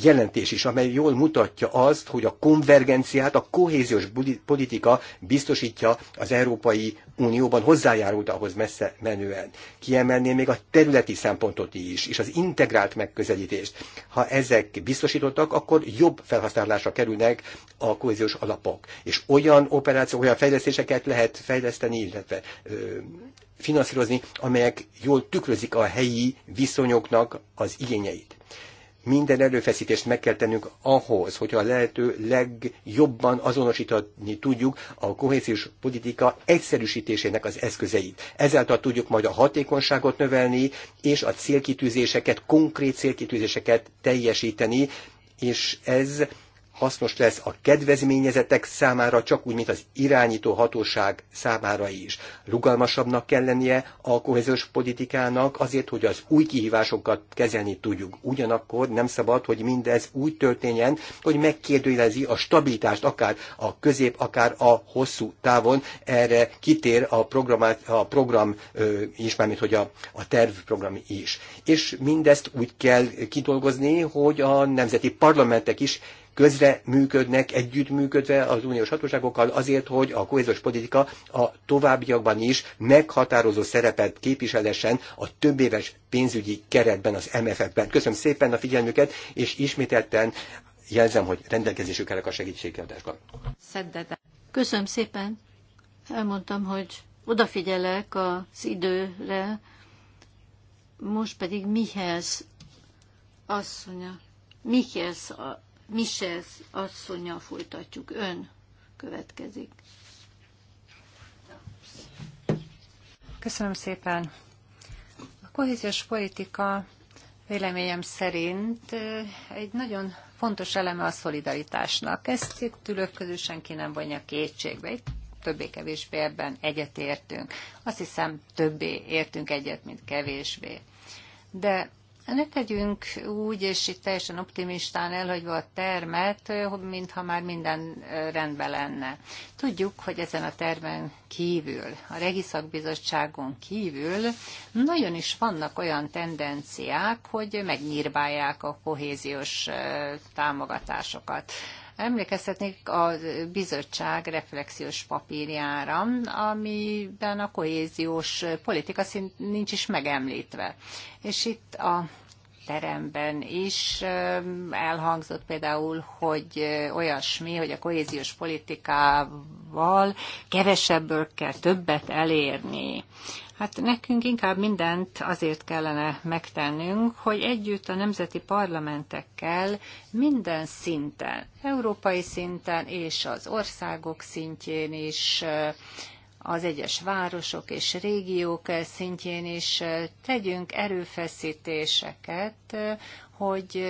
jelentés is, amely jól mutatja azt, hogy a konvergenciát a kohéziós politika biztosítja az Európai Unióban hozzájárult ahhoz messze menően. Kiemelném még a területi szempontot is, és az integrált megközelítést. Ha ezek biztosítottak, akkor jobb felhasználásra kerülnek a kohéziós alapok. És olyan operációk, olyan fejlesztéseket lehet fejleszteni, illetve ö, finanszírozni, amelyek jól tükrözik a helyi viszonyoknak az igényeit minden előfeszítést meg kell tennünk ahhoz, hogyha a lehető legjobban azonosítani tudjuk a kohéziós politika egyszerűsítésének az eszközeit. Ezáltal tudjuk majd a hatékonyságot növelni, és a célkitűzéseket, konkrét célkitűzéseket teljesíteni, és ez hasznos lesz a kedvezményezetek számára, csak úgy, mint az irányító hatóság számára is. Rugalmasabbnak kell lennie a kohéziós politikának azért, hogy az új kihívásokat kezelni tudjuk. Ugyanakkor nem szabad, hogy mindez úgy történjen, hogy megkérdőjelezi a stabilitást akár a közép, akár a hosszú távon. Erre kitér a, programát, a program is, mármint hogy a, a tervprogram is. És mindezt úgy kell kidolgozni, hogy a nemzeti parlamentek is közre működnek, együttműködve az uniós hatóságokkal azért, hogy a kohéziós politika a továbbiakban is meghatározó szerepet képviselesen a többéves pénzügyi keretben, az MFF-ben. Köszönöm szépen a figyelmüket, és ismételten jelzem, hogy rendelkezésükre a segítségkiadásban. Köszönöm szépen. Elmondtam, hogy odafigyelek az időre, most pedig mihez asszonya, mihez Michels asszonyjal folytatjuk. Ön következik. Köszönöm szépen. A kohéziós politika véleményem szerint egy nagyon fontos eleme a szolidaritásnak. Ezt itt ülők közül senki nem vonja kétségbe. Itt többé-kevésbé ebben egyetértünk. Azt hiszem, többé értünk egyet, mint kevésbé. De ne tegyünk úgy, és itt teljesen optimistán elhagyva a termet, mintha már minden rendben lenne. Tudjuk, hogy ezen a termen kívül, a Regiszakbizottságon kívül nagyon is vannak olyan tendenciák, hogy megnyírbálják a kohéziós támogatásokat. Emlékeztetnék a bizottság reflexiós papírjára, amiben a kohéziós politika szint nincs is megemlítve. És itt a teremben is elhangzott például, hogy olyasmi, hogy a kohéziós politikával kevesebből kell többet elérni. Hát nekünk inkább mindent azért kellene megtennünk, hogy együtt a nemzeti parlamentekkel minden szinten, európai szinten és az országok szintjén is az egyes városok és régiók szintjén is tegyünk erőfeszítéseket, hogy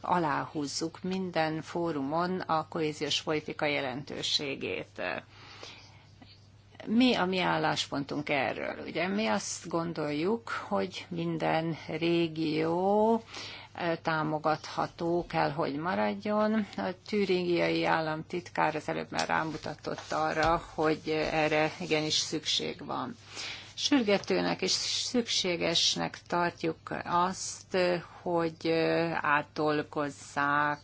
aláhúzzuk minden fórumon a kohéziós politika jelentőségét. Mi a mi álláspontunk erről? Ugye mi azt gondoljuk, hogy minden régió támogatható kell, hogy maradjon. A türingiai államtitkár az előbb már rámutatott arra, hogy erre igenis szükség van. Sürgetőnek és szükségesnek tartjuk azt, hogy átdolgozzák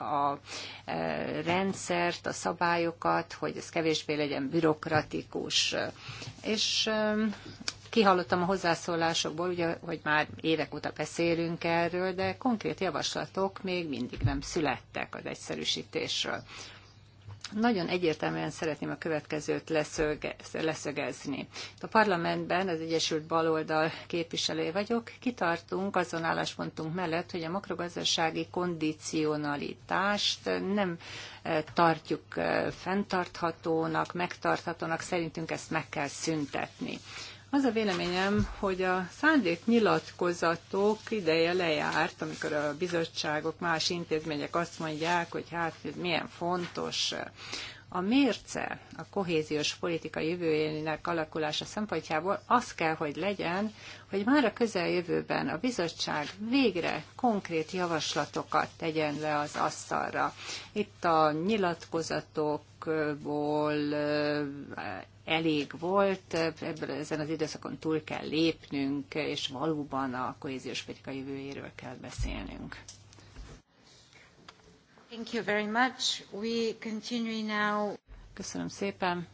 a e, rendszert, a szabályokat, hogy ez kevésbé legyen bürokratikus. És e, kihallottam a hozzászólásokból, ugye, hogy már évek óta beszélünk erről, de konkrét javaslatok még mindig nem születtek az egyszerűsítésről. Nagyon egyértelműen szeretném a következőt leszögezni. A parlamentben az Egyesült Baloldal képviselője vagyok, kitartunk azon álláspontunk mellett, hogy a makrogazdasági kondicionalitást nem eh, tartjuk eh, fenntarthatónak, megtarthatónak, szerintünk ezt meg kell szüntetni. Az a véleményem, hogy a szándéknyilatkozatok ideje lejárt, amikor a bizottságok, más intézmények azt mondják, hogy hát ez milyen fontos. A mérce a kohéziós politika jövőjének alakulása szempontjából az kell, hogy legyen, hogy már a közeljövőben a bizottság végre konkrét javaslatokat tegyen le az asztalra. Itt a nyilatkozatok, időszakból eh, elég volt, ebből ezen az időszakon túl kell lépnünk, és valóban a kohéziós politika jövőjéről kell beszélnünk. Thank you very much. We continue now. Köszönöm szépen.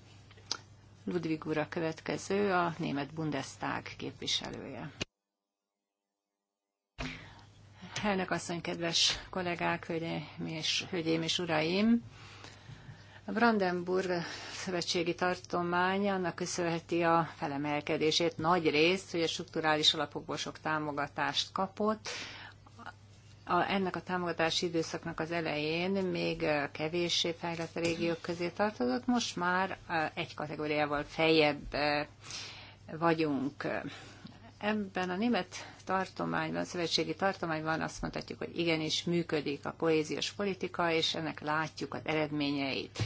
Ludwig úr a következő, a német Bundestag képviselője. Elnök asszony, kedves kollégák, hölgyeim és, hölgyeim és uraim! A Brandenburg szövetségi tartomány annak köszönheti a felemelkedését nagy részt, hogy a strukturális alapokból sok támogatást kapott, a, ennek a támogatási időszaknak az elején még kevéssé fejlett régiók közé tartozott, most már egy kategóriával feljebb vagyunk. Ebben a német tartományban, szövetségi tartományban azt mondhatjuk, hogy igenis működik a kohéziós politika, és ennek látjuk az eredményeit.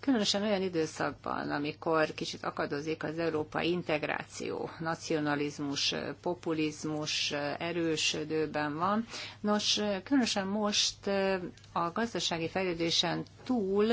Különösen olyan időszakban, amikor kicsit akadozik az európai integráció, nacionalizmus, populizmus erősödőben van. Nos, különösen most a gazdasági fejlődésen túl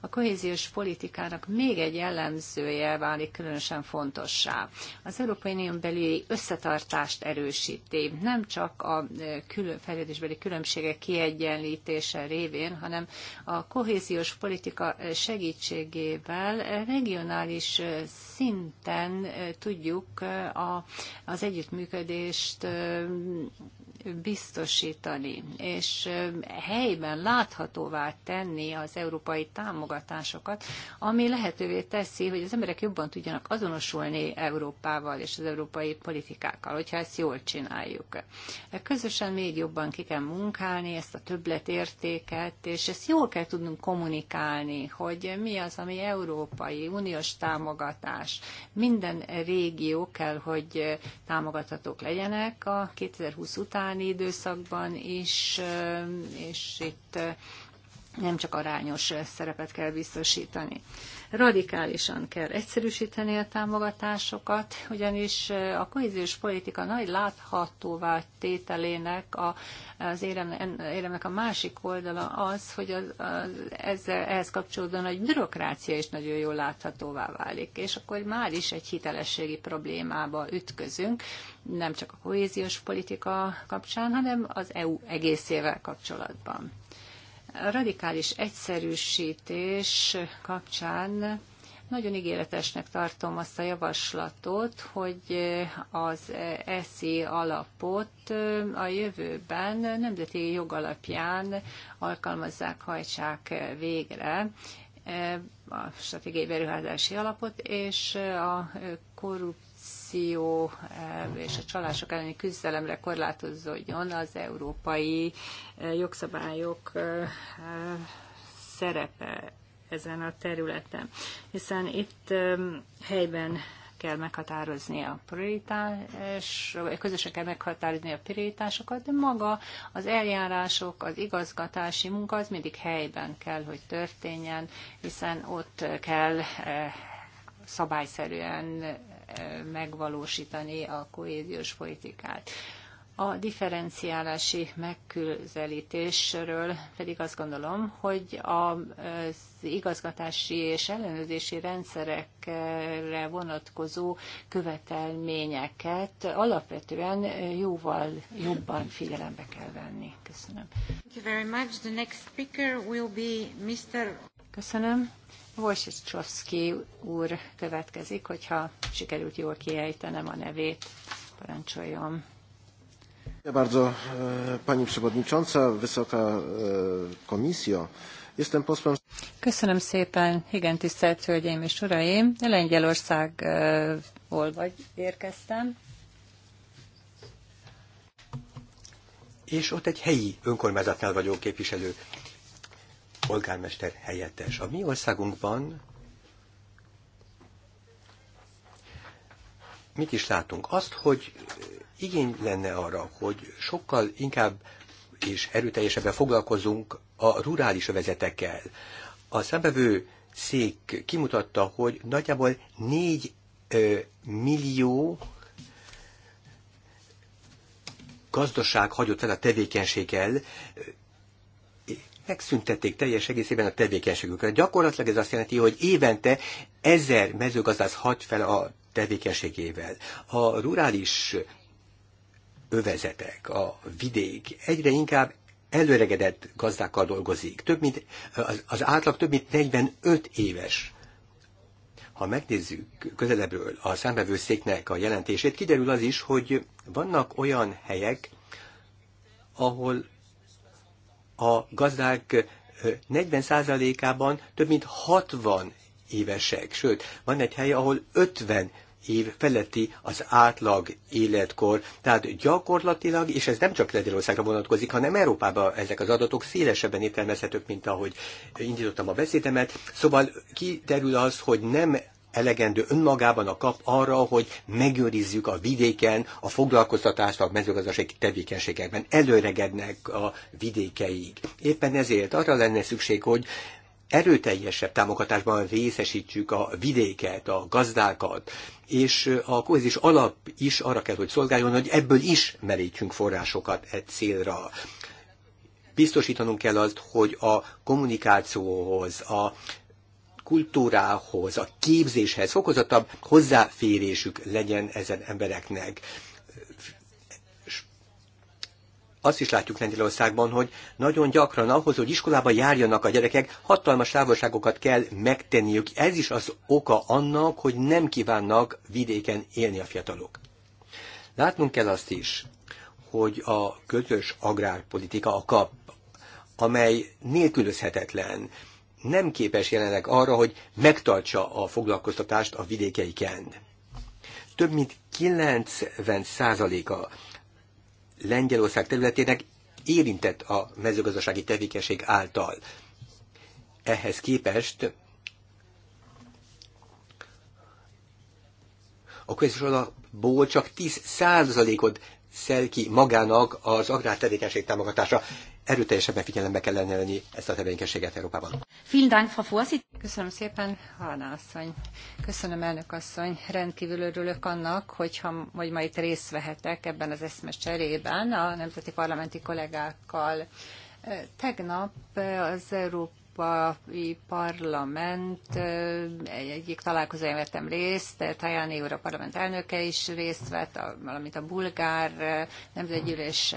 a kohéziós politikának még egy jellemzője válik különösen fontossá. Az Európai Unión belüli összetartást erősíti, nem csak a külön, fejlődésbeli különbségek kiegyenlítése révén, hanem a kohéziós politika segít segítségével regionális szinten tudjuk a, az együttműködést biztosítani, és helyben láthatóvá tenni az európai támogatásokat, ami lehetővé teszi, hogy az emberek jobban tudjanak azonosulni Európával és az európai politikákkal, hogyha ezt jól csináljuk. Közösen még jobban ki kell munkálni ezt a többletértéket, és ezt jól kell tudnunk kommunikálni, hogy mi az, ami európai, uniós támogatás. Minden régió kell, hogy támogathatók legyenek a 2020 után, utáni időszakban is, és itt nem csak arányos szerepet kell biztosítani. Radikálisan kell egyszerűsíteni a támogatásokat, ugyanis a kohéziós politika nagy láthatóvá tételének a, az érem, éremnek a másik oldala az, hogy az, az, ez, ehhez kapcsolódóan egy bürokrácia is nagyon jól láthatóvá válik, és akkor már is egy hitelességi problémába ütközünk, nem csak a kohéziós politika kapcsán, hanem az EU egészével kapcsolatban. A radikális egyszerűsítés kapcsán nagyon ígéretesnek tartom azt a javaslatot, hogy az ESZI alapot a jövőben nemzeti jog alapján alkalmazzák, hajtsák végre eh, a stratégiai beruházási alapot, és a korrupt korrupció eh, és a csalások elleni küzdelemre korlátozódjon az európai eh, jogszabályok eh, szerepe ezen a területen, hiszen itt helyben kell meghatározni a prioritás, közösen kell meghatározni a prioritásokat, de maga az eljárások, az igazgatási munka az mindig helyben kell, hogy történjen, hiszen ott kell szabályszerűen megvalósítani a kohéziós politikát. A differenciálási megközelítésről pedig azt gondolom, hogy az igazgatási és ellenőrzési rendszerekre vonatkozó követelményeket alapvetően jóval jobban figyelembe kell venni. Köszönöm. Köszönöm. Wojciechowski úr következik, hogyha sikerült jól kiejtenem a nevét. Parancsoljon. Bardzo, e, pani przewodnicząca, wysoka e, komisja. Jestem posłem... Köszönöm szépen, igen, tisztelt Hölgyeim és Uraim. Lengyelországból e, vagy érkeztem. És ott egy helyi önkormányzatnál vagyok képviselő polgármester helyettes. A mi országunkban mit is látunk? Azt, hogy igény lenne arra, hogy sokkal inkább és erőteljesebben foglalkozunk a rurális övezetekkel. A szembevő szék kimutatta, hogy nagyjából 4 millió gazdaság hagyott fel a tevékenységgel, megszüntették teljes egészében a tevékenységüket. Gyakorlatilag ez azt jelenti, hogy évente ezer mezőgazdász hagy fel a tevékenységével. A rurális övezetek, a vidék egyre inkább előregedett gazdákkal dolgozik. Több mint, az, az átlag több mint 45 éves. Ha megnézzük közelebbről a számbevőszéknek a jelentését, kiderül az is, hogy vannak olyan helyek, ahol a gazdák 40%-ában több mint 60 évesek, sőt, van egy hely, ahol 50 év feletti az átlag életkor. Tehát gyakorlatilag, és ez nem csak Lengyelországra vonatkozik, hanem Európában ezek az adatok szélesebben értelmezhetők, mint ahogy indítottam a beszédemet. Szóval kiderül az, hogy nem elegendő önmagában a kap arra, hogy megőrizzük a vidéken a foglalkoztatást a mezőgazdasági tevékenységekben. Előregednek a vidékeig. Éppen ezért arra lenne szükség, hogy erőteljesebb támogatásban részesítsük a vidéket, a gazdákat, és a kohézis alap is arra kell, hogy szolgáljon, hogy ebből is merítsünk forrásokat egy célra biztosítanunk kell azt, hogy a kommunikációhoz, a kultúrához, a képzéshez fokozottabb hozzáférésük legyen ezen embereknek azt is látjuk Lengyelországban, hogy nagyon gyakran ahhoz, hogy iskolába járjanak a gyerekek, hatalmas távolságokat kell megtenniük. Ez is az oka annak, hogy nem kívánnak vidéken élni a fiatalok. Látnunk kell azt is, hogy a közös agrárpolitika, a kap, amely nélkülözhetetlen, nem képes jelenleg arra, hogy megtartsa a foglalkoztatást a kend. Több mint 90 százaléka Lengyelország területének érintett a mezőgazdasági tevékenység által. Ehhez képest a közösségből csak 10 ot szel ki magának az agrártevékenység támogatása erőteljesebben figyelembe kell lenni ezt a tevékenységet Európában. Köszönöm szépen, Halna asszony. Köszönöm, elnök asszony. Rendkívül örülök annak, hogyha, hogy ma itt részt vehetek ebben az eszmes cserében a nemzeti parlamenti kollégákkal. Tegnap az Európa Európai Parlament egyik találkozóján vettem részt, Tajani úr a parlament elnöke is részt vett, valamint a bulgár nemzetgyűlés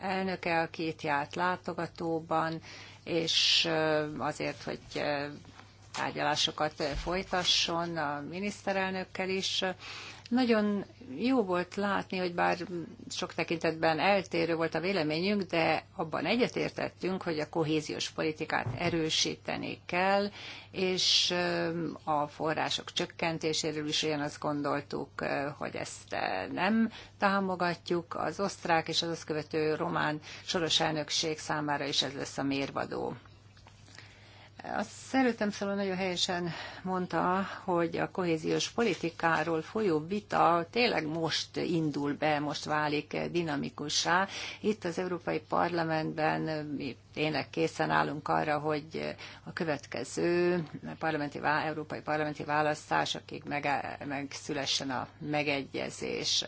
elnöke, aki itt járt látogatóban, és azért, hogy tárgyalásokat folytasson a miniszterelnökkel is. Nagyon jó volt látni, hogy bár sok tekintetben eltérő volt a véleményünk, de abban egyetértettünk, hogy a kohéziós politikát erősíteni kell, és a források csökkentéséről is azt gondoltuk, hogy ezt nem támogatjuk. Az osztrák és az azt követő román soros elnökség számára is ez lesz a mérvadó. Azt előttem szóló nagyon helyesen mondta, hogy a kohéziós politikáról folyó vita tényleg most indul be, most válik dinamikussá. Itt az Európai Parlamentben tényleg készen állunk arra, hogy a következő parlamenti, európai parlamenti akik meg, megszülessen a megegyezés.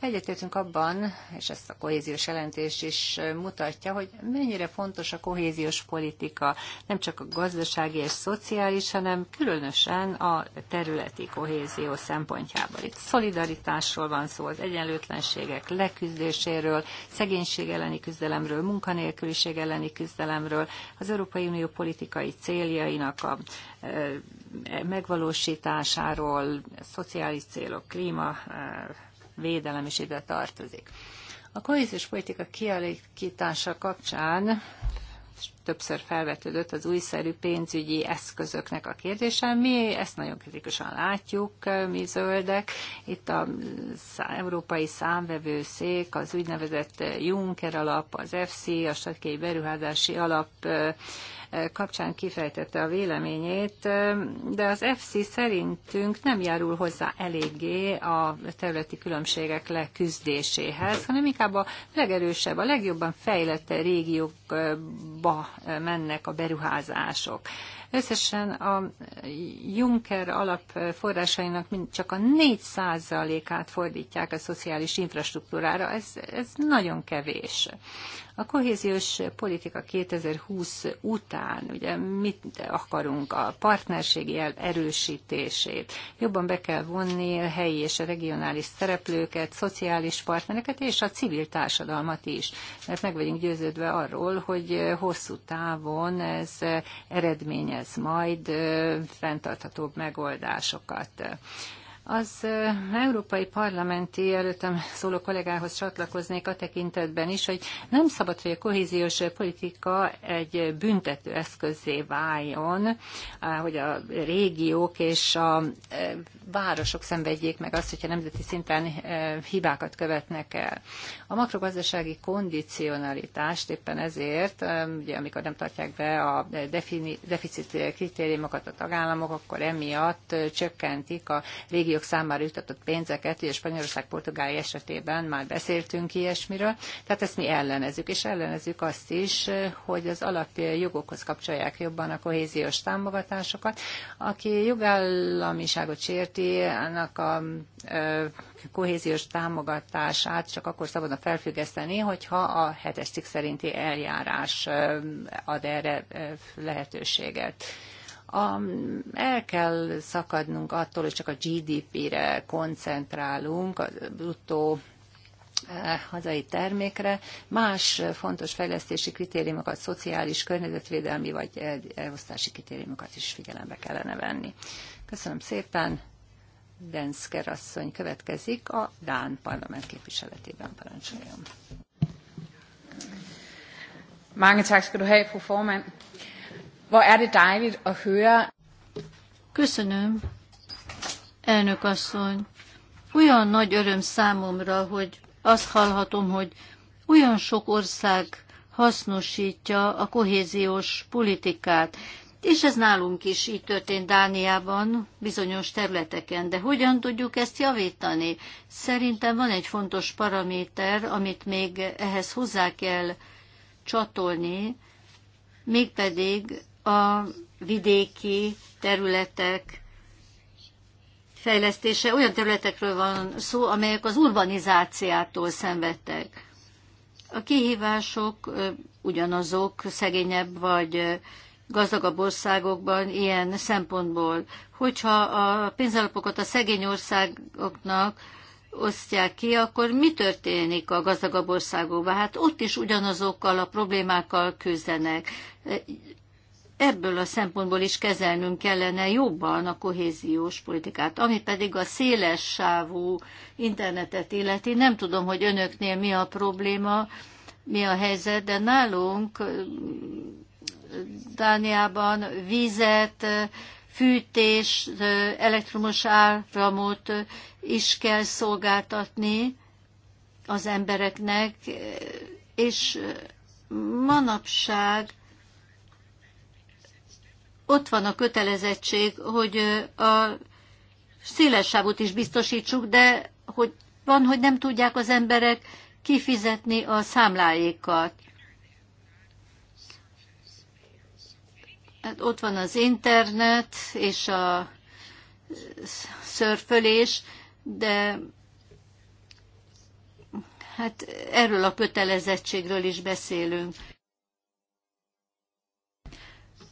Egyetértünk abban, és ezt a kohéziós jelentés is mutatja, hogy mennyire fontos a kohéziós politika, nem csak a gazdasági és szociális, hanem különösen a területi kohézió szempontjából. Itt szolidaritásról van szó, az egyenlőtlenségek leküzdéséről, szegénység elleni küzdelemről, munkanélküliség elleni küzdelemről, küzdelemről, az Európai Unió politikai céljainak a e, megvalósításáról, a szociális célok, klíma, e, védelem is ide tartozik. A kohéziós politika kialakítása kapcsán többször felvetődött az újszerű pénzügyi eszközöknek a kérdése. Mi ezt nagyon kritikusan látjuk, mi zöldek. Itt az Európai Számvevőszék, az úgynevezett Juncker alap, az FC, a Stratégiai Beruházási Alap kapcsán kifejtette a véleményét, de az FC szerintünk nem járul hozzá eléggé a területi különbségek leküzdéséhez, hanem inkább a legerősebb, a legjobban fejlett régiókba mennek a beruházások. Összesen a Juncker alap forrásainak mind csak a 4%-át fordítják a szociális infrastruktúrára. Ez, ez nagyon kevés. A kohéziós politika 2020 után, ugye mit akarunk a partnerségi erősítését? Jobban be kell vonni a helyi és a regionális szereplőket, szociális partnereket és a civil társadalmat is, mert meg vagyunk győződve arról, hogy hosszú távon ez eredményez majd fenntarthatóbb megoldásokat. Az Európai Parlamenti előttem szóló kollégához csatlakoznék a tekintetben is, hogy nem szabad, hogy a kohéziós politika egy büntető eszközé váljon, hogy a régiók és a városok szenvedjék meg azt, hogyha nemzeti szinten hibákat követnek el. A makrogazdasági kondicionalitást éppen ezért, ugye amikor nem tartják be a deficit kritériumokat a tagállamok, akkor emiatt csökkentik a régió régiók számára jutatott pénzeket, ugye Spanyolország, Portugália esetében már beszéltünk ilyesmiről, tehát ezt mi ellenezzük, és ellenezzük azt is, hogy az alapjogokhoz kapcsolják jobban a kohéziós támogatásokat. Aki jogállamiságot sérti, annak a kohéziós támogatását csak akkor szabadna felfüggeszteni, hogyha a hetes cikk szerinti eljárás ad erre lehetőséget a, el kell szakadnunk attól, hogy csak a GDP-re koncentrálunk, a bruttó eh, hazai termékre, más fontos fejlesztési kritériumokat, szociális, környezetvédelmi vagy elosztási kritériumokat is figyelembe kellene venni. Köszönöm szépen. Denszker asszony következik a Dán parlament képviseletében parancsoljon. Mange tak skal du have, fru formand. Hvor er det dejligt at høre. Köszönöm, elnök asszony. Olyan nagy öröm számomra, hogy azt hallhatom, hogy olyan sok ország hasznosítja a kohéziós politikát. És ez nálunk is így történt Dániában, bizonyos területeken. De hogyan tudjuk ezt javítani? Szerintem van egy fontos paraméter, amit még ehhez hozzá kell csatolni, mégpedig a vidéki területek fejlesztése. Olyan területekről van szó, amelyek az urbanizációtól szenvedtek. A kihívások ugyanazok szegényebb vagy gazdagabb országokban ilyen szempontból. Hogyha a pénzalapokat a szegény országoknak osztják ki, akkor mi történik a gazdagabb országokban? Hát ott is ugyanazokkal a problémákkal küzdenek ebből a szempontból is kezelnünk kellene jobban a kohéziós politikát. Ami pedig a széles sávú internetet illeti, nem tudom, hogy önöknél mi a probléma, mi a helyzet, de nálunk Dániában vizet, fűtés, elektromos áramot is kell szolgáltatni az embereknek, és manapság ott van a kötelezettség, hogy a szélessávot is biztosítsuk, de hogy van, hogy nem tudják az emberek kifizetni a számláikat. Hát ott van az internet és a szörfölés, de hát erről a kötelezettségről is beszélünk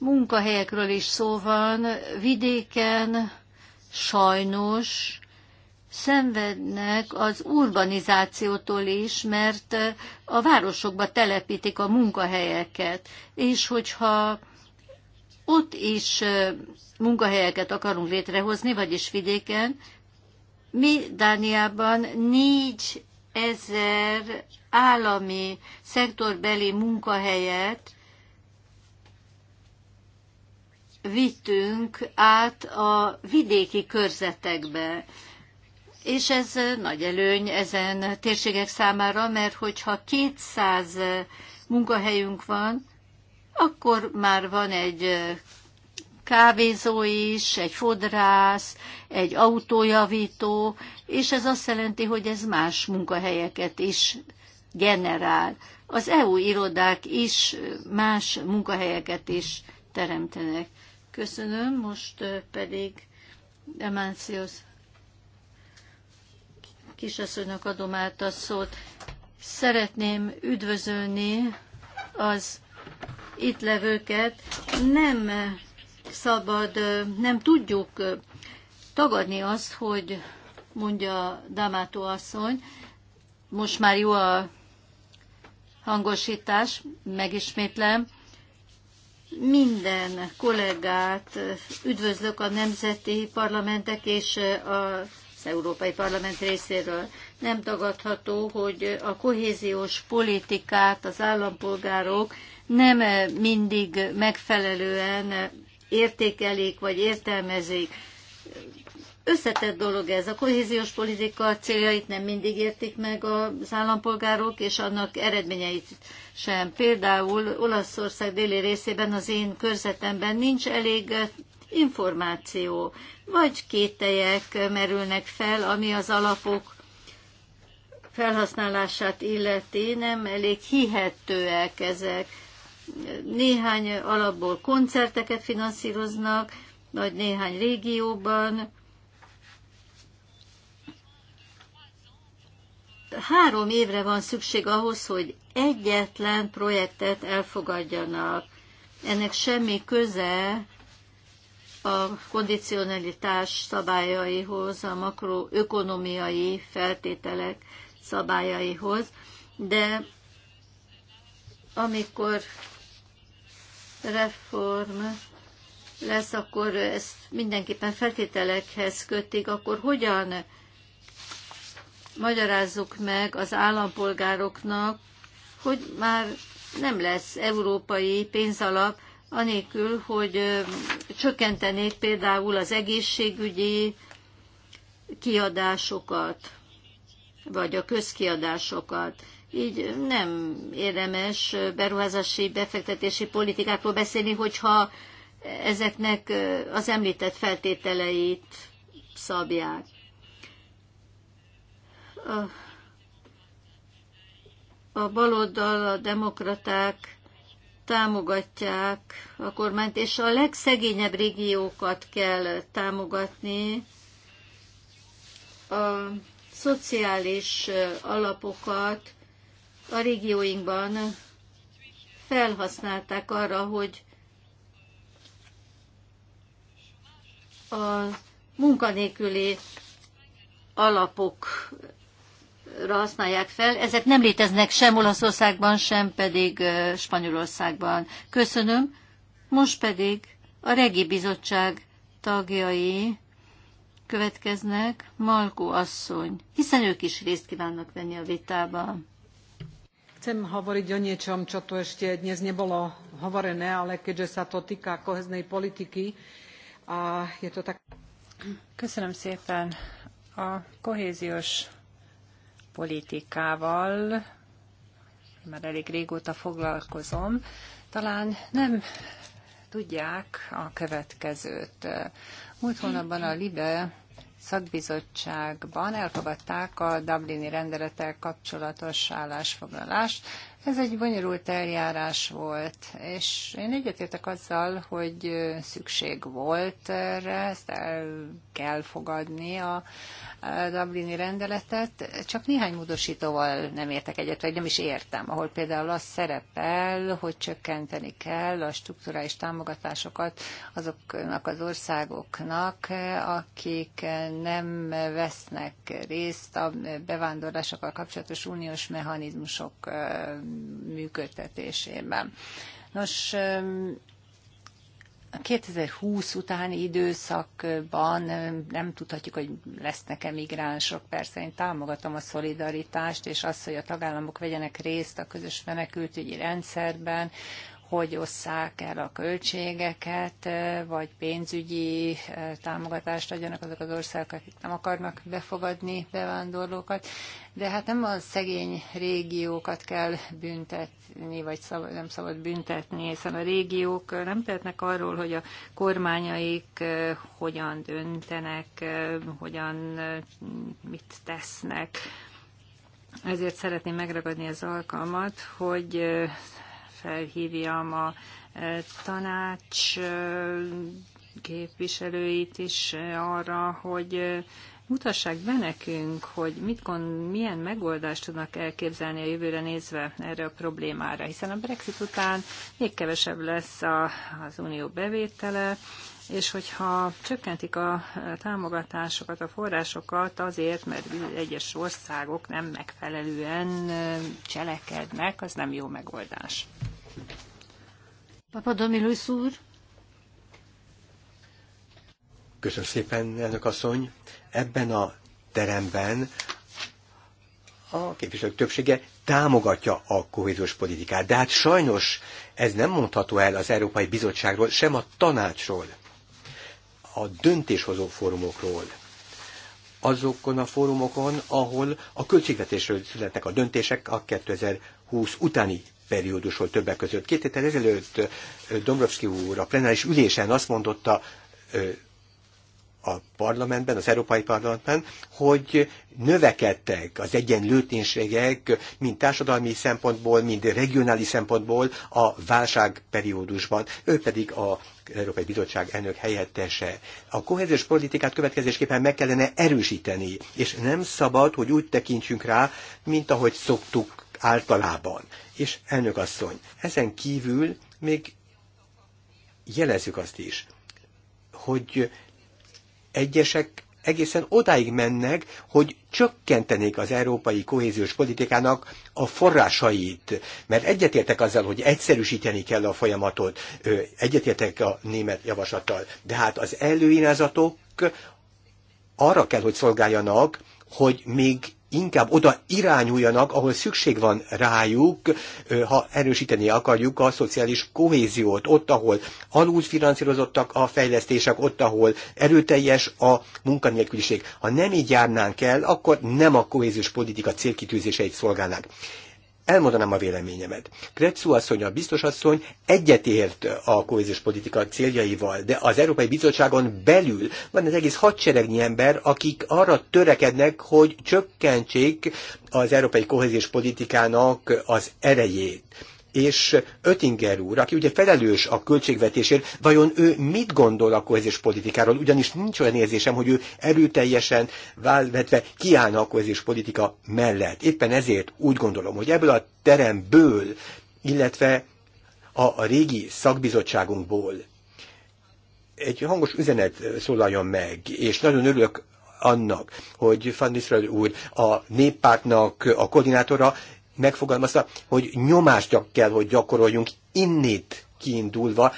munkahelyekről is szó van. Vidéken sajnos szenvednek az urbanizációtól is, mert a városokba telepítik a munkahelyeket, és hogyha ott is munkahelyeket akarunk létrehozni, vagyis vidéken, mi Dániában négy ezer állami szektorbeli munkahelyet vittünk át a vidéki körzetekbe. És ez nagy előny ezen térségek számára, mert hogyha 200 munkahelyünk van, akkor már van egy kávézó is, egy fodrász, egy autójavító, és ez azt jelenti, hogy ez más munkahelyeket is generál. Az EU irodák is más munkahelyeket is teremtenek. Köszönöm, most pedig Emánciós kisasszonynak adom át a szót. Szeretném üdvözölni az itt levőket. Nem szabad, nem tudjuk tagadni azt, hogy mondja Damátó asszony, most már jó a hangosítás, megismétlem, minden kollégát üdvözlök a nemzeti parlamentek és az Európai Parlament részéről. Nem tagadható, hogy a kohéziós politikát az állampolgárok nem mindig megfelelően értékelik vagy értelmezik. Összetett dolog ez. A kohéziós politika céljait nem mindig értik meg az állampolgárok, és annak eredményeit sem. Például Olaszország déli részében, az én körzetemben nincs elég információ, vagy kételyek merülnek fel, ami az alapok felhasználását illeti, nem elég hihetőek ezek. Néhány alapból koncerteket finanszíroznak, vagy néhány régióban, három évre van szükség ahhoz, hogy egyetlen projektet elfogadjanak. Ennek semmi köze a kondicionalitás szabályaihoz, a makroökonomiai feltételek szabályaihoz, de amikor reform lesz, akkor ezt mindenképpen feltételekhez kötik, akkor hogyan magyarázzuk meg az állampolgároknak, hogy már nem lesz európai pénzalap, anélkül, hogy csökkentenék például az egészségügyi kiadásokat, vagy a közkiadásokat. Így nem érdemes beruházási, befektetési politikákról beszélni, hogyha ezeknek az említett feltételeit szabják a, a baloldal, a demokraták támogatják a kormányt, és a legszegényebb régiókat kell támogatni. A szociális alapokat a régióinkban felhasználták arra, hogy a munkanélküli alapok használják fel. Ezek nem léteznek sem Olaszországban, sem pedig Spanyolországban. Köszönöm. Most pedig a Regi Bizottság tagjai következnek. Malkó asszony, hiszen ők is részt kívánnak venni a vitában. Chcem hovoriť o niečom, čo tu ešte dnes nebolo hovorené, ale keďže sa to týka koheznej politiky, a je to tak... Köszönöm szépen. A kohéziós politikával, már elég régóta foglalkozom, talán nem tudják a következőt. Múlt hónapban a LIBE szakbizottságban elfogadták a Dublini rendelettel kapcsolatos állásfoglalást. Ez egy bonyolult eljárás volt, és én egyetértek azzal, hogy szükség volt erre, ezt el kell fogadni a Dublini rendeletet. Csak néhány módosítóval nem értek egyet, vagy nem is értem, ahol például az szerepel, hogy csökkenteni kell a strukturális támogatásokat azoknak az országoknak, akik nem vesznek részt a bevándorlásokkal kapcsolatos uniós mechanizmusok működtetésében. Nos, a 2020 utáni időszakban nem tudhatjuk, hogy lesznek-e migránsok. Persze én támogatom a szolidaritást, és azt, hogy a tagállamok vegyenek részt a közös menekültügyi rendszerben, hogy osszák el a költségeket, vagy pénzügyi támogatást adjanak azok az országok, akik nem akarnak befogadni bevándorlókat. De hát nem a szegény régiókat kell büntetni, vagy szab- nem szabad büntetni, hiszen a régiók nem tehetnek arról, hogy a kormányaik hogyan döntenek, hogyan mit tesznek. Ezért szeretném megragadni az alkalmat, hogy felhívjam a e, tanács e, képviselőit is e, arra, hogy mutassák be nekünk, hogy mit gond, milyen megoldást tudnak elképzelni a jövőre nézve erre a problémára, hiszen a Brexit után még kevesebb lesz a, az unió bevétele, és hogyha csökkentik a támogatásokat, a forrásokat azért, mert egyes országok nem megfelelően cselekednek, az nem jó megoldás. Papadomilusz úr. Köszönöm szépen, elnök asszony. Ebben a teremben a képviselők többsége támogatja a kohéziós politikát. De hát sajnos ez nem mondható el az Európai Bizottságról, sem a tanácsról, a döntéshozó fórumokról. Azokon a fórumokon, ahol a költségvetésről születnek a döntések a 2020 utáni volt többek között. Két héttel ezelőtt Dombrovski úr a plenáris ülésen azt mondotta a parlamentben, az Európai Parlamentben, hogy növekedtek az egyenlőtlenségek, mind társadalmi szempontból, mind regionális szempontból a válságperiódusban. Ő pedig a Európai Bizottság elnök helyettese. A kohéziós politikát következésképpen meg kellene erősíteni, és nem szabad, hogy úgy tekintsünk rá, mint ahogy szoktuk általában. És elnök asszony, ezen kívül még jelezzük azt is, hogy egyesek egészen odáig mennek, hogy csökkentenék az európai kohéziós politikának a forrásait. Mert egyetértek azzal, hogy egyszerűsíteni kell a folyamatot, egyetértek a német javaslattal, de hát az előírázatok arra kell, hogy szolgáljanak, hogy még inkább oda irányuljanak, ahol szükség van rájuk, ha erősíteni akarjuk a szociális kohéziót, ott, ahol finanszírozottak a fejlesztések, ott, ahol erőteljes a munkanélküliség. Ha nem így járnánk el, akkor nem a kohéziós politika célkitűzéseit szolgálnák elmondanám a véleményemet. Kretszú asszony, a biztos asszony egyetért a kohéziós politika céljaival, de az Európai Bizottságon belül van egy egész hadseregnyi ember, akik arra törekednek, hogy csökkentsék az európai kohéziós politikának az erejét és Ötinger úr, aki ugye felelős a költségvetésért, vajon ő mit gondol a kohezés politikáról? Ugyanis nincs olyan érzésem, hogy ő erőteljesen válvetve kiállna a kohezés politika mellett. Éppen ezért úgy gondolom, hogy ebből a teremből, illetve a, régi szakbizottságunkból egy hangos üzenet szólaljon meg, és nagyon örülök annak, hogy Van Nistelrooy úr a néppártnak a koordinátora megfogalmazta, hogy nyomást kell, hogy gyakoroljunk innét kiindulva,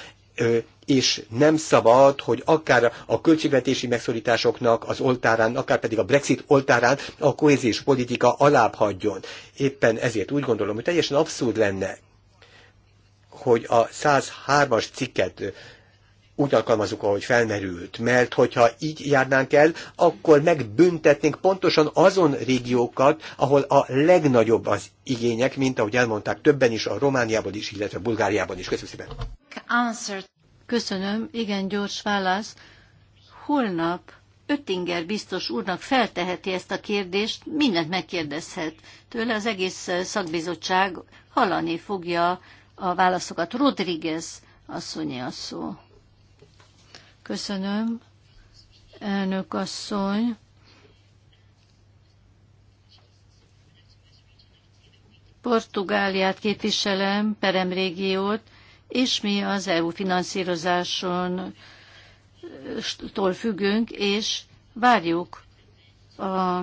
és nem szabad, hogy akár a költségvetési megszorításoknak az oltárán, akár pedig a Brexit oltárán a kohéziós politika alább hagyjon. Éppen ezért úgy gondolom, hogy teljesen abszurd lenne, hogy a 103-as cikket úgy alkalmazunk, ahogy felmerült, mert hogyha így járnánk el, akkor megbüntetnénk pontosan azon régiókat, ahol a legnagyobb az igények, mint ahogy elmondták többen is a Romániában is, illetve Bulgáriában is. Köszönöm szépen. Köszönöm, igen gyors válasz. Holnap Öttinger biztos úrnak felteheti ezt a kérdést, mindent megkérdezhet. Tőle az egész szakbizottság hallani fogja a válaszokat. Rodriguez asszonyi a szó. Köszönöm, elnök asszony. Portugáliát képviselem, Perem régiót, és mi az EU finanszírozáson függünk, és várjuk a,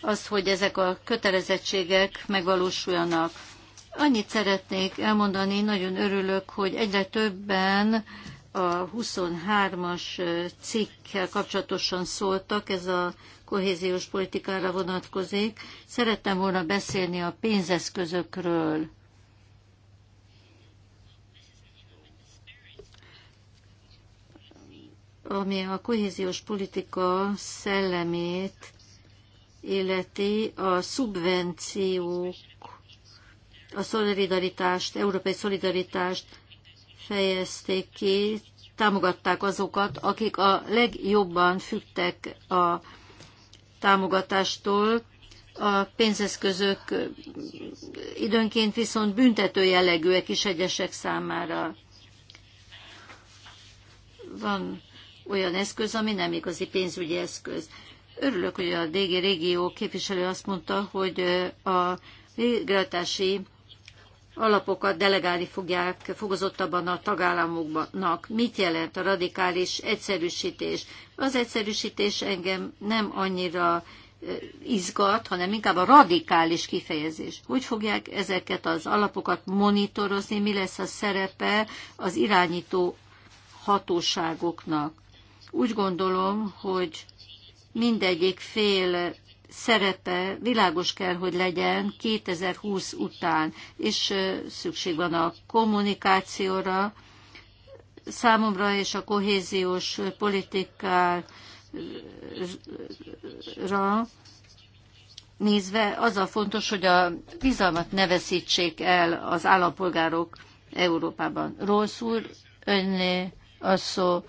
azt, hogy ezek a kötelezettségek megvalósuljanak. Annyit szeretnék elmondani, nagyon örülök, hogy egyre többen a 23-as cikkkel kapcsolatosan szóltak, ez a kohéziós politikára vonatkozik. Szerettem volna beszélni a pénzeszközökről. ami a kohéziós politika szellemét illeti a szubvenciók, a szolidaritást, európai szolidaritást fejezték ki, támogatták azokat, akik a legjobban fügtek a támogatástól, a pénzeszközök időnként viszont büntető jellegűek is egyesek számára. Van olyan eszköz, ami nem igazi pénzügyi eszköz. Örülök, hogy a DG Régió képviselő azt mondta, hogy a végrehajtási alapokat delegálni fogják fogozottabban a tagállamoknak. Mit jelent a radikális egyszerűsítés? Az egyszerűsítés engem nem annyira izgat, hanem inkább a radikális kifejezés. Hogy fogják ezeket az alapokat monitorozni, mi lesz a szerepe az irányító hatóságoknak? Úgy gondolom, hogy mindegyik fél szerepe világos kell, hogy legyen 2020 után, és szükség van a kommunikációra, számomra és a kohéziós politikára nézve az a fontos, hogy a bizalmat ne veszítsék el az állampolgárok Európában. Rossz úr, önné a szó.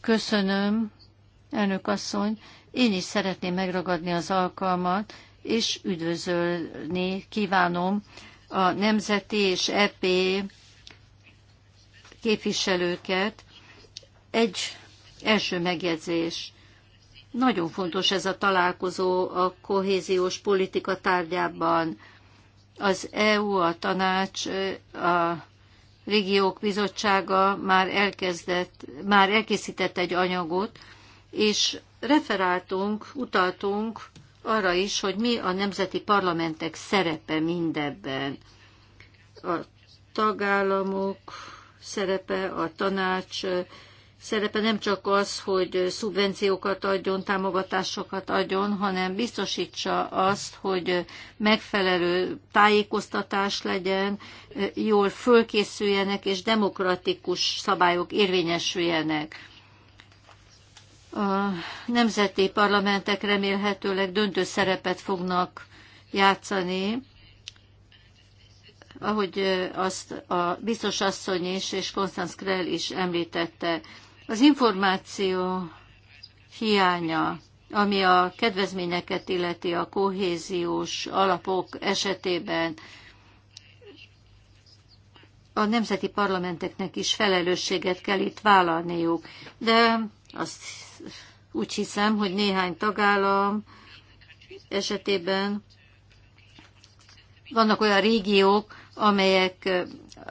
Köszönöm, elnök asszony. Én is szeretném megragadni az alkalmat, és üdvözölni kívánom a nemzeti és EP képviselőket. Egy első megjegyzés. Nagyon fontos ez a találkozó a kohéziós politika tárgyában. Az EU, a tanács, a régiók bizottsága már, elkezdett, már elkészített egy anyagot, és referáltunk, utaltunk arra is, hogy mi a nemzeti parlamentek szerepe mindebben. A tagállamok szerepe, a tanács szerepe nem csak az, hogy szubvenciókat adjon, támogatásokat adjon, hanem biztosítsa azt, hogy megfelelő tájékoztatás legyen, jól fölkészüljenek és demokratikus szabályok érvényesüljenek a nemzeti parlamentek remélhetőleg döntő szerepet fognak játszani, ahogy azt a biztos asszony is és Konstanz Krell is említette. Az információ hiánya, ami a kedvezményeket illeti a kohéziós alapok esetében, a nemzeti parlamenteknek is felelősséget kell itt vállalniuk. De azt úgy hiszem, hogy néhány tagállam esetében vannak olyan régiók, amelyek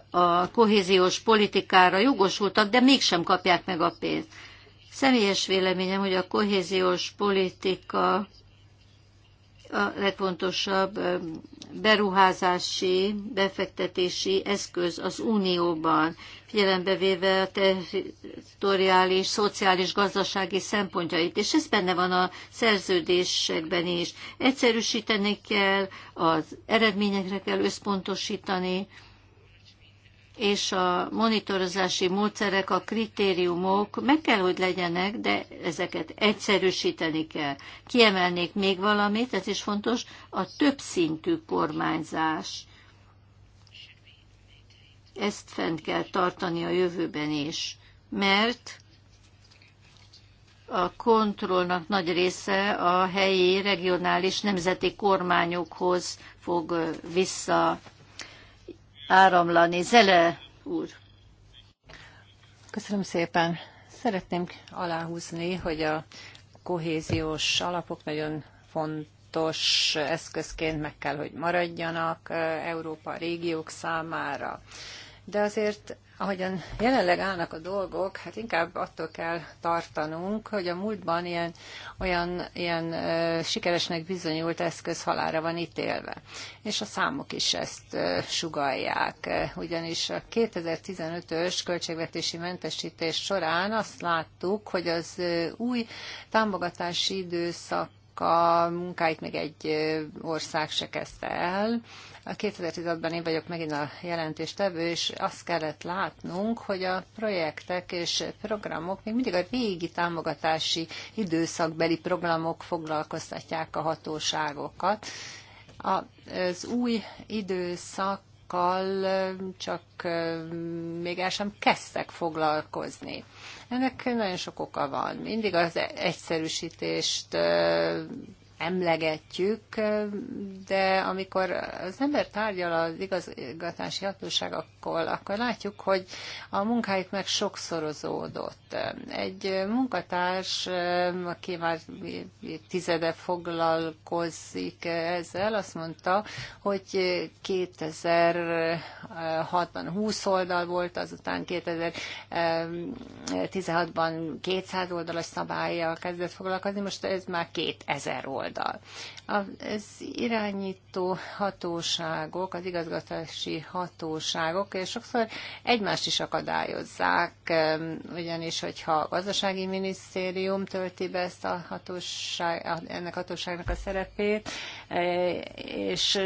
a kohéziós politikára jogosultak, de mégsem kapják meg a pénzt. Személyes véleményem, hogy a kohéziós politika a legfontosabb beruházási, befektetési eszköz az Unióban, figyelembe véve a territoriális, szociális, gazdasági szempontjait, és ez benne van a szerződésekben is. Egyszerűsíteni kell, az eredményekre kell összpontosítani, és a monitorozási módszerek, a kritériumok meg kell, hogy legyenek, de ezeket egyszerűsíteni kell. Kiemelnék még valamit, ez is fontos, a többszintű kormányzás. Ezt fent kell tartani a jövőben is, mert a kontrollnak nagy része a helyi, regionális, nemzeti kormányokhoz fog vissza áramlani. Zele úr. Köszönöm szépen. Szeretném aláhúzni, hogy a kohéziós alapok nagyon fontos eszközként meg kell, hogy maradjanak Európa régiók számára. De azért ahogyan jelenleg állnak a dolgok, hát inkább attól kell tartanunk, hogy a múltban ilyen, olyan ilyen ö, sikeresnek bizonyult eszköz halára van ítélve. És a számok is ezt ö, sugalják. Ugyanis a 2015-ös költségvetési mentesítés során azt láttuk, hogy az ö, új támogatási időszak a munkáit még egy ország se kezdte el, a 2016-ban én vagyok megint a jelentéstevő, és azt kellett látnunk, hogy a projektek és programok még mindig a régi támogatási időszakbeli programok foglalkoztatják a hatóságokat. Az új időszak csak még el sem kezdtek foglalkozni. Ennek nagyon sok oka van. Mindig az egyszerűsítést emlegetjük, de amikor az ember tárgyal az igazgatási hatóságokkal, akkor látjuk, hogy a munkájuk meg sokszorozódott. Egy munkatárs, aki már tizede foglalkozik ezzel, azt mondta, hogy 2006-ban 20 oldal volt, azután 2016-ban 200 oldalas szabályjal kezdett foglalkozni, most ez már 2000 oldal oldal. Az irányító hatóságok, az igazgatási hatóságok sokszor egymást is akadályozzák, ugyanis hogyha a gazdasági minisztérium tölti be ezt a hatóság, ennek hatóságnak a szerepét, e, és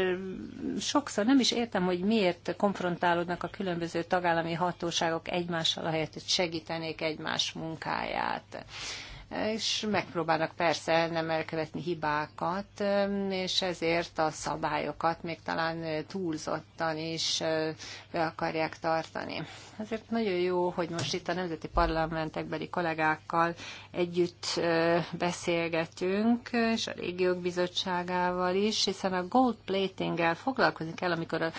sokszor nem is értem, hogy miért konfrontálódnak a különböző tagállami hatóságok egymással, ahelyett, hogy segítenék egymás munkáját és megpróbálnak persze nem elkövetni hibákat, és ezért a szabályokat még talán túlzottan is be akarják tartani. Ezért nagyon jó, hogy most itt a nemzeti parlamentekbeli kollégákkal együtt beszélgetünk, és a régiók bizottságával is, hiszen a gold plating-el foglalkozni kell, amikor a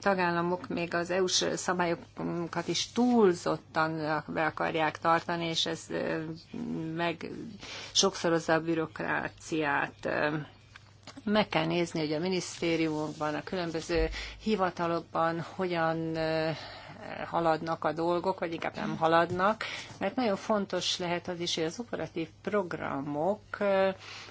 tagállamok még az EU-s szabályokat is túlzottan be akarják tartani, és ez meg meg sokszorozza a bürokráciát. Meg kell nézni, hogy a minisztériumokban, a különböző hivatalokban hogyan haladnak a dolgok, vagy inkább nem haladnak, mert nagyon fontos lehet az is, hogy az operatív programok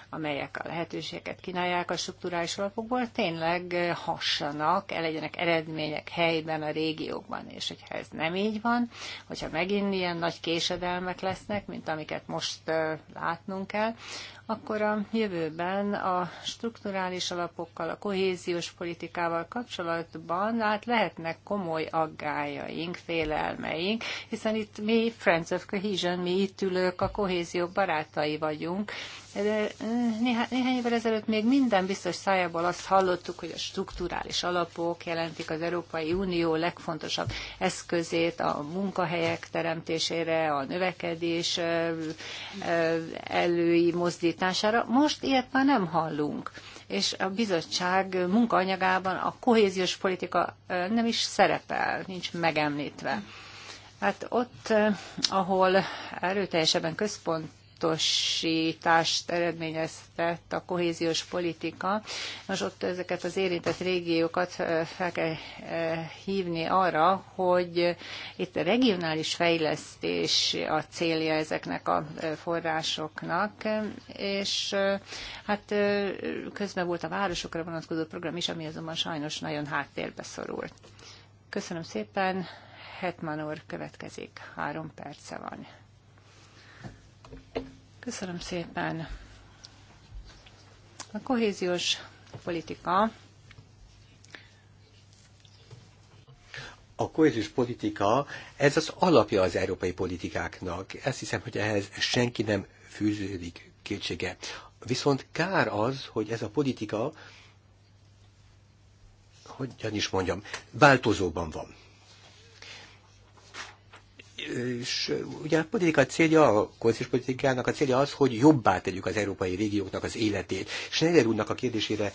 amelyek a lehetőséget kínálják a strukturális alapokból, tényleg hassanak, legyenek eredmények helyben, a régiókban. És hogyha ez nem így van, hogyha megint ilyen nagy késedelmek lesznek, mint amiket most látnunk kell, akkor a jövőben a strukturális alapokkal, a kohéziós politikával kapcsolatban hát lehetnek komoly aggájaink, félelmeink, hiszen itt mi Friends of Cohesion, mi itt ülők, a kohézió barátai vagyunk, de eh, néhá, néhány évvel ezelőtt még minden biztos szájából azt hallottuk, hogy a strukturális alapok jelentik az Európai Unió legfontosabb eszközét a munkahelyek teremtésére, a növekedés eh, eh, elői mozdítására. Most ilyet már nem hallunk és a bizottság munkaanyagában a kohéziós politika nem is szerepel, nincs megemlítve. Hát ott, ahol erőteljesebben központ csoportosítást eredményeztett a kohéziós politika. Most ott ezeket az érintett régiókat fel kell hívni arra, hogy itt a regionális fejlesztés a célja ezeknek a forrásoknak, és hát közben volt a városokra vonatkozó program is, ami azonban sajnos nagyon háttérbe szorul. Köszönöm szépen, Hetman úr következik, három perce van. Köszönöm szépen. A kohéziós politika a kohéziós politika, ez az alapja az európai politikáknak. Ezt hiszem, hogy ehhez senki nem fűződik kétsége. Viszont kár az, hogy ez a politika, hogyan is mondjam, változóban van és ugye a politika célja, a koalíciós politikának a célja az, hogy jobbá tegyük az európai régióknak az életét. Schneider úrnak a kérdésére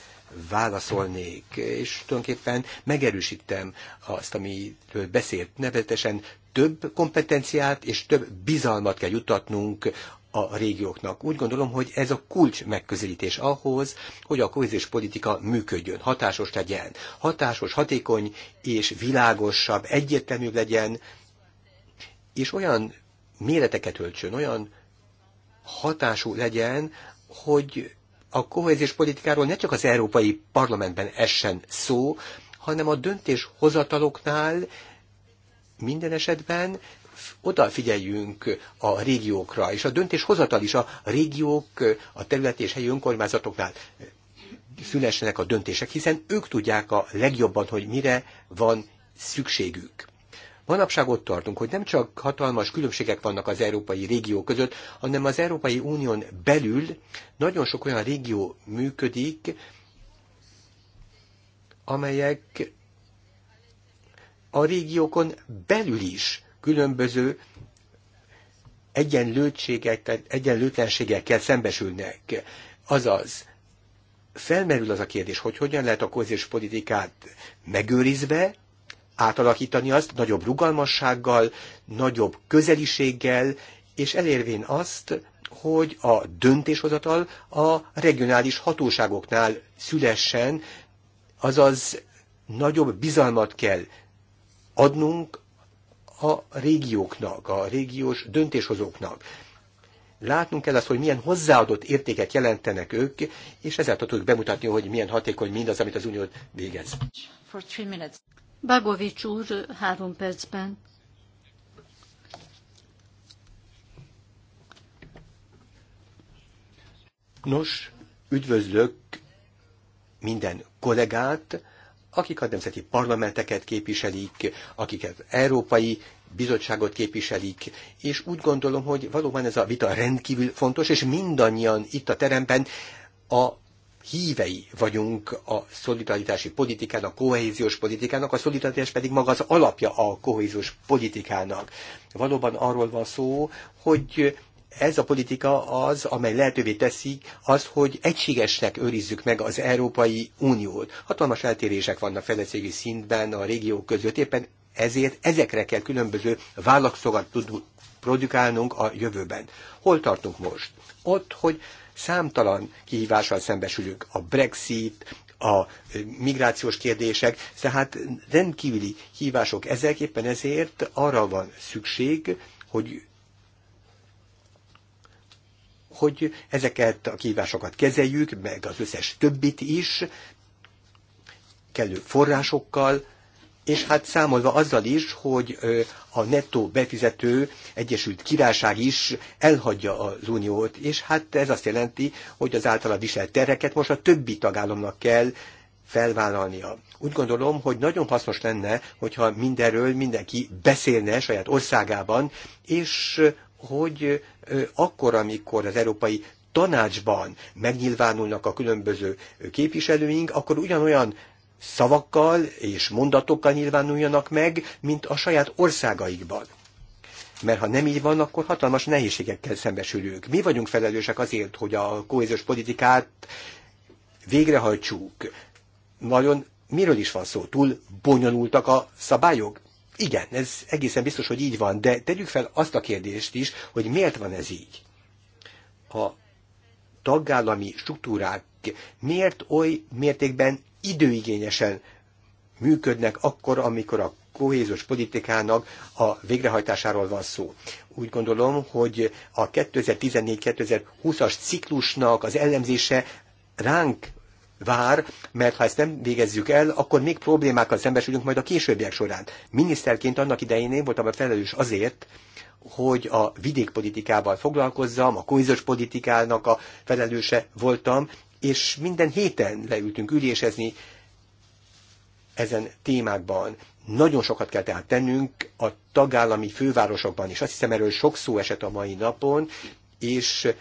válaszolnék, és tulajdonképpen megerősítem azt, amiről beszélt, nevetesen több kompetenciát és több bizalmat kell jutatnunk a régióknak. Úgy gondolom, hogy ez a kulcs megközelítés ahhoz, hogy a kohéziós politika működjön, hatásos legyen, hatásos, hatékony és világosabb, egyértelműbb legyen, és olyan méreteket öltsön, olyan hatású legyen, hogy a kohéziós politikáról ne csak az Európai Parlamentben essen szó, hanem a döntéshozataloknál minden esetben odafigyeljünk a régiókra, és a döntéshozatal is a régiók, a terület és helyi önkormányzatoknál szülessenek a döntések, hiszen ők tudják a legjobban, hogy mire van szükségük. Manapság ott tartunk, hogy nem csak hatalmas különbségek vannak az európai régió között, hanem az Európai Unión belül nagyon sok olyan régió működik, amelyek a régiókon belül is különböző egyenlőtlenségekkel szembesülnek. Azaz, felmerül az a kérdés, hogy hogyan lehet a közös politikát megőrizve, átalakítani azt nagyobb rugalmassággal, nagyobb közeliséggel, és elérvén azt, hogy a döntéshozatal a regionális hatóságoknál szülessen, azaz nagyobb bizalmat kell adnunk a régióknak, a régiós döntéshozóknak. Látnunk kell azt, hogy milyen hozzáadott értéket jelentenek ők, és ezáltal tudjuk bemutatni, hogy milyen hatékony mindaz, amit az Unió végez. Bagovics úr, három percben. Nos, üdvözlök minden kollégát, akik a nemzeti parlamenteket képviselik, akiket európai bizottságot képviselik, és úgy gondolom, hogy valóban ez a vita rendkívül fontos, és mindannyian itt a teremben a hívei vagyunk a szolidaritási politikának, a kohéziós politikának, a szolidaritás pedig maga az alapja a kohéziós politikának. Valóban arról van szó, hogy ez a politika az, amely lehetővé teszi az, hogy egységesnek őrizzük meg az Európai Uniót. Hatalmas eltérések vannak fejlettségi szintben a régiók között, éppen ezért ezekre kell különböző válaszokat tudnunk produkálnunk a jövőben. Hol tartunk most? Ott, hogy számtalan kihívással szembesülünk. A Brexit, a migrációs kérdések, tehát rendkívüli hívások ezek, éppen ezért arra van szükség, hogy hogy ezeket a kihívásokat kezeljük, meg az összes többit is, kellő forrásokkal, és hát számolva azzal is, hogy a nettó befizető Egyesült Királyság is elhagyja az uniót, és hát ez azt jelenti, hogy az általa viselt terheket most a többi tagállamnak kell felvállalnia. Úgy gondolom, hogy nagyon hasznos lenne, hogyha mindenről mindenki beszélne saját országában, és hogy akkor, amikor az európai tanácsban megnyilvánulnak a különböző képviselőink, akkor ugyanolyan szavakkal és mondatokkal nyilvánuljanak meg, mint a saját országaikban. Mert ha nem így van, akkor hatalmas nehézségekkel szembesülünk. Mi vagyunk felelősek azért, hogy a kohéziós politikát végrehajtsuk. Nagyon miről is van szó? Túl bonyolultak a szabályok? Igen, ez egészen biztos, hogy így van, de tegyük fel azt a kérdést is, hogy miért van ez így? A tagállami struktúrák miért oly mértékben időigényesen működnek akkor, amikor a kohézus politikának a végrehajtásáról van szó. Úgy gondolom, hogy a 2014-2020-as ciklusnak az ellenzése ránk vár, mert ha ezt nem végezzük el, akkor még problémákkal szembesülünk majd a későbbiek során. Miniszterként annak idején én voltam a felelős azért, hogy a vidékpolitikával foglalkozzam, a kohéziós politikának a felelőse voltam, és minden héten leültünk ülésezni ezen témákban. Nagyon sokat kell tehát tennünk a tagállami fővárosokban is. Azt hiszem, erről sok szó esett a mai napon, és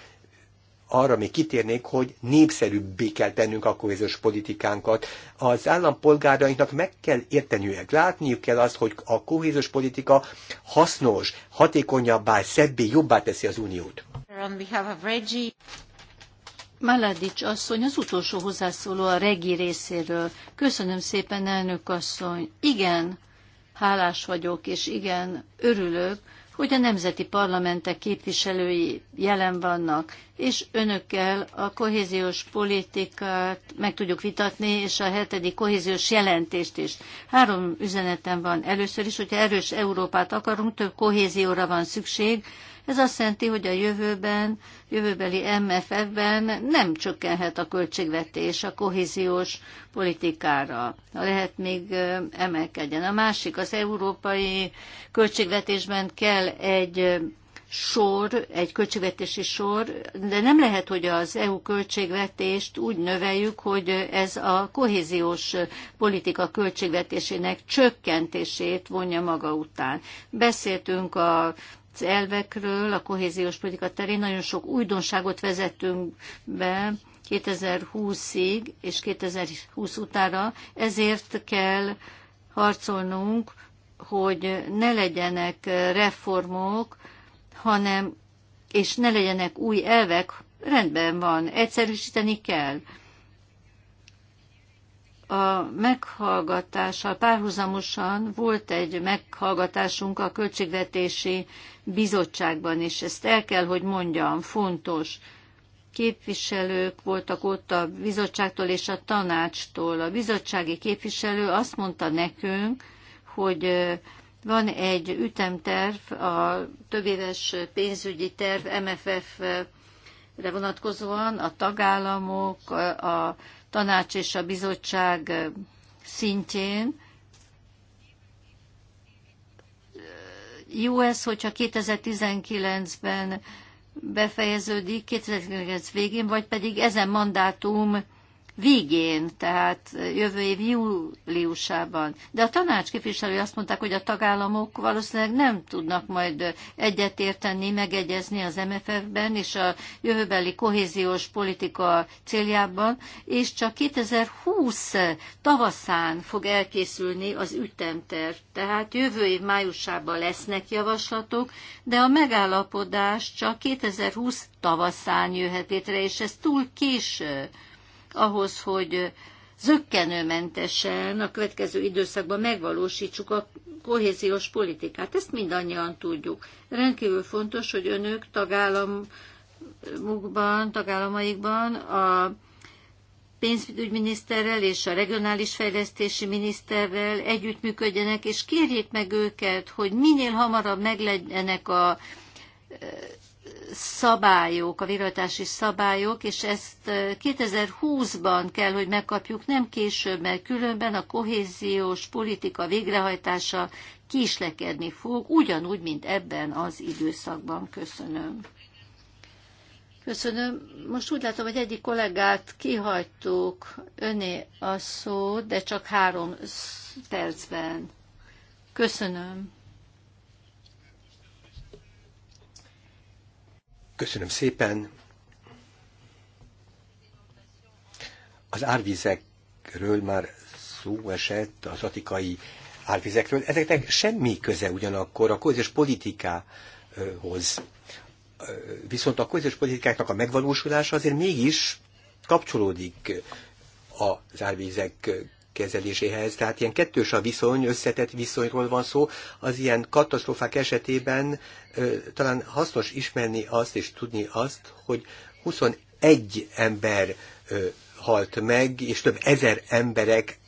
arra még kitérnék, hogy népszerűbbé kell tennünk a kohéziós politikánkat. Az állampolgárainknak meg kell érteniük, látniuk kell azt, hogy a kohéziós politika hasznos, hatékonyabbá, szebbé, jobbá teszi az uniót. Maladics asszony, az utolsó hozzászóló a regi részéről. Köszönöm szépen, elnök asszony. Igen, hálás vagyok, és igen, örülök, hogy a nemzeti parlamentek képviselői jelen vannak, és önökkel a kohéziós politikát meg tudjuk vitatni, és a hetedik kohéziós jelentést is. Három üzenetem van. Először is, hogyha erős Európát akarunk, több kohézióra van szükség, ez azt jelenti, hogy a jövőben, jövőbeli MFF-ben nem csökkenhet a költségvetés a kohéziós politikára. Lehet még emelkedjen. A másik, az európai költségvetésben kell egy sor, egy költségvetési sor, de nem lehet, hogy az EU költségvetést úgy növeljük, hogy ez a kohéziós politika költségvetésének csökkentését vonja maga után. Beszéltünk a elvekről a kohéziós politika terén nagyon sok újdonságot vezettünk be 2020-ig és 2020 utára, ezért kell harcolnunk, hogy ne legyenek reformok, hanem és ne legyenek új elvek, rendben van, egyszerűsíteni kell a meghallgatással párhuzamosan volt egy meghallgatásunk a Költségvetési Bizottságban, és ezt el kell, hogy mondjam, fontos. Képviselők voltak ott a bizottságtól és a tanácstól. A bizottsági képviselő azt mondta nekünk, hogy van egy ütemterv a többéves pénzügyi terv MFF-re vonatkozóan, a tagállamok, a tanács és a bizottság szintjén. Jó ez, hogyha 2019-ben befejeződik, 2019 végén, vagy pedig ezen mandátum végén, tehát jövő év júliusában. De a tanács képviselői azt mondták, hogy a tagállamok valószínűleg nem tudnak majd egyetérteni, megegyezni az MFF-ben és a jövőbeli kohéziós politika céljában, és csak 2020 tavaszán fog elkészülni az ütemterv. Tehát jövő év májusában lesznek javaslatok, de a megállapodás csak 2020 tavaszán jöhet létre, és ez túl késő ahhoz, hogy zöggenőmentesen a következő időszakban megvalósítsuk a kohéziós politikát. Ezt mindannyian tudjuk. Rendkívül fontos, hogy önök tagállamukban, tagállamaikban a pénzügyminiszterrel és a regionális fejlesztési miniszterrel együttműködjenek, és kérjék meg őket, hogy minél hamarabb meglegyenek a szabályok, a végrehajtási szabályok, és ezt 2020-ban kell, hogy megkapjuk, nem később, mert különben a kohéziós politika végrehajtása késlekedni fog, ugyanúgy, mint ebben az időszakban. Köszönöm. Köszönöm. Most úgy látom, hogy egyik kollégát kihagytuk öné a szót, de csak három percben. Köszönöm. Köszönöm szépen. Az árvizekről már szó esett, az atikai árvizekről. Ezeknek semmi köze ugyanakkor a közös politikához. Viszont a közös politikáknak a megvalósulása azért mégis kapcsolódik az árvizek kezeléséhez. Tehát ilyen kettős a viszony, összetett viszonyról van szó. Az ilyen katasztrófák esetében ö, talán hasznos ismerni azt és tudni azt, hogy 21 ember ö, halt meg, és több ezer emberek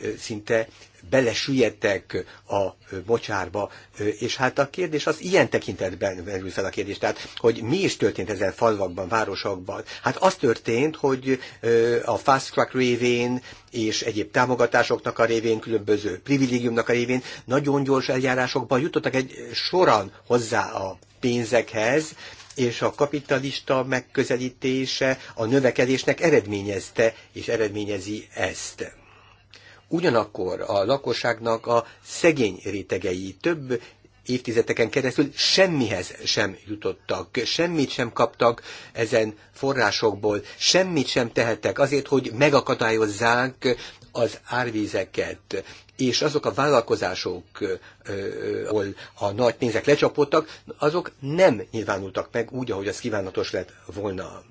ö, szinte belesüllyedtek a mocsárba, és hát a kérdés az ilyen tekintetben merül fel a kérdés, tehát hogy mi is történt ezen falvakban, városokban. Hát az történt, hogy a fast track révén és egyéb támogatásoknak a révén, különböző privilégiumnak a révén nagyon gyors eljárásokban jutottak egy soran hozzá a pénzekhez, és a kapitalista megközelítése a növekedésnek eredményezte és eredményezi ezt. Ugyanakkor a lakosságnak a szegény rétegei több évtizedeken keresztül semmihez sem jutottak, semmit sem kaptak ezen forrásokból, semmit sem tehettek azért, hogy megakadályozzák az árvízeket, és azok a vállalkozások, ahol a nagy pénzek lecsapódtak, azok nem nyilvánultak meg úgy, ahogy az kívánatos lett volna.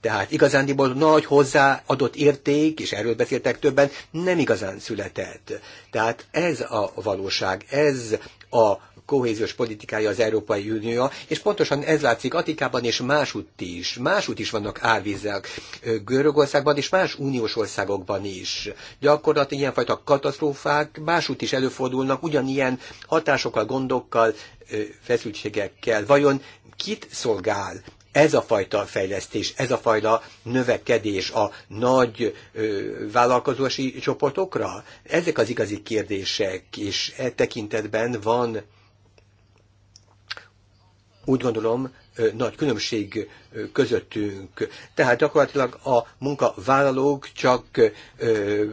Tehát igazándiból nagy hozzáadott érték, és erről beszéltek többen, nem igazán született. Tehát ez a valóság, ez a kohéziós politikája az Európai Unió, és pontosan ez látszik Atikában és másútt is. Másút is vannak árvizek Görögországban és más uniós országokban is. Gyakorlatilag ilyenfajta katasztrófák másút is előfordulnak, ugyanilyen hatásokkal, gondokkal, feszültségekkel. Vajon kit szolgál ez a fajta fejlesztés, ez a fajta növekedés a nagy ö, vállalkozósi csoportokra? Ezek az igazi kérdések, és e tekintetben van, úgy gondolom, nagy különbség közöttünk. Tehát gyakorlatilag a munkavállalók csak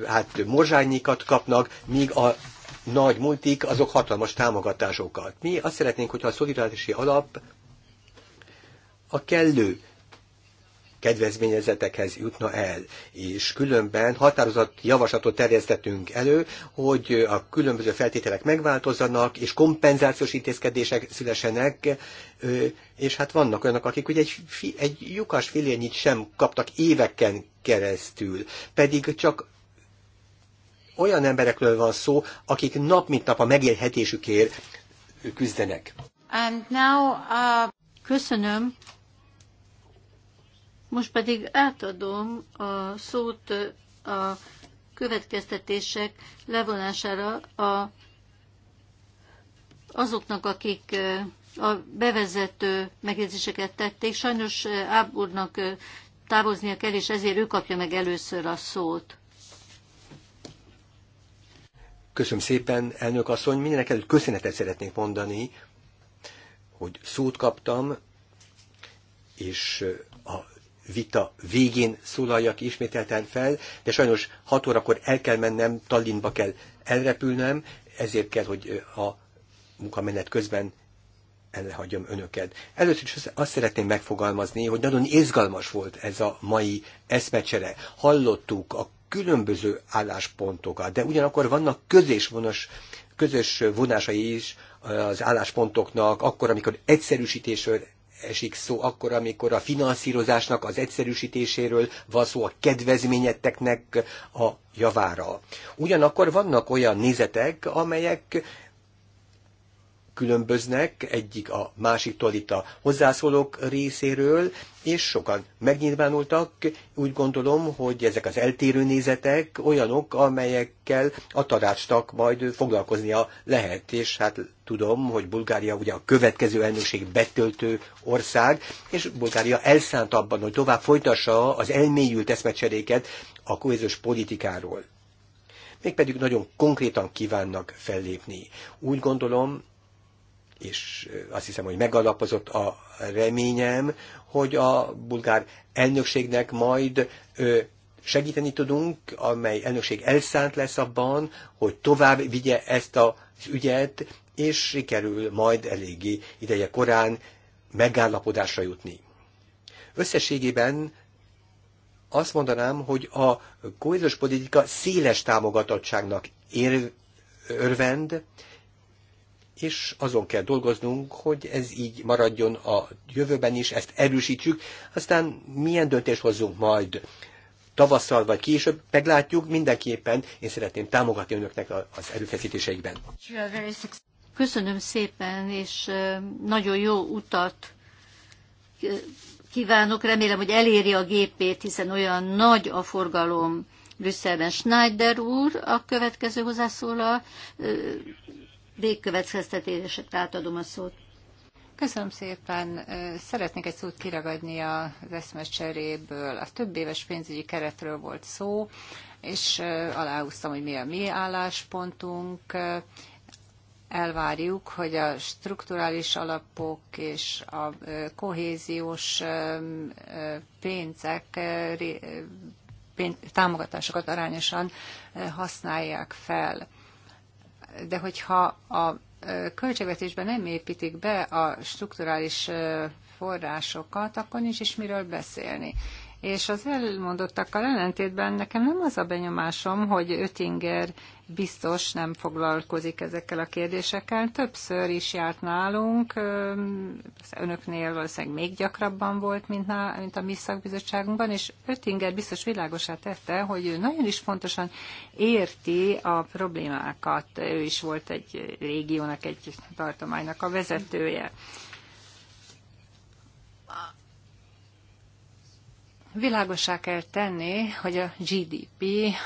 hát morzsányikat kapnak, míg a nagy multik, azok hatalmas támogatásokat. Mi azt szeretnénk, hogyha a szolidaritási alap a kellő kedvezményezetekhez jutna el, és különben határozott javaslatot terjesztettünk elő, hogy a különböző feltételek megváltozzanak, és kompenzációs intézkedések szülesenek, és hát vannak olyanok, akik ugye egy, egy lyukas filényit sem kaptak éveken keresztül, pedig csak olyan emberekről van szó, akik nap mint nap a megélhetésükért küzdenek. And now, uh... Köszönöm. Most pedig átadom a szót a következtetések levonására a, azoknak, akik a bevezető megjegyzéseket tették. Sajnos Áb úrnak távoznia kell, és ezért ő kapja meg először a szót. Köszönöm szépen, elnök asszony. Mindenek előtt köszönetet szeretnék mondani, hogy szót kaptam, és vita végén szólaljak ismételten fel, de sajnos 6 órakor el kell mennem, Tallinnba kell elrepülnem, ezért kell, hogy a munkamenet közben elhagyom önöket. Először is azt szeretném megfogalmazni, hogy nagyon izgalmas volt ez a mai eszmecsere. Hallottuk a különböző álláspontokat, de ugyanakkor vannak közös vonos, közös vonásai is az álláspontoknak, akkor, amikor egyszerűsítésről esik szó akkor, amikor a finanszírozásnak az egyszerűsítéséről van szó a kedvezményeteknek a javára. Ugyanakkor vannak olyan nézetek, amelyek különböznek egyik a másiktól itt a hozzászólók részéről, és sokan megnyilvánultak. Úgy gondolom, hogy ezek az eltérő nézetek olyanok, amelyekkel a tanácsnak majd foglalkoznia lehet, és hát tudom, hogy Bulgária ugye a következő elnökség betöltő ország, és Bulgária elszánt abban, hogy tovább folytassa az elmélyült eszmecseréket a kohéziós politikáról. Mégpedig nagyon konkrétan kívánnak fellépni. Úgy gondolom, és azt hiszem, hogy megalapozott a reményem, hogy a bulgár elnökségnek majd segíteni tudunk, amely elnökség elszánt lesz abban, hogy tovább vigye ezt az ügyet, és sikerül majd eléggé ideje korán megállapodásra jutni. Összességében azt mondanám, hogy a kohéziós politika széles támogatottságnak ér, örvend, és azon kell dolgoznunk, hogy ez így maradjon a jövőben is, ezt erősítsük, aztán milyen döntést hozzunk majd tavasszal vagy később, meglátjuk, mindenképpen én szeretném támogatni önöknek az erőfeszítéseikben. Köszönöm szépen, és nagyon jó utat kívánok. Remélem, hogy eléri a gépét, hiszen olyan nagy a forgalom Brüsszelben. Schneider úr a következő hozzászólal. Végkövetkeztetések átadom a szót. Köszönöm szépen. Szeretnék egy szót kiragadni az cseréből. A több éves pénzügyi keretről volt szó, és aláhúztam, hogy mi a mi álláspontunk elvárjuk, hogy a strukturális alapok és a kohéziós pénzek támogatásokat arányosan használják fel. De hogyha a költségvetésben nem építik be a strukturális forrásokat, akkor nincs is miről beszélni. És az elmondottakkal ellentétben nekem nem az a benyomásom, hogy Ötinger biztos nem foglalkozik ezekkel a kérdésekkel. Többször is járt nálunk, önöknél valószínűleg még gyakrabban volt, mint, ná, mint a mi szakbizottságunkban, és Öttinger biztos világosá tette, hogy ő nagyon is fontosan érti a problémákat. Ő is volt egy régiónak, egy tartománynak a vezetője. Mm. Világosá kell tenni, hogy a GDP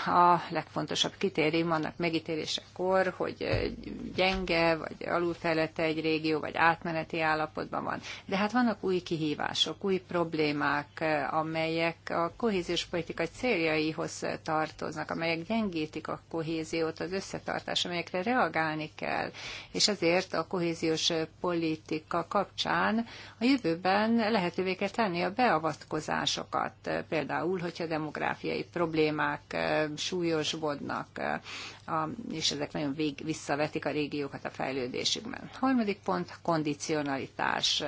a legfontosabb kritérium annak megítélésekor, hogy gyenge, vagy alulfejlette egy régió, vagy átmeneti állapotban van. De hát vannak új kihívások, új problémák, amelyek a kohéziós politika céljaihoz tartoznak, amelyek gyengítik a kohéziót, az összetartás, amelyekre reagálni kell. És ezért a kohéziós politika kapcsán a jövőben lehetővé kell tenni a beavatkozásokat tehát eh, például, hogyha demográfiai problémák eh, súlyosbodnak, eh, és ezek nagyon vég, visszavetik a régiókat a fejlődésükben. Harmadik pont, kondicionalitás.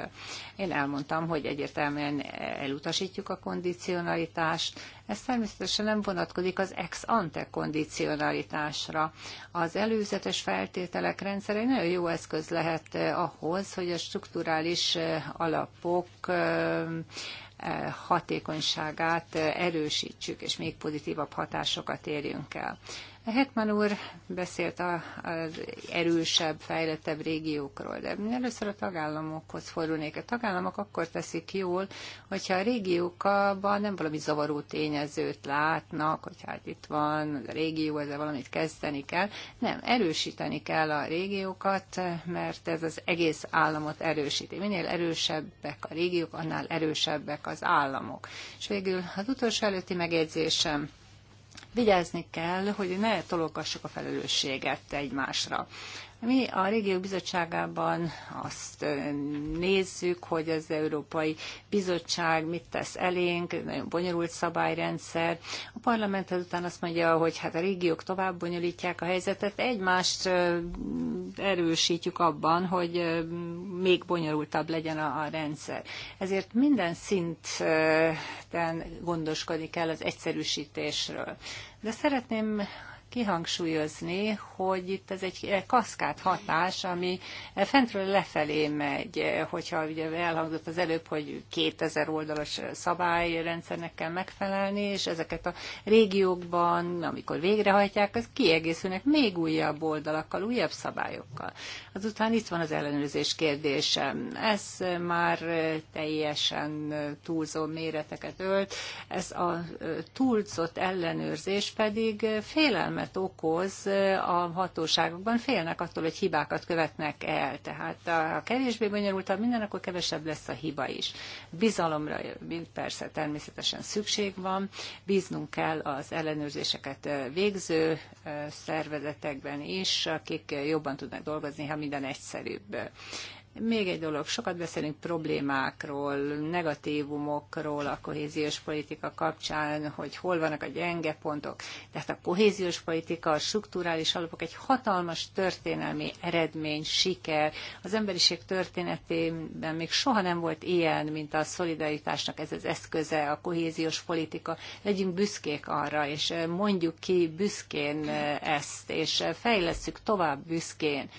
Én elmondtam, hogy egyértelműen elutasítjuk a kondicionalitást. Ez természetesen nem vonatkozik az ex ante kondicionalitásra. Az előzetes feltételek rendszer egy nagyon jó eszköz lehet ahhoz, hogy a strukturális alapok hatékonyságát erősítsük, és még pozitívabb hatásokat érjünk el. Hetman úr beszélt az erősebb, fejlettebb régiókról, de először a tagállamokhoz fordulnék. A tagállamok akkor teszik jól, hogyha a régiókban nem valami zavaró tényezőt látnak, hogy hát itt van a régió, ezzel valamit kezdeni kell. Nem, erősíteni kell a régiókat, mert ez az egész államot erősíti. Minél erősebbek a régiók, annál erősebbek az államok. És végül az utolsó előtti megjegyzésem vigyázni kell, hogy ne tologassuk a felelősséget egymásra. Mi a régiók bizottságában azt nézzük, hogy az Európai Bizottság mit tesz elénk, nagyon bonyolult szabályrendszer. A parlament azután azt mondja, hogy hát a régiók tovább bonyolítják a helyzetet, egymást erősítjük abban, hogy még bonyolultabb legyen a, rendszer. Ezért minden szinten gondoskodik el az egyszerűsítésről. De szeretném kihangsúlyozni, hogy itt ez egy kaszkád hatás, ami fentről lefelé megy, hogyha ugye elhangzott az előbb, hogy 2000 oldalas szabályrendszernek kell megfelelni, és ezeket a régiókban, amikor végrehajtják, az kiegészülnek még újabb oldalakkal, újabb szabályokkal. Azután itt van az ellenőrzés kérdése. Ez már teljesen túlzó méreteket ölt. Ez a túlzott ellenőrzés pedig félelmet félelmet okoz a hatóságokban, félnek attól, hogy hibákat követnek el. Tehát ha kevésbé bonyolultabb minden, akkor kevesebb lesz a hiba is. Bizalomra persze természetesen szükség van, bíznunk kell az ellenőrzéseket végző szervezetekben is, akik jobban tudnak dolgozni, ha minden egyszerűbb. Még egy dolog, sokat beszélünk problémákról, negatívumokról a kohéziós politika kapcsán, hogy hol vannak a gyenge pontok. Tehát a kohéziós politika, a strukturális alapok egy hatalmas történelmi eredmény, siker. Az emberiség történetében még soha nem volt ilyen, mint a szolidaritásnak ez az eszköze, a kohéziós politika. Legyünk büszkék arra, és mondjuk ki büszkén ezt, és fejlesszük tovább büszkén.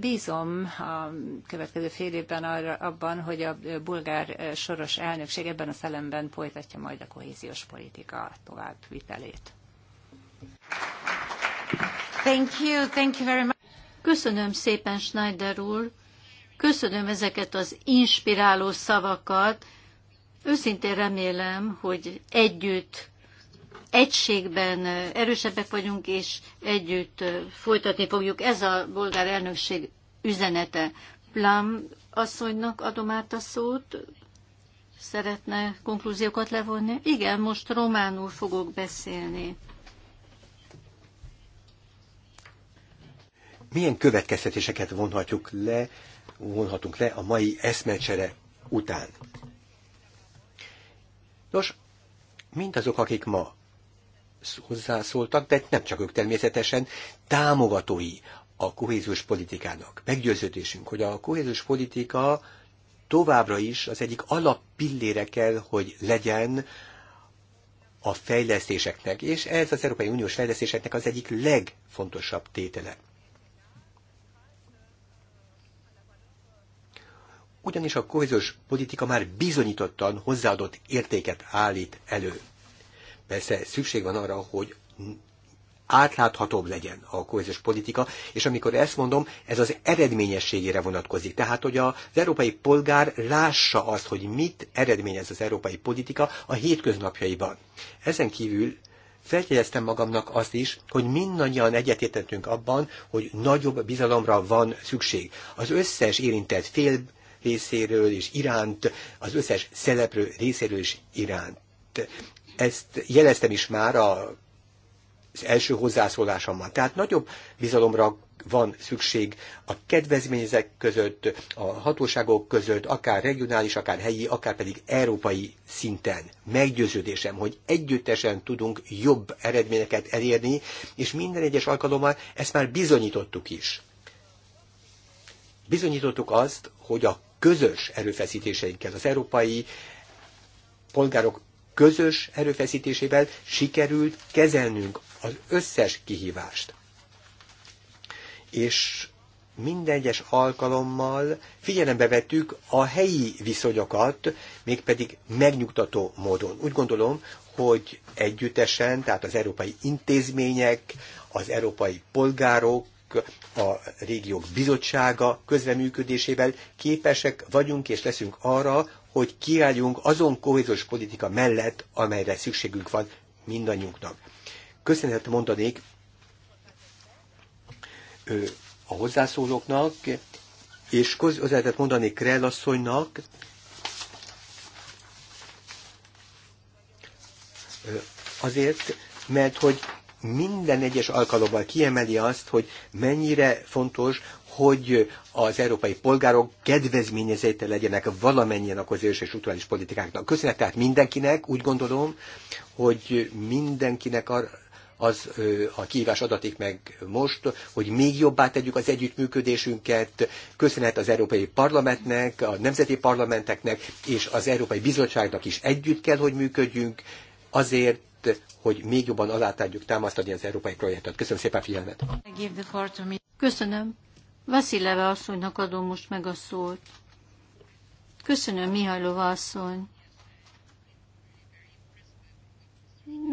Bízom a következő fél évben arra, abban, hogy a bulgár soros elnökség ebben a szellemben folytatja majd a kohéziós politika továbbvitelét. Thank you, thank you very much. Köszönöm szépen, Schneider úr. Köszönöm ezeket az inspiráló szavakat. Őszintén remélem, hogy együtt egységben erősebbek vagyunk, és együtt folytatni fogjuk. Ez a bolgár elnökség üzenete. Plám asszonynak adom át a szót. Szeretne konklúziókat levonni? Igen, most románul fogok beszélni. Milyen következtetéseket vonhatjuk le, vonhatunk le a mai eszmecsere után? Nos, mindazok, akik ma hozzászóltak, de nem csak ők természetesen, támogatói a kohéziós politikának. Meggyőződésünk, hogy a kohéziós politika továbbra is az egyik alappillére kell, hogy legyen a fejlesztéseknek, és ez az Európai Uniós fejlesztéseknek az egyik legfontosabb tétele. Ugyanis a kohéziós politika már bizonyítottan hozzáadott értéket állít elő. Persze szükség van arra, hogy átláthatóbb legyen a kohéziós politika, és amikor ezt mondom, ez az eredményességére vonatkozik. Tehát, hogy az európai polgár lássa azt, hogy mit eredményez az európai politika a hétköznapjaiban. Ezen kívül feltételeztem magamnak azt is, hogy mindannyian egyetértettünk abban, hogy nagyobb bizalomra van szükség. Az összes érintett fél részéről és iránt, az összes szereplő részéről is iránt ezt jeleztem is már az első hozzászólásomban. Tehát nagyobb bizalomra van szükség a kedvezményezek között, a hatóságok között, akár regionális, akár helyi, akár pedig európai szinten. Meggyőződésem, hogy együttesen tudunk jobb eredményeket elérni, és minden egyes alkalommal ezt már bizonyítottuk is. Bizonyítottuk azt, hogy a közös erőfeszítéseinkkel az európai polgárok közös erőfeszítésével sikerült kezelnünk az összes kihívást. És minden egyes alkalommal figyelembe vettük a helyi viszonyokat, mégpedig megnyugtató módon. Úgy gondolom, hogy együttesen, tehát az európai intézmények, az európai polgárok, a régiók bizottsága közreműködésével képesek vagyunk és leszünk arra, hogy kiálljunk azon kohéziós politika mellett, amelyre szükségünk van mindannyiunknak. Köszönetet mondanék ö, a hozzászólóknak, és köszönetet mondanék Krell asszonynak, ö, azért, mert hogy minden egyes alkalommal kiemeli azt, hogy mennyire fontos, hogy az európai polgárok kedvezményezéte legyenek valamennyien a közös és utolális politikáknak. Köszönet tehát mindenkinek, úgy gondolom, hogy mindenkinek a, az a kihívás adatik meg most, hogy még jobbá tegyük az együttműködésünket. Köszönet az Európai Parlamentnek, a nemzeti parlamenteknek és az Európai Bizottságnak is együtt kell, hogy működjünk azért, hogy még jobban alá támasztani az európai projektet. Köszönöm szépen figyelmet! Köszönöm. Vasileve asszonynak adom most meg a szót. Köszönöm, Mihajlova asszony.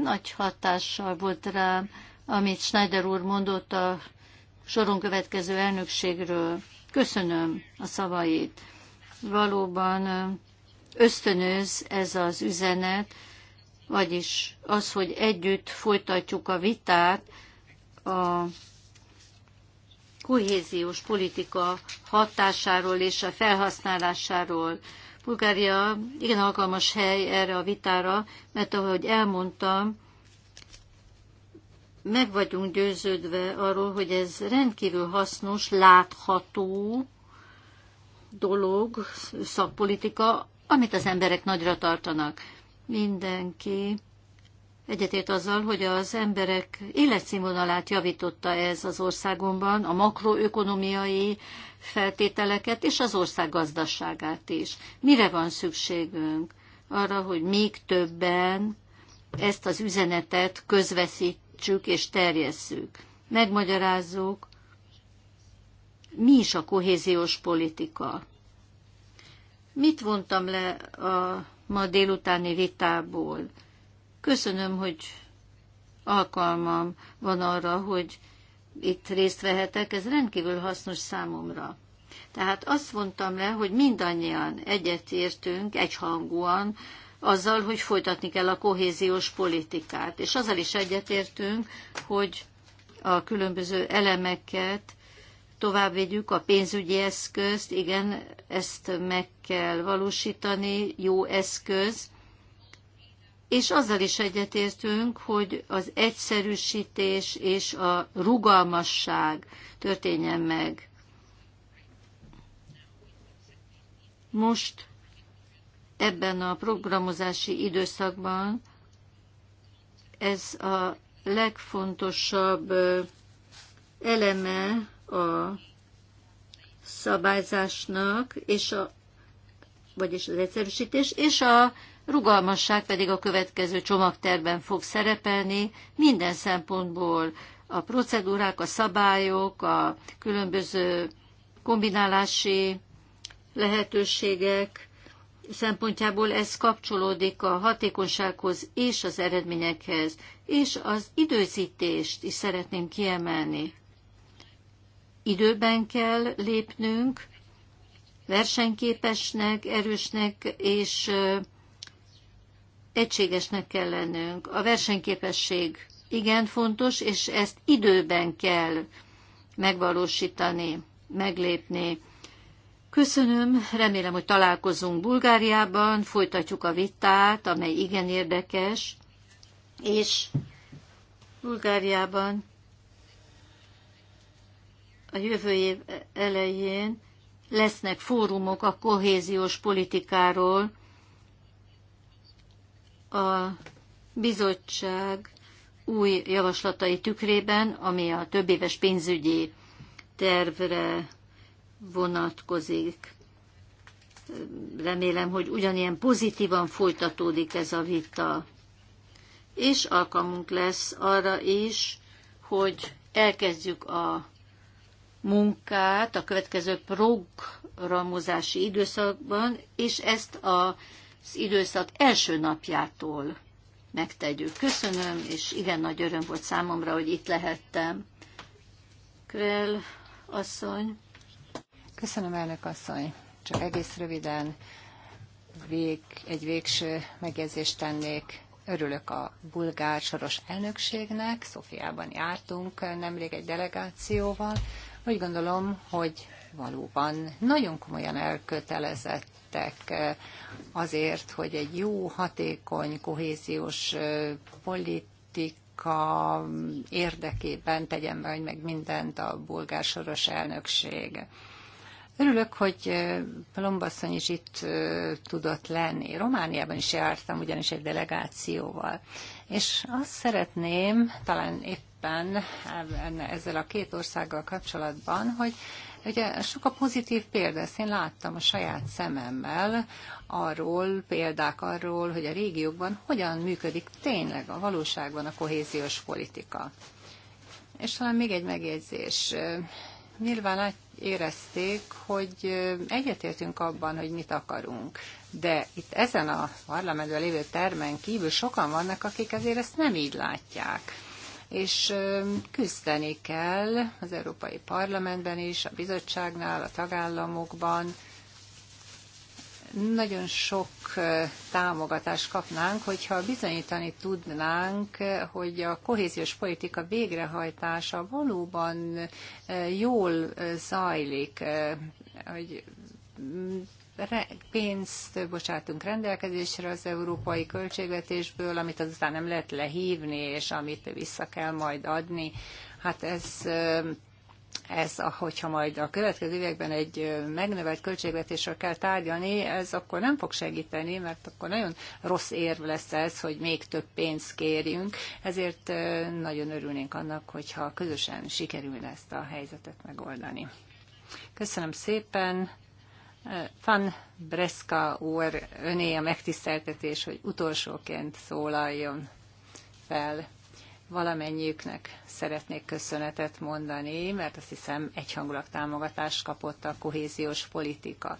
Nagy hatással volt rám, amit Schneider úr mondott a soron következő elnökségről. Köszönöm a szavait. Valóban ösztönöz ez az üzenet, vagyis az, hogy együtt folytatjuk a vitát a kohéziós politika hatásáról és a felhasználásáról. Bulgária igen alkalmas hely erre a vitára, mert ahogy elmondtam, meg vagyunk győződve arról, hogy ez rendkívül hasznos, látható dolog, szakpolitika, amit az emberek nagyra tartanak. Mindenki egyetért azzal, hogy az emberek életszínvonalát javította ez az országomban, a makroökonomiai feltételeket és az ország gazdaságát is. Mire van szükségünk? Arra, hogy még többen ezt az üzenetet közveszítsük és terjesszük. Megmagyarázzuk, mi is a kohéziós politika. Mit vontam le a ma délutáni vitából? Köszönöm, hogy alkalmam van arra, hogy itt részt vehetek, ez rendkívül hasznos számomra. Tehát azt mondtam le, hogy mindannyian egyetértünk egyhangúan azzal, hogy folytatni kell a kohéziós politikát. És azzal is egyetértünk, hogy a különböző elemeket tovább vigyük, a pénzügyi eszközt, igen, ezt meg kell valósítani, jó eszköz, és azzal is egyetértünk, hogy az egyszerűsítés és a rugalmasság történjen meg. Most ebben a programozási időszakban ez a legfontosabb eleme a szabályzásnak, és a, vagyis az egyszerűsítés, és a rugalmasság pedig a következő csomagterben fog szerepelni minden szempontból. A procedúrák, a szabályok, a különböző kombinálási lehetőségek szempontjából ez kapcsolódik a hatékonysághoz és az eredményekhez, és az időzítést is szeretném kiemelni. Időben kell lépnünk, versenyképesnek, erősnek és egységesnek kell lennünk. A versenyképesség igen fontos, és ezt időben kell megvalósítani, meglépni. Köszönöm, remélem, hogy találkozunk Bulgáriában, folytatjuk a vitát, amely igen érdekes, és Bulgáriában a jövő év elején lesznek fórumok a kohéziós politikáról, a bizottság új javaslatai tükrében, ami a többéves pénzügyi tervre vonatkozik. Remélem, hogy ugyanilyen pozitívan folytatódik ez a vita. És alkalmunk lesz arra is, hogy elkezdjük a munkát a következő programozási időszakban, és ezt a az időszak első napjától megtegyük. Köszönöm, és igen nagy öröm volt számomra, hogy itt lehettem. Krell asszony. Köszönöm, elnök asszony. Csak egész röviden vég, egy végső megjegyzést tennék. Örülök a bulgár soros elnökségnek, Szofiában jártunk nemrég egy delegációval. Úgy gondolom, hogy valóban nagyon komolyan elkötelezett tettek azért, hogy egy jó, hatékony, kohéziós politika érdekében tegyen majd meg mindent a bulgár soros elnökség. Örülök, hogy Plombasszony is itt tudott lenni. Romániában is jártam, ugyanis egy delegációval. És azt szeretném, talán éppen ezzel a két országgal kapcsolatban, hogy Ugye sok a pozitív példa, ezt én láttam a saját szememmel, arról, példák arról, hogy a régiókban hogyan működik tényleg a valóságban a kohéziós politika. És talán még egy megjegyzés. Nyilván érezték, hogy egyetértünk abban, hogy mit akarunk. De itt ezen a parlamentben lévő termen kívül sokan vannak, akik ezért ezt nem így látják és küzdeni kell az Európai Parlamentben is, a bizottságnál, a tagállamokban. Nagyon sok támogatást kapnánk, hogyha bizonyítani tudnánk, hogy a kohéziós politika végrehajtása valóban jól zajlik, hogy pénzt bocsátunk rendelkezésre az európai költségvetésből, amit azután nem lehet lehívni, és amit vissza kell majd adni. Hát ez ez, hogyha majd a következő években egy megnövelt költségvetésről kell tárgyalni, ez akkor nem fog segíteni, mert akkor nagyon rossz érv lesz ez, hogy még több pénzt kérjünk. Ezért nagyon örülnénk annak, hogyha közösen sikerülne ezt a helyzetet megoldani. Köszönöm szépen! Van Breszka úr, öné a megtiszteltetés, hogy utolsóként szólaljon fel. Valamennyiüknek szeretnék köszönetet mondani, mert azt hiszem egyhangulag támogatást kapott a kohéziós politika.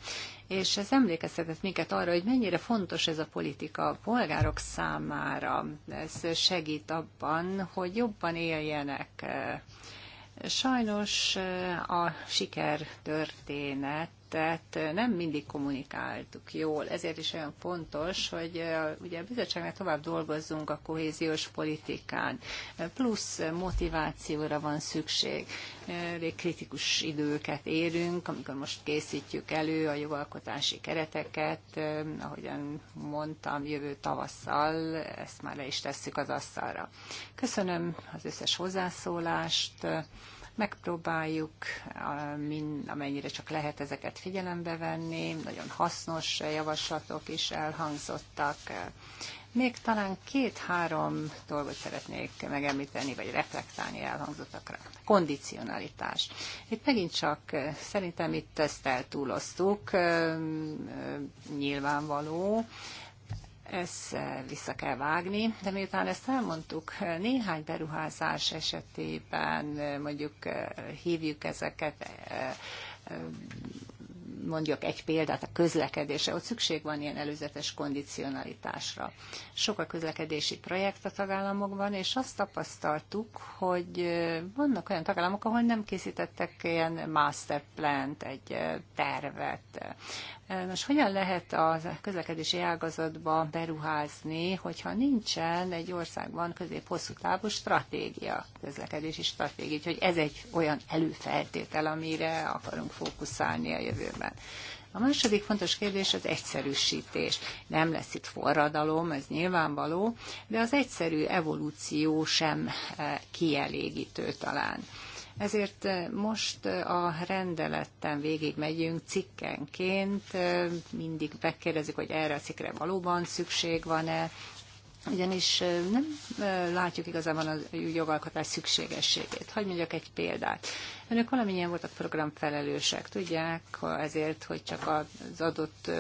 És ez emlékeztetett minket arra, hogy mennyire fontos ez a politika a polgárok számára. Ez segít abban, hogy jobban éljenek. Sajnos eh, a siker történet tehát nem mindig kommunikáltuk jól. Ezért is olyan fontos, hogy ugye a bizottságnál tovább dolgozzunk a kohéziós politikán. Plusz motivációra van szükség. Elég kritikus időket érünk, amikor most készítjük elő a jogalkotási kereteket. Ahogyan mondtam, jövő tavasszal ezt már le is tesszük az asztalra. Köszönöm az összes hozzászólást. Megpróbáljuk, amennyire csak lehet ezeket figyelembe venni, nagyon hasznos javaslatok is elhangzottak. Még talán két-három dolgot szeretnék megemlíteni, vagy reflektálni elhangzottakra. Kondicionalitás. Itt megint csak szerintem itt ezt eltúloztuk, nyilvánvaló, ezt vissza kell vágni, de miután ezt elmondtuk, néhány beruházás esetében mondjuk hívjuk ezeket mondjuk egy példát, a közlekedése, ott szükség van ilyen előzetes kondicionalitásra. Sok a közlekedési projekt a tagállamokban, és azt tapasztaltuk, hogy vannak olyan tagállamok, ahol nem készítettek ilyen master plant, egy tervet. Most eh, hogyan lehet a közlekedési ágazatba beruházni, hogyha nincsen egy országban közép-hosszú távú stratégia, közlekedési stratégia, hogy ez egy olyan előfeltétel, amire akarunk fókuszálni a jövőben. A második fontos kérdés az egyszerűsítés. Nem lesz itt forradalom, ez nyilvánvaló, de az egyszerű evolúció sem eh, kielégítő talán. Ezért eh, most eh, a rendeletten végigmegyünk cikkenként, eh, mindig megkérdezik, hogy erre a cikkre valóban szükség van-e, ugyanis nem látjuk igazából a jogalkotás szükségességét. Hagyj mondjak egy példát. Önök valamilyen voltak programfelelősek, tudják ezért, hogy csak az adott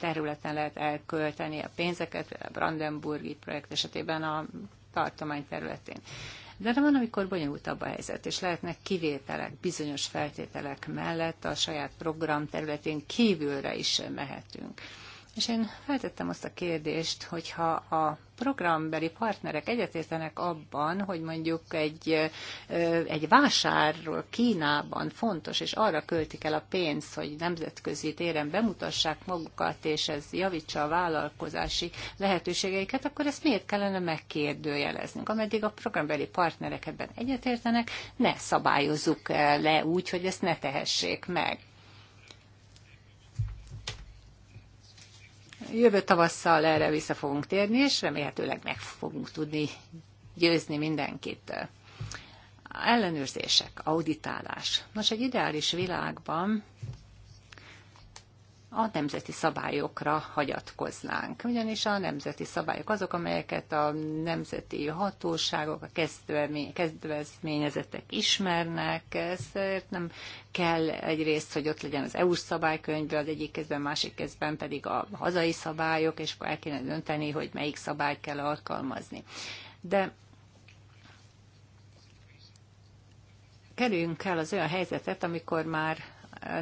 területen lehet elkölteni a pénzeket, a Brandenburgi projekt esetében a tartomány területén. De van, amikor bonyolultabb a helyzet, és lehetnek kivételek, bizonyos feltételek mellett a saját program területén kívülre is mehetünk. És én feltettem azt a kérdést, hogyha a programbeli partnerek egyetértenek abban, hogy mondjuk egy, egy vásárról Kínában fontos, és arra költik el a pénzt, hogy nemzetközi téren bemutassák magukat, és ez javítsa a vállalkozási lehetőségeiket, akkor ezt miért kellene megkérdőjeleznünk? Ameddig a programbeli partnerek ebben egyetértenek, ne szabályozzuk le úgy, hogy ezt ne tehessék meg. jövő tavasszal erre vissza fogunk térni, és remélhetőleg meg fogunk tudni győzni mindenkit. Ellenőrzések, auditálás. Nos, egy ideális világban a nemzeti szabályokra hagyatkoznánk. Ugyanis a nemzeti szabályok azok, amelyeket a nemzeti hatóságok, a kezdvezményezetek ismernek, ezért nem kell egyrészt, hogy ott legyen az EU-s szabálykönyv, az egyik kezben, másik kezben pedig a hazai szabályok, és akkor el kéne dönteni, hogy melyik szabályt kell alkalmazni. De kerüljünk el az olyan helyzetet, amikor már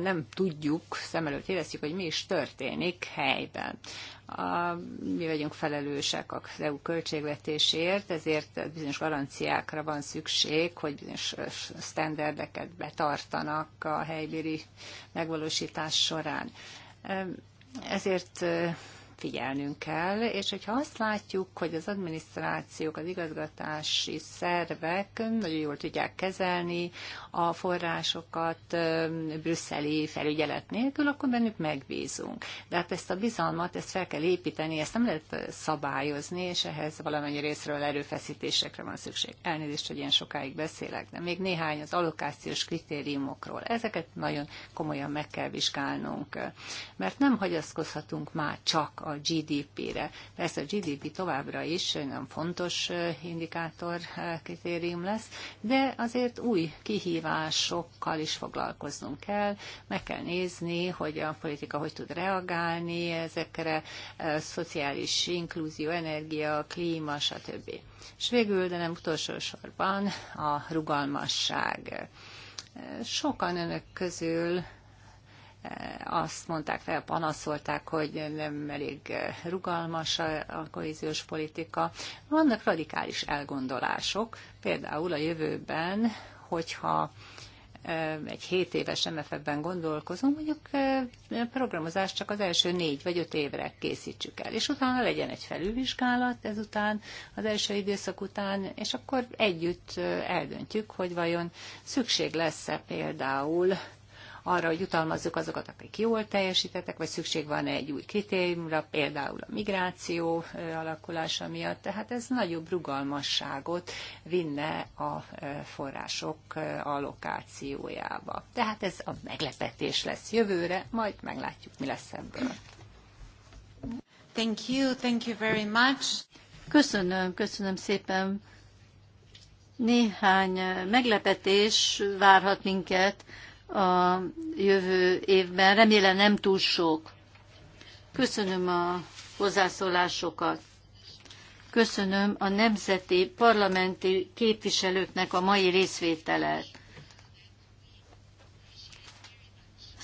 nem tudjuk, szem előtt éveszik, hogy mi is történik helyben. A, mi vagyunk felelősek az EU költségvetésért, ezért bizonyos garanciákra van szükség, hogy bizonyos sztenderdeket betartanak a helybéri megvalósítás során. Ezért figyelnünk kell, és hogyha azt látjuk, hogy az adminisztrációk, az igazgatási szervek nagyon jól tudják kezelni a forrásokat brüsszeli felügyelet nélkül, akkor bennük megbízunk. De hát ezt a bizalmat, ezt fel kell építeni, ezt nem lehet szabályozni, és ehhez valamennyi részről erőfeszítésekre van szükség. Elnézést, hogy ilyen sokáig beszélek, de még néhány az allokációs kritériumokról. Ezeket nagyon komolyan meg kell vizsgálnunk, mert nem hagyaszkodhatunk már csak a GDP-re. Persze a GDP továbbra is nagyon fontos indikátor kritérium lesz, de azért új kihívásokkal is foglalkoznunk kell, meg kell nézni, hogy a politika hogy tud reagálni ezekre, szociális inkluzió, energia, klíma, stb. És végül, de nem utolsó sorban, a rugalmasság. Sokan önök közül Eh, azt mondták fel, panaszolták, hogy nem elég eh, rugalmas a kohéziós politika. Vannak radikális elgondolások, például a jövőben, hogyha eh, egy 7 éves MFF-ben gondolkozom, mondjuk programozást csak az első négy vagy öt évre készítsük el, és utána legyen egy felülvizsgálat ezután, az első időszak után, és akkor együtt eldöntjük, hogy vajon szükség lesz-e például arra, hogy jutalmazzuk azokat, akik jól teljesítettek, vagy szükség van egy új kritériumra, például a migráció alakulása miatt. Tehát ez nagyobb rugalmasságot vinne a források allokációjába. Tehát ez a meglepetés lesz jövőre, majd meglátjuk, mi lesz ebből. Thank you, thank you very much. Köszönöm, köszönöm szépen. Néhány meglepetés várhat minket a jövő évben. Remélem nem túl sok. Köszönöm a hozzászólásokat. Köszönöm a nemzeti parlamenti képviselőknek a mai részvételet.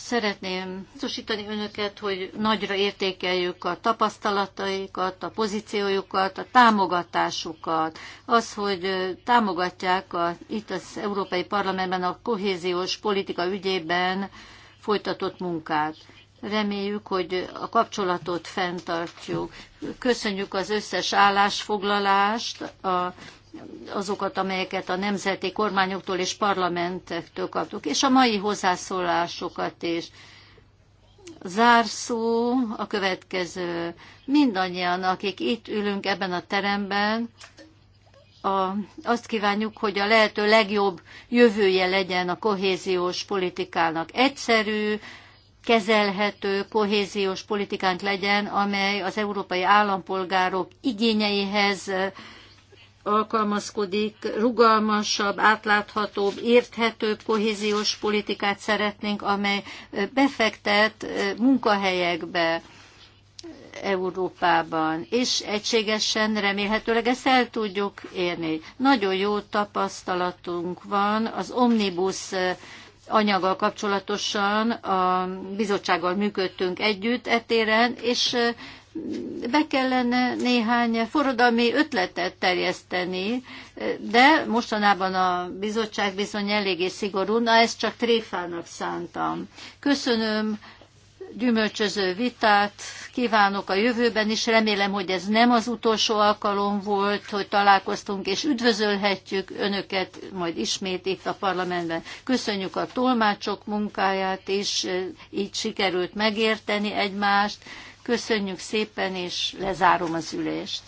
Szeretném tudosítani önöket, hogy nagyra értékeljük a tapasztalataikat, a pozíciójukat, a támogatásukat, az, hogy támogatják a, itt az Európai Parlamentben a kohéziós politika ügyében folytatott munkát. Reméljük, hogy a kapcsolatot fenntartjuk. Köszönjük az összes állásfoglalást, a azokat, amelyeket a nemzeti kormányoktól és parlamentektől kaptuk, és a mai hozzászólásokat is. Zárszó a következő. Mindannyian, akik itt ülünk ebben a teremben, a, azt kívánjuk, hogy a lehető legjobb jövője legyen a kohéziós politikának. Egyszerű, kezelhető kohéziós politikánk legyen, amely az európai állampolgárok igényeihez alkalmazkodik, rugalmasabb, átláthatóbb, érthetőbb kohéziós politikát szeretnénk, amely befektet munkahelyekbe Európában, és egységesen remélhetőleg ezt el tudjuk érni. Nagyon jó tapasztalatunk van az Omnibus anyaggal kapcsolatosan a bizottsággal működtünk együtt etéren, és be kellene néhány forradalmi ötletet terjeszteni, de mostanában a bizottság bizony eléggé szigorú, na ezt csak tréfának szántam. Köszönöm gyümölcsöző vitát, kívánok a jövőben is, remélem, hogy ez nem az utolsó alkalom volt, hogy találkoztunk, és üdvözölhetjük Önöket majd ismét itt a parlamentben. Köszönjük a tolmácsok munkáját is, így sikerült megérteni egymást, Köszönjük szépen, és lezárom az ülést.